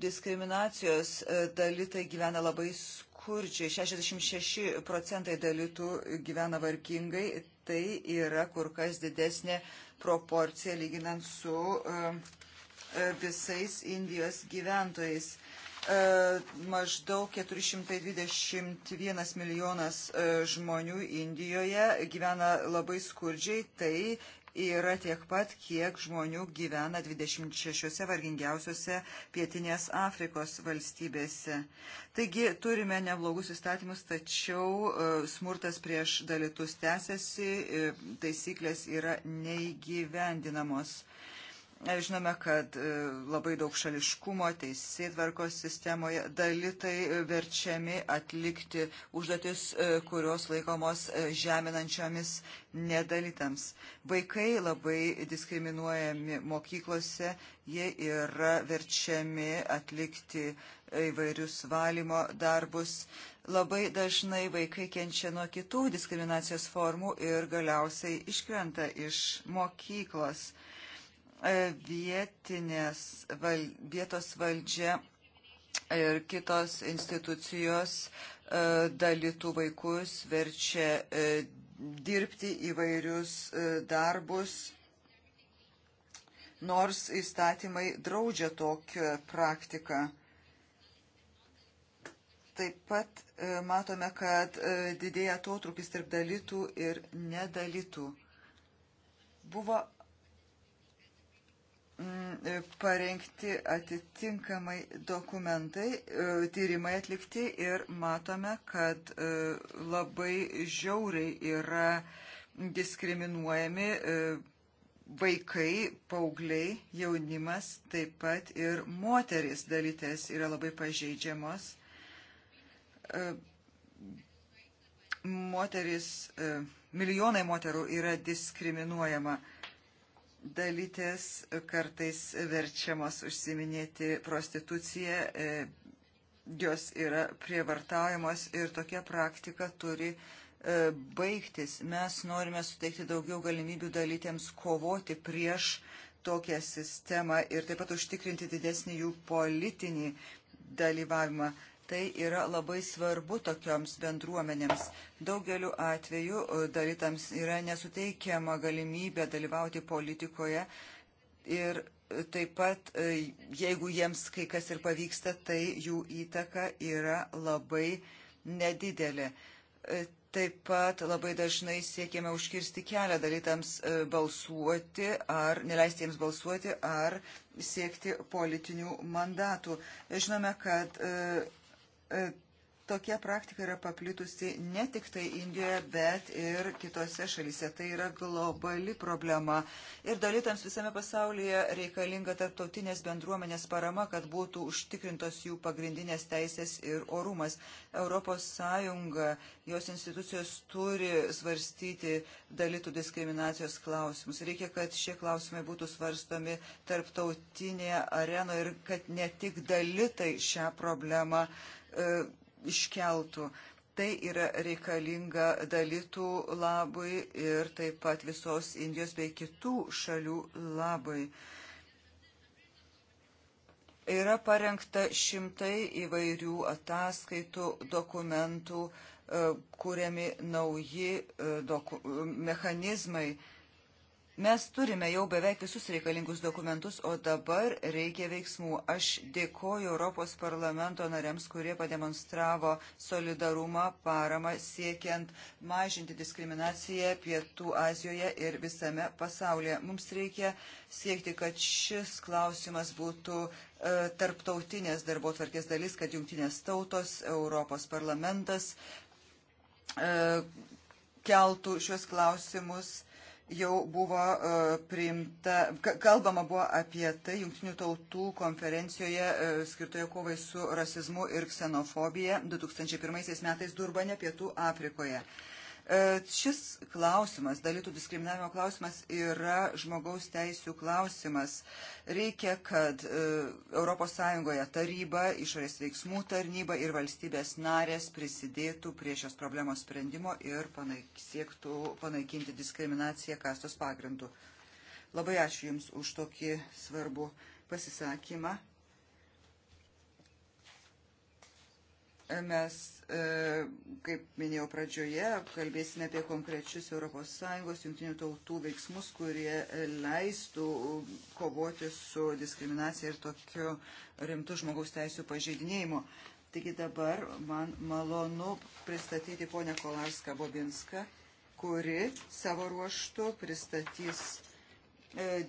diskriminacijos dalytai gyvena labai skubėti skurdžiai, 66 procentai dalytų gyvena vargingai, tai yra kur kas didesnė proporcija lyginant su e, e, visais Indijos gyventojais. E, maždaug 421 milijonas žmonių Indijoje gyvena labai skurdžiai, tai yra tiek pat, kiek žmonių gyvena 26 vargingiausiose pietinės Afrikos valstybėse. Taigi turime neblogus įstatymus, tačiau e, smurtas prieš dalitus tęsiasi, e, taisyklės yra neįgyvendinamos. Žinome, kad e, labai daug šališkumo teisėtvarkos sistemoje dalitai e, verčiami atlikti užduotis, e, kurios laikomos žeminančiomis nedalitams. Vaikai labai diskriminuojami mokyklose, jie yra verčiami atlikti įvairius valymo darbus. Labai dažnai vaikai kenčia nuo kitų diskriminacijos formų ir galiausiai iškrenta iš mokyklos E, vietinės, val, vietos valdžia ir kitos institucijos e, dalytų vaikus, verčia e, dirbti įvairius darbus, nors įstatymai draudžia tokią praktiką. Taip pat matome, kad didėja atotrukis tarp dalytų ir nedalytų. Buvo parengti atitinkamai dokumentai, e, tyrimai atlikti ir matome, kad e, labai žiauriai yra diskriminuojami e, vaikai, paaugliai, jaunimas, taip pat ir moteris dalytės yra labai pažeidžiamos. Moteris, milijonai moterų yra diskriminuojama dalytės kartais verčiamas užsiminėti prostituciją, e, jos yra prievartaujamos ir tokia praktika turi e, baigtis. Mes norime suteikti daugiau galimybių dalytėms kovoti prieš tokią sistemą ir taip pat užtikrinti didesnį jų politinį dalyvavimą. Tai yra labai svarbu tokioms bendruomenėms. Daugeliu atveju e, dalytams yra nesuteikiama galimybė dalyvauti politikoje ir e, taip pat, e, jeigu jiems kai kas ir pavyksta, tai jų įtaka yra labai nedidelė. Taip pat labai dažnai siekiame užkirsti kelią dalytams balsuoti ar neleisti jiems balsuoti ar siekti politinių mandatų. Žinome, kad E, tokia praktika yra paplitusi ne tik tai Indijoje, bet ir kitose šalyse. Tai yra globali problema. Ir dalytams visame pasaulyje reikalinga tarptautinės bendruomenės parama, kad būtų užtikrintos jų pagrindinės teisės ir orumas. ES, jos institucijos turi svarstyti dalytų diskriminacijos klausimus. Reikia, kad šie klausimai būtų svarstomi tarptautinėje arenoje ir kad ne tik dalytai šią problemą uh, E, iškeltų. Tai yra reikalinga dalytų labui ir taip pat visos Indijos bei kitų šalių labui. Yra parengta šimtai įvairių ataskaitų, dokumentų, e, kuriami nauji e, doku, mechanizmai Mes turime jau beveik visus reikalingus dokumentus, o dabar reikia veiksmų. Aš dėkoju Europos parlamento nariams, kurie pademonstravo solidarumą, paramą siekiant mažinti diskriminaciją Pietų Azijoje ir visame pasaulyje. Mums reikia siekti, kad šis klausimas būtų e, tarptautinės darbo tvarkės dalis, kad jungtinės tautos, Europos parlamentas e, keltų šios klausimus jau buvo e, priimta, kalbama buvo apie tai Junktinių tautų konferencijoje e, skirtoje kovai su rasizmu ir ksenofobija 2001 metais Durbane, Pietų Afrikoje. E, šis klausimas, dalytų diskriminavimo klausimas, yra žmogaus teisų klausimas. Reikia, kad ES taryba, išorės veiksmų tarnyba ir valstybės narės prisidėtų prie šios problemos sprendimo ir panaik, siektų panaikinti diskriminaciją kastos pagrindų. Labai ačiū Jums už tokį svarbų pasisakymą. Mes, e, kaip minėjau pradžioje, kalbėsime apie konkrečius ES jungtinių tautų veiksmus, kurie leistų kovoti su diskriminacija ir tokiu rimtu žmogaus teisų pažeidinėjimu. Taigi dabar man malonu pristatyti ponę Kolarską Bobinską, kuri savo ruoštų pristatys e,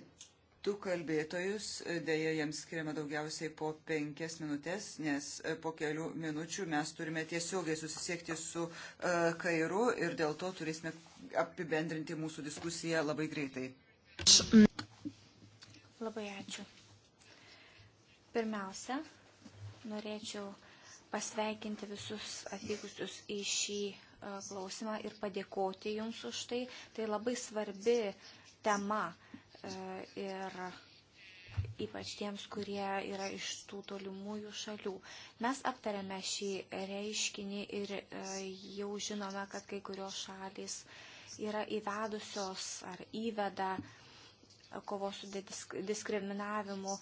du kalbėtojus, dėja jiems skiriama daugiausiai po penkias minutės, nes e, po kelių minučių mes turime tiesiogiai susisiekti su uh, Kairu ir dėl to turėsime apibendrinti mūsų diskusiją labai greitai. Labai ačiū. Pirmiausia, norėčiau pasveikinti visus atvykusius į šį e, klausimą ir padėkoti Jums už tai. Tai labai svarbi tema E, ir ypač tiems, kurie yra iš tų tolimųjų šalių. Mes aptarėme šį reiškinį ir e, jau žinome, kad kai kurios šalys yra įvedusios ar įveda uh, kovos su diskriminavimu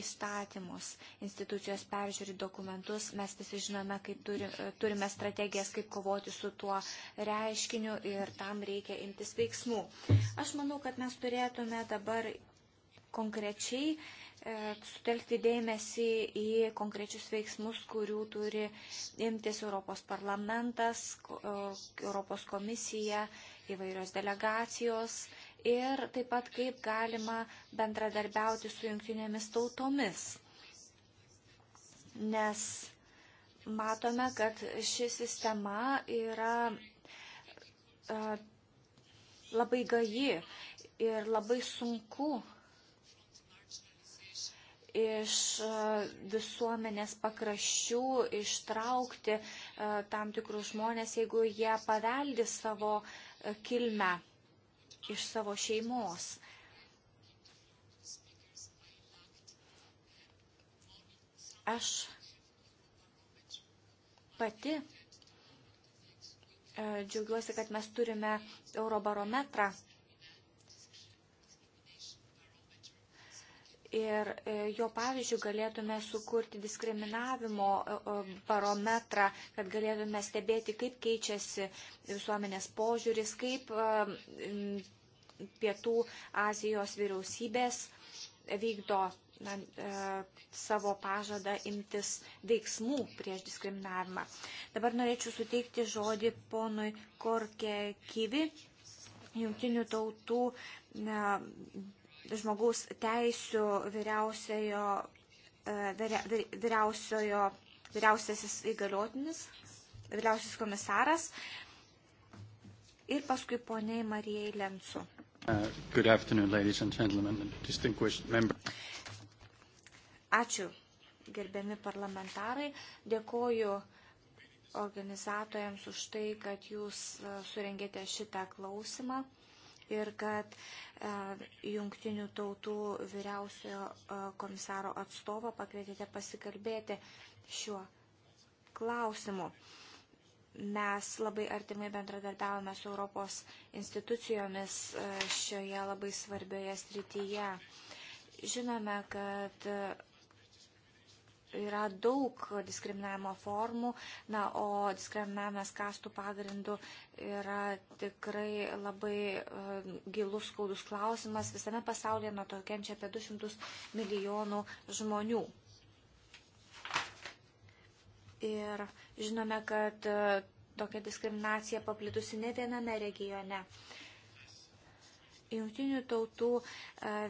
įstatymus. Institucijos peržiūri dokumentus, mes visi žinome, kaip turi, turime strategijas, kaip kovoti su tuo reiškiniu ir tam reikia imtis veiksmų. Aš manau, kad mes turėtume dabar konkrečiai e, sutelkti dėmesį į konkrečius veiksmus, kurių turi imtis Europos parlamentas, e, Europos komisija, įvairios delegacijos ir taip pat kaip galima bendradarbiauti su jungtinėmis tautomis. Nes matome, kad ši sistema yra a, e, labai gaji ir labai sunku iš e, visuomenės pakraščių ištraukti e, tam tikrus žmonės, jeigu jie paveldi savo kilmę iš savo šeimos. Aš pati e, džiaugiuosi, kad mes turime eurobarometrą. Ir e, jo pavyzdžių galėtume sukurti diskriminavimo e, barometrą, kad galėtume stebėti, kaip keičiasi visuomenės požiūris, kaip Pietų Azijos vyriausybės vykdo na, e, savo pažadą imtis veiksmų prieš diskriminavimą. Dabar norėčiau suteikti žodį ponui Korke Kyvi, jungtinių tautų na, žmogaus teisų vyriausiojo, e, vyriausiojo, vyriausiasis įgaliotinis, vyriausiasis komisaras ir paskui poniai Marijai Lencu. Uh, good afternoon, ladies and gentlemen, distinguished members. Ačiū, gerbiami parlamentarai. Dėkoju organizatoriams už tai, kad jūs uh, surengėte šitą klausimą ir kad uh, jungtinių tautų vyriausiojo komisaro atstovo pakvietėte pasikalbėti šiuo klausimu. Mes labai artimai bendradarbiavome su Europos institucijomis e, šioje labai svarbioje srityje. Žinome, kad e, yra daug diskriminavimo formų, na, o diskriminavimas kastų pagrindų yra tikrai labai uh, gilus, skaudus klausimas. Visame pasaulyje nuo to kenčia apie 200 milijonų žmonių. Ir žinome, kad e, tokia diskriminacija paplitusi ne viename regione. Jungtinių tautų e,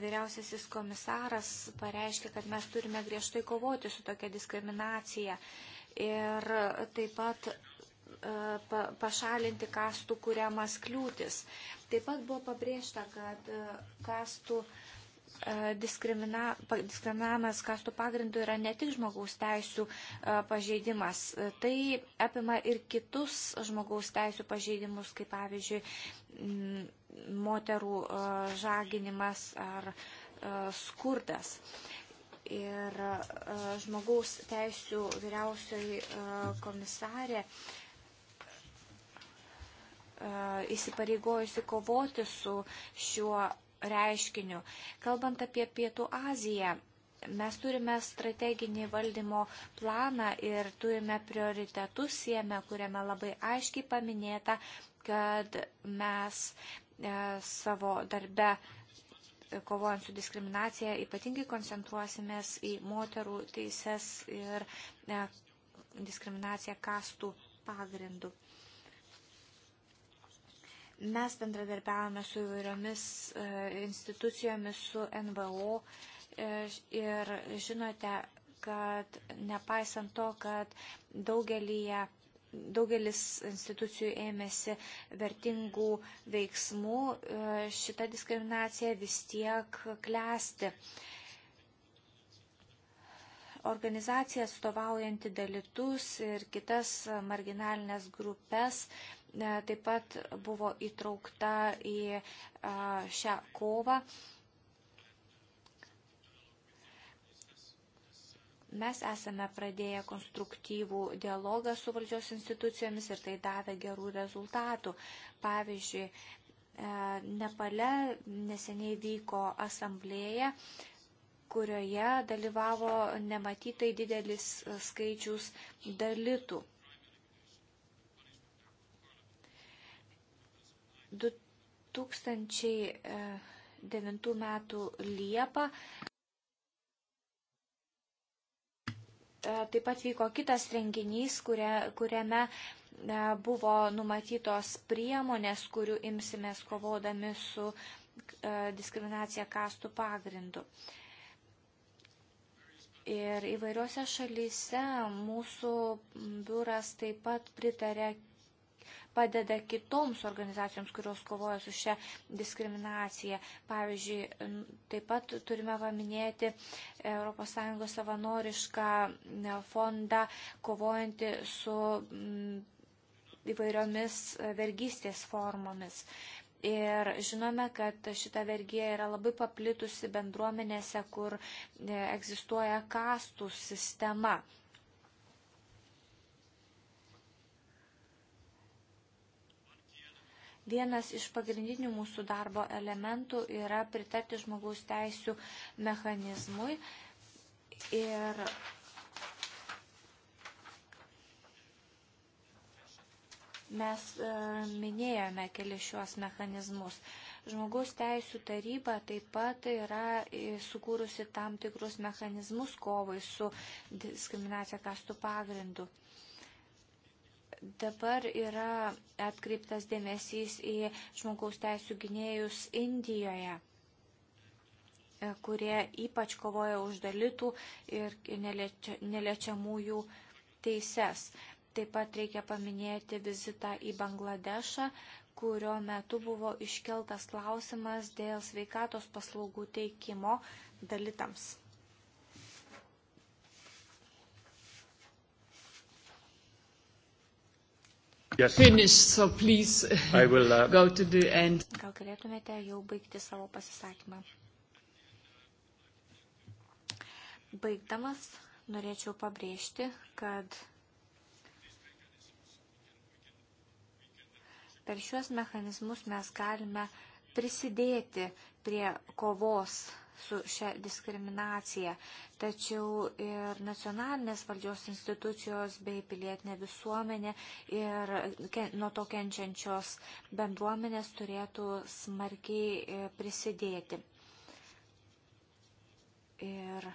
vyriausiasis komisaras pareiškė, kad mes turime griežtai kovoti su tokia diskriminacija ir taip pat e, pašalinti kastų kuriamas kliūtis. Taip pat buvo pabrėžta, kad kastų uh, E, diskrimina, diskriminavimas kastų pagrindų yra ne tik žmogaus teisų e, pažeidimas, e, tai apima ir kitus žmogaus teisų pažeidimus, kaip pavyzdžiui moterų žaginimas ar skurdas. Ir žmogaus teisų vyriausioji komisarė įsipareigojusi kovoti su šiuo reiškiniu. Kalbant apie Pietų Aziją, mes turime strateginį valdymo planą ir turime prioritetus sieme, kuriame labai aiškiai paminėta, kad mes e, savo darbe e, kovojant su diskriminacija ypatingai koncentruosimės į moterų teises ir e, diskriminaciją kastų pagrindų. Mes bendradarbiavame su įvairiomis e, institucijomis, su NVO e, ir žinote, kad nepaisant to, kad daugelyje daugelis institucijų ėmėsi vertingų veiksmų, e, šita diskriminacija vis tiek klesti. Organizacija atstovaujanti dalitus ir kitas marginalinės grupės E, taip pat buvo įtraukta į e, šią kovą. Mes esame pradėję konstruktyvų dialogą su valdžios institucijomis ir tai davė gerų rezultatų. Pavyzdžiui, e, Nepale neseniai vyko asamblėja, kurioje dalyvavo nematytai didelis skaičius dalytų. 2009 e, metų Liepą. E, taip pat vyko kitas renginys, kuria, kuriame e, buvo numatytos priemonės, kurių imsimės kovodami su diskriminacija kastų pagrindu. Ir įvairiuose šalyse mūsų biuras taip pat pritarė padeda kitoms organizacijoms, kurios kovoja su šia diskriminacija. Pavyzdžiui, taip pat turime paminėti ES savanorišką e, fondą kovojantį su įvairiomis e, vergystės formomis. Ir žinome, kad šita vergija yra labai paplitusi bendruomenėse, kur e, egzistuoja kastų sistema. Vienas iš pagrindinių mūsų darbo elementų yra pritarti žmogaus teisų mechanizmui ir mes e, minėjome keli šios mechanizmus. Žmogaus teisų taryba taip pat yra e, sukūrusi tam tikrus mechanizmus kovai su diskriminacija kastų pagrindu. Dabar yra atkreiptas dėmesys į žmogaus teisų gynėjus Indijoje, e, kurie ypač kovoja už dalytų ir neliečiamųjų teises. Taip pat reikia paminėti vizitą į Bangladešą, kurio metu buvo iškeltas klausimas dėl sveikatos paslaugų teikimo dalitams. yes. finished, so please I will, uh... *laughs* go to the end. Gal galėtumėte jau baigti savo pasisakymą? Baigdamas norėčiau pabrėžti, kad per šiuos mechanizmus mes galime prisidėti prie kovos su šia diskriminacija, tačiau ir nacionalinės valdžios institucijos bei pilietinė visuomenė ir nuo to kenčiančios bendruomenės turėtų smarkiai e, prisidėti. Ir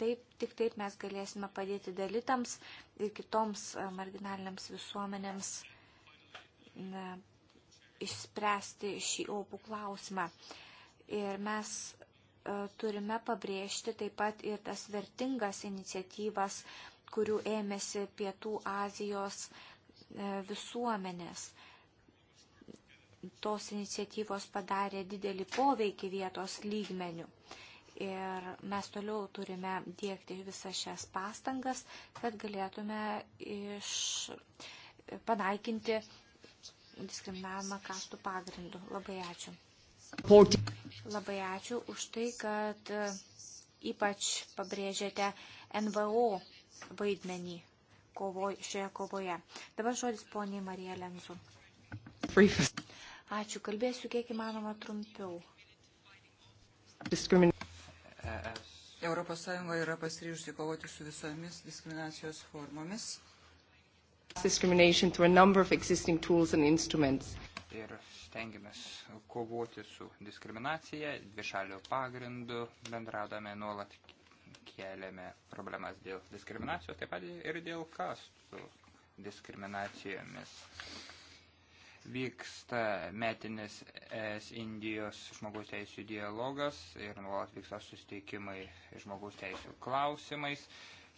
taip, tik taip mes galėsime padėti dalitams ir kitoms e, marginaliniams visuomenėms na, išspręsti šį opų klausimą. Ir mes E, turime pabrėžti taip pat ir tas vertingas iniciatyvas, kurių ėmėsi Pietų Azijos e, visuomenės. Tos iniciatyvos padarė didelį poveikį vietos lygmenių. Ir mes toliau turime dėkti visas šias pastangas, kad galėtume iš, panaikinti diskriminavimą kastų pagrindų. Labai ačiū. Labai ačiū už tai, kad e, ypač pabrėžėte NVO vaidmenį kovoj, šioje kovoje. Dabar žodis poniai Marija Lenzu. Ačiū, kalbėsiu kiek įmanoma trumpiau. E, e, Europos Sąjunga yra pasiryžusi kovoti su visomis diskriminacijos formomis. Discrimination through a number of existing tools and instruments ir stengiamės kovoti su diskriminacija, dvišalių pagrindų, bendradame nuolat keliame problemas dėl diskriminacijos, taip pat ir dėl kastų diskriminacijomis. Vyksta metinis ES Indijos žmogaus teisų dialogas ir nuolat vyksta susitikimai žmogaus teisų klausimais.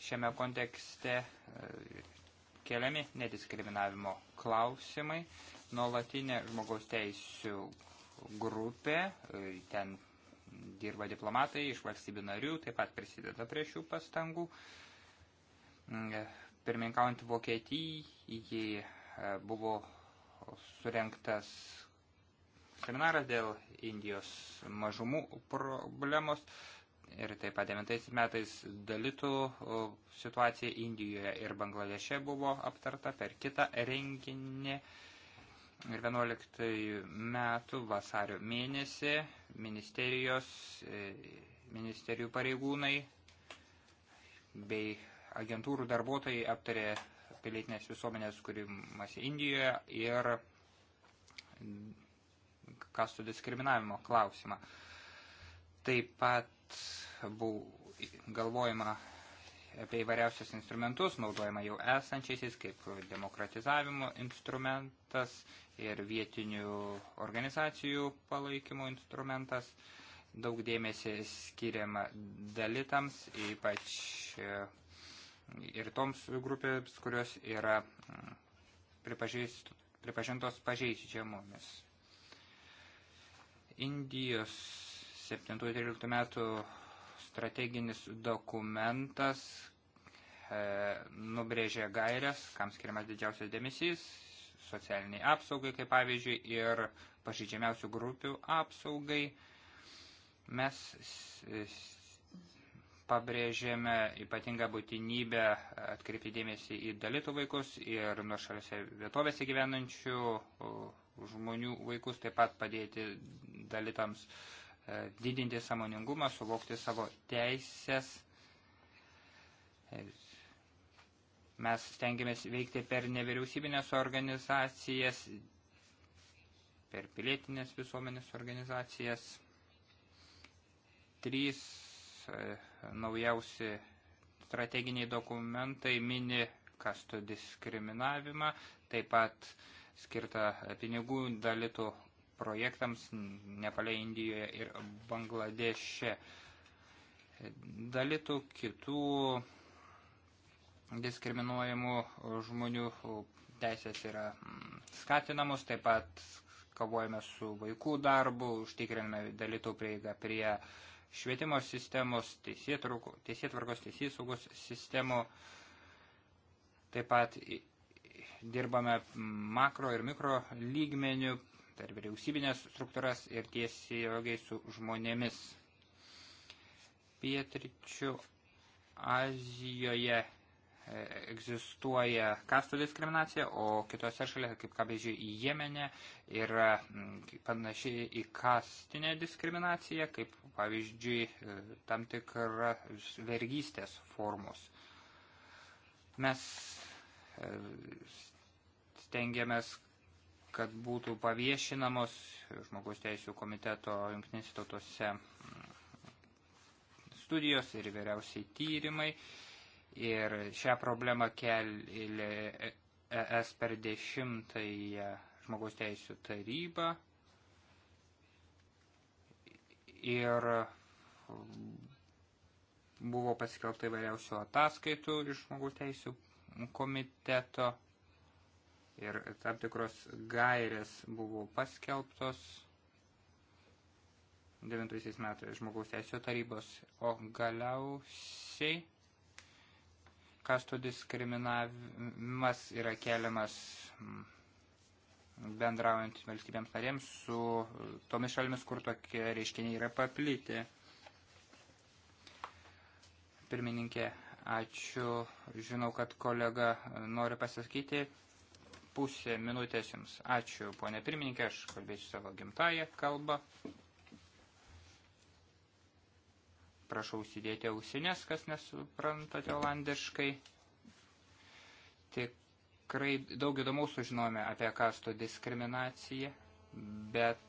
Šiame kontekste e, keliami nediskriminavimo klausimai nuolatinė žmogaus teisų grupė, e, ten dirba diplomatai iš valstybių narių, taip pat prisideda prie šių pastangų. Mm, e, Pirminkaujant Vokietijai e, buvo surinktas seminaras dėl Indijos mažumų problemos ir taip pat 9 metais dalitų situacija Indijoje ir Bangladeše buvo aptarta per kitą renginį ir 11 metų vasario mėnesį ministerijos, e, ministerijų pareigūnai bei agentūrų darbuotojai aptarė pilietinės visuomenės kūrimas Indijoje ir kastų diskriminavimo klausimą. Taip pat buvo galvojama apie įvairiausius instrumentus, naudojama jau esančiaisiais, kaip demokratizavimo instrumentas ir vietinių organizacijų palaikymo instrumentas. Daug dėmesio skiriama dalitams, ypač e, ir toms grupėms, kurios yra mm, pripažintos pažeidžiamomis. Indijos 7-13 metų strateginis dokumentas e, nubrėžė gairias, kam skiriamas didžiausias dėmesys, socialiniai apsaugai, kaip pavyzdžiui, ir pažydžiamiausių grupių apsaugai. Mes pabrėžėme ypatingą būtinybę atkreipti dėmesį į dalytų vaikus ir nuošaliuose vietovėse gyvenančių žmonių vaikus, taip pat padėti dalitams uh, E, didinti samoningumą, suvokti savo teisės. E, mes stengiamės veikti per nevyriausybinės organizacijas, per pilietinės visuomenės organizacijas. Trys e, naujausi strateginiai dokumentai mini kastų diskriminavimą, taip pat skirta pinigų dalytų projektams Nepale, Indijoje ir Bangladeše. Dalitų kitų diskriminuojamų žmonių teisės yra skatinamos, taip pat kovojame su vaikų darbu, užtikriname dalytų prieigą prie švietimo sistemos, teisėtvarkos, teisėsaugos sistemų, taip pat dirbame makro ir mikro lygmenių, per vyriausybinės struktūras ir tiesiogiai su žmonėmis. Pietričių Azijoje e, egzistuoja kastų diskriminacija, o kitose šalyse, kaip pavyzdžiui, į Jemenę yra panašiai į kastinę diskriminaciją, kaip pavyzdžiui, e, tam tikra vergystės formos. Mes e, stengiamės kad būtų paviešinamos žmogaus teisų komiteto jungtinėse tautose studijos ir vyriausiai tyrimai. Ir šią problemą kelia ES per dešimtąją žmogaus teisų tarybą. Ir buvo paskelbta įvairiausių ataskaitų iš žmogaus teisų komiteto ir tam tikros gairės buvo paskelbtos 9 metais žmogaus teisio tarybos, o galiausiai kasto diskriminavimas yra keliamas mm, bendraujant valstybėms narėms su tomis šalimis, kur tokie reiškiniai yra paplyti. Pirmininkė, ačiū. Žinau, kad kolega nori pasakyti pusė minutės jums. Ačiū, ponė pirmininkė, aš kalbėsiu savo gimtają kalbą. Prašau sudėti ausinės, kas nesuprantate olandiškai. Tikrai daug įdomiau sužinome apie kasto diskriminaciją, bet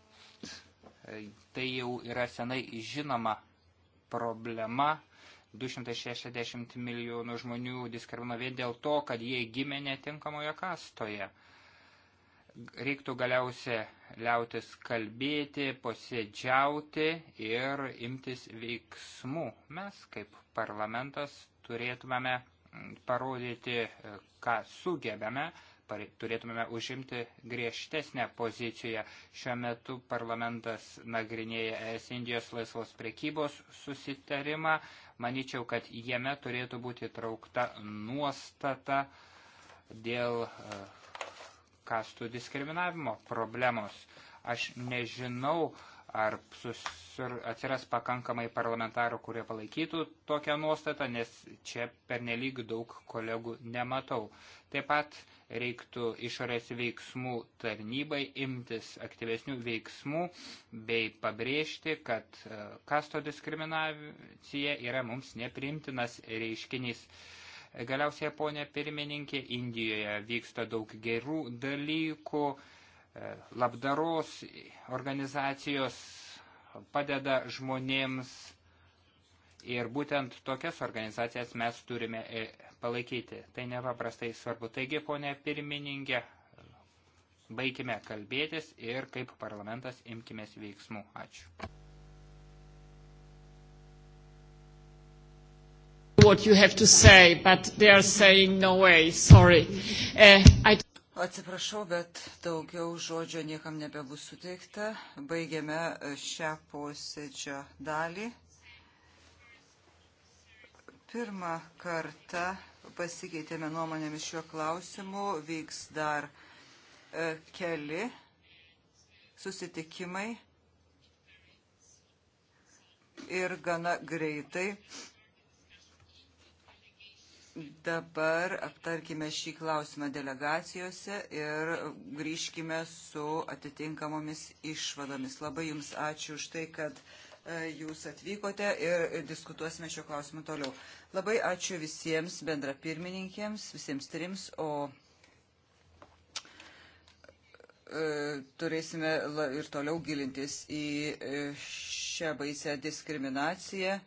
tai jau yra senai žinoma problema 260 milijonų žmonių diskriminuojama vien dėl to, kad jie gimė netinkamoje kastoje. Reiktų galiausia liautis kalbėti, posėdžiauti ir imtis veiksmų. Mes kaip parlamentas turėtumėme parodyti, ką sugebame, turėtumėme užimti griežtesnę poziciją. Šiuo metu parlamentas nagrinėja ES Indijos laisvos prekybos susitarimą Maničiau, kad jame turėtų būti traukta nuostata dėl e, kastų diskriminavimo problemos. Aš nežinau, ar susir, atsiras pakankamai parlamentarų, kurie palaikytų tokią nuostatą, nes čia pernelyg daug kolegų nematau. Taip pat reiktų išorės veiksmų tarnybai imtis aktyvesnių veiksmų bei pabrėžti, kad e, kasto diskriminacija yra mums neprimtinas reiškinys. Galiausiai, ponė pirmininkė, Indijoje vyksta daug gerų dalykų labdaros organizacijos padeda žmonėms ir būtent tokias organizacijas mes turime e, palaikyti. Tai nepaprastai svarbu. Taigi, ponė pirmininkė, baigime kalbėtis ir kaip parlamentas imkimės veiksmų. Ačiū. What you have to say, but they are saying no way. Sorry. Uh, I Atsiprašau, bet daugiau žodžio niekam nebebus suteikta. Baigiame e, šią posėdžio dalį. Pirmą kartą pasikeitėme nuomonėmis šiuo klausimu. Vyks dar e, keli susitikimai ir gana greitai. Dabar aptarkime šį klausimą delegacijose ir grįžkime su atitinkamomis išvadomis. Labai Jums ačiū už tai, kad e, Jūs atvykote ir diskutuosime šio klausimu toliau. Labai ačiū visiems bendrapirmininkėms, visiems trims, o e, turėsime ir toliau gilintis į e, šią baisę diskriminaciją.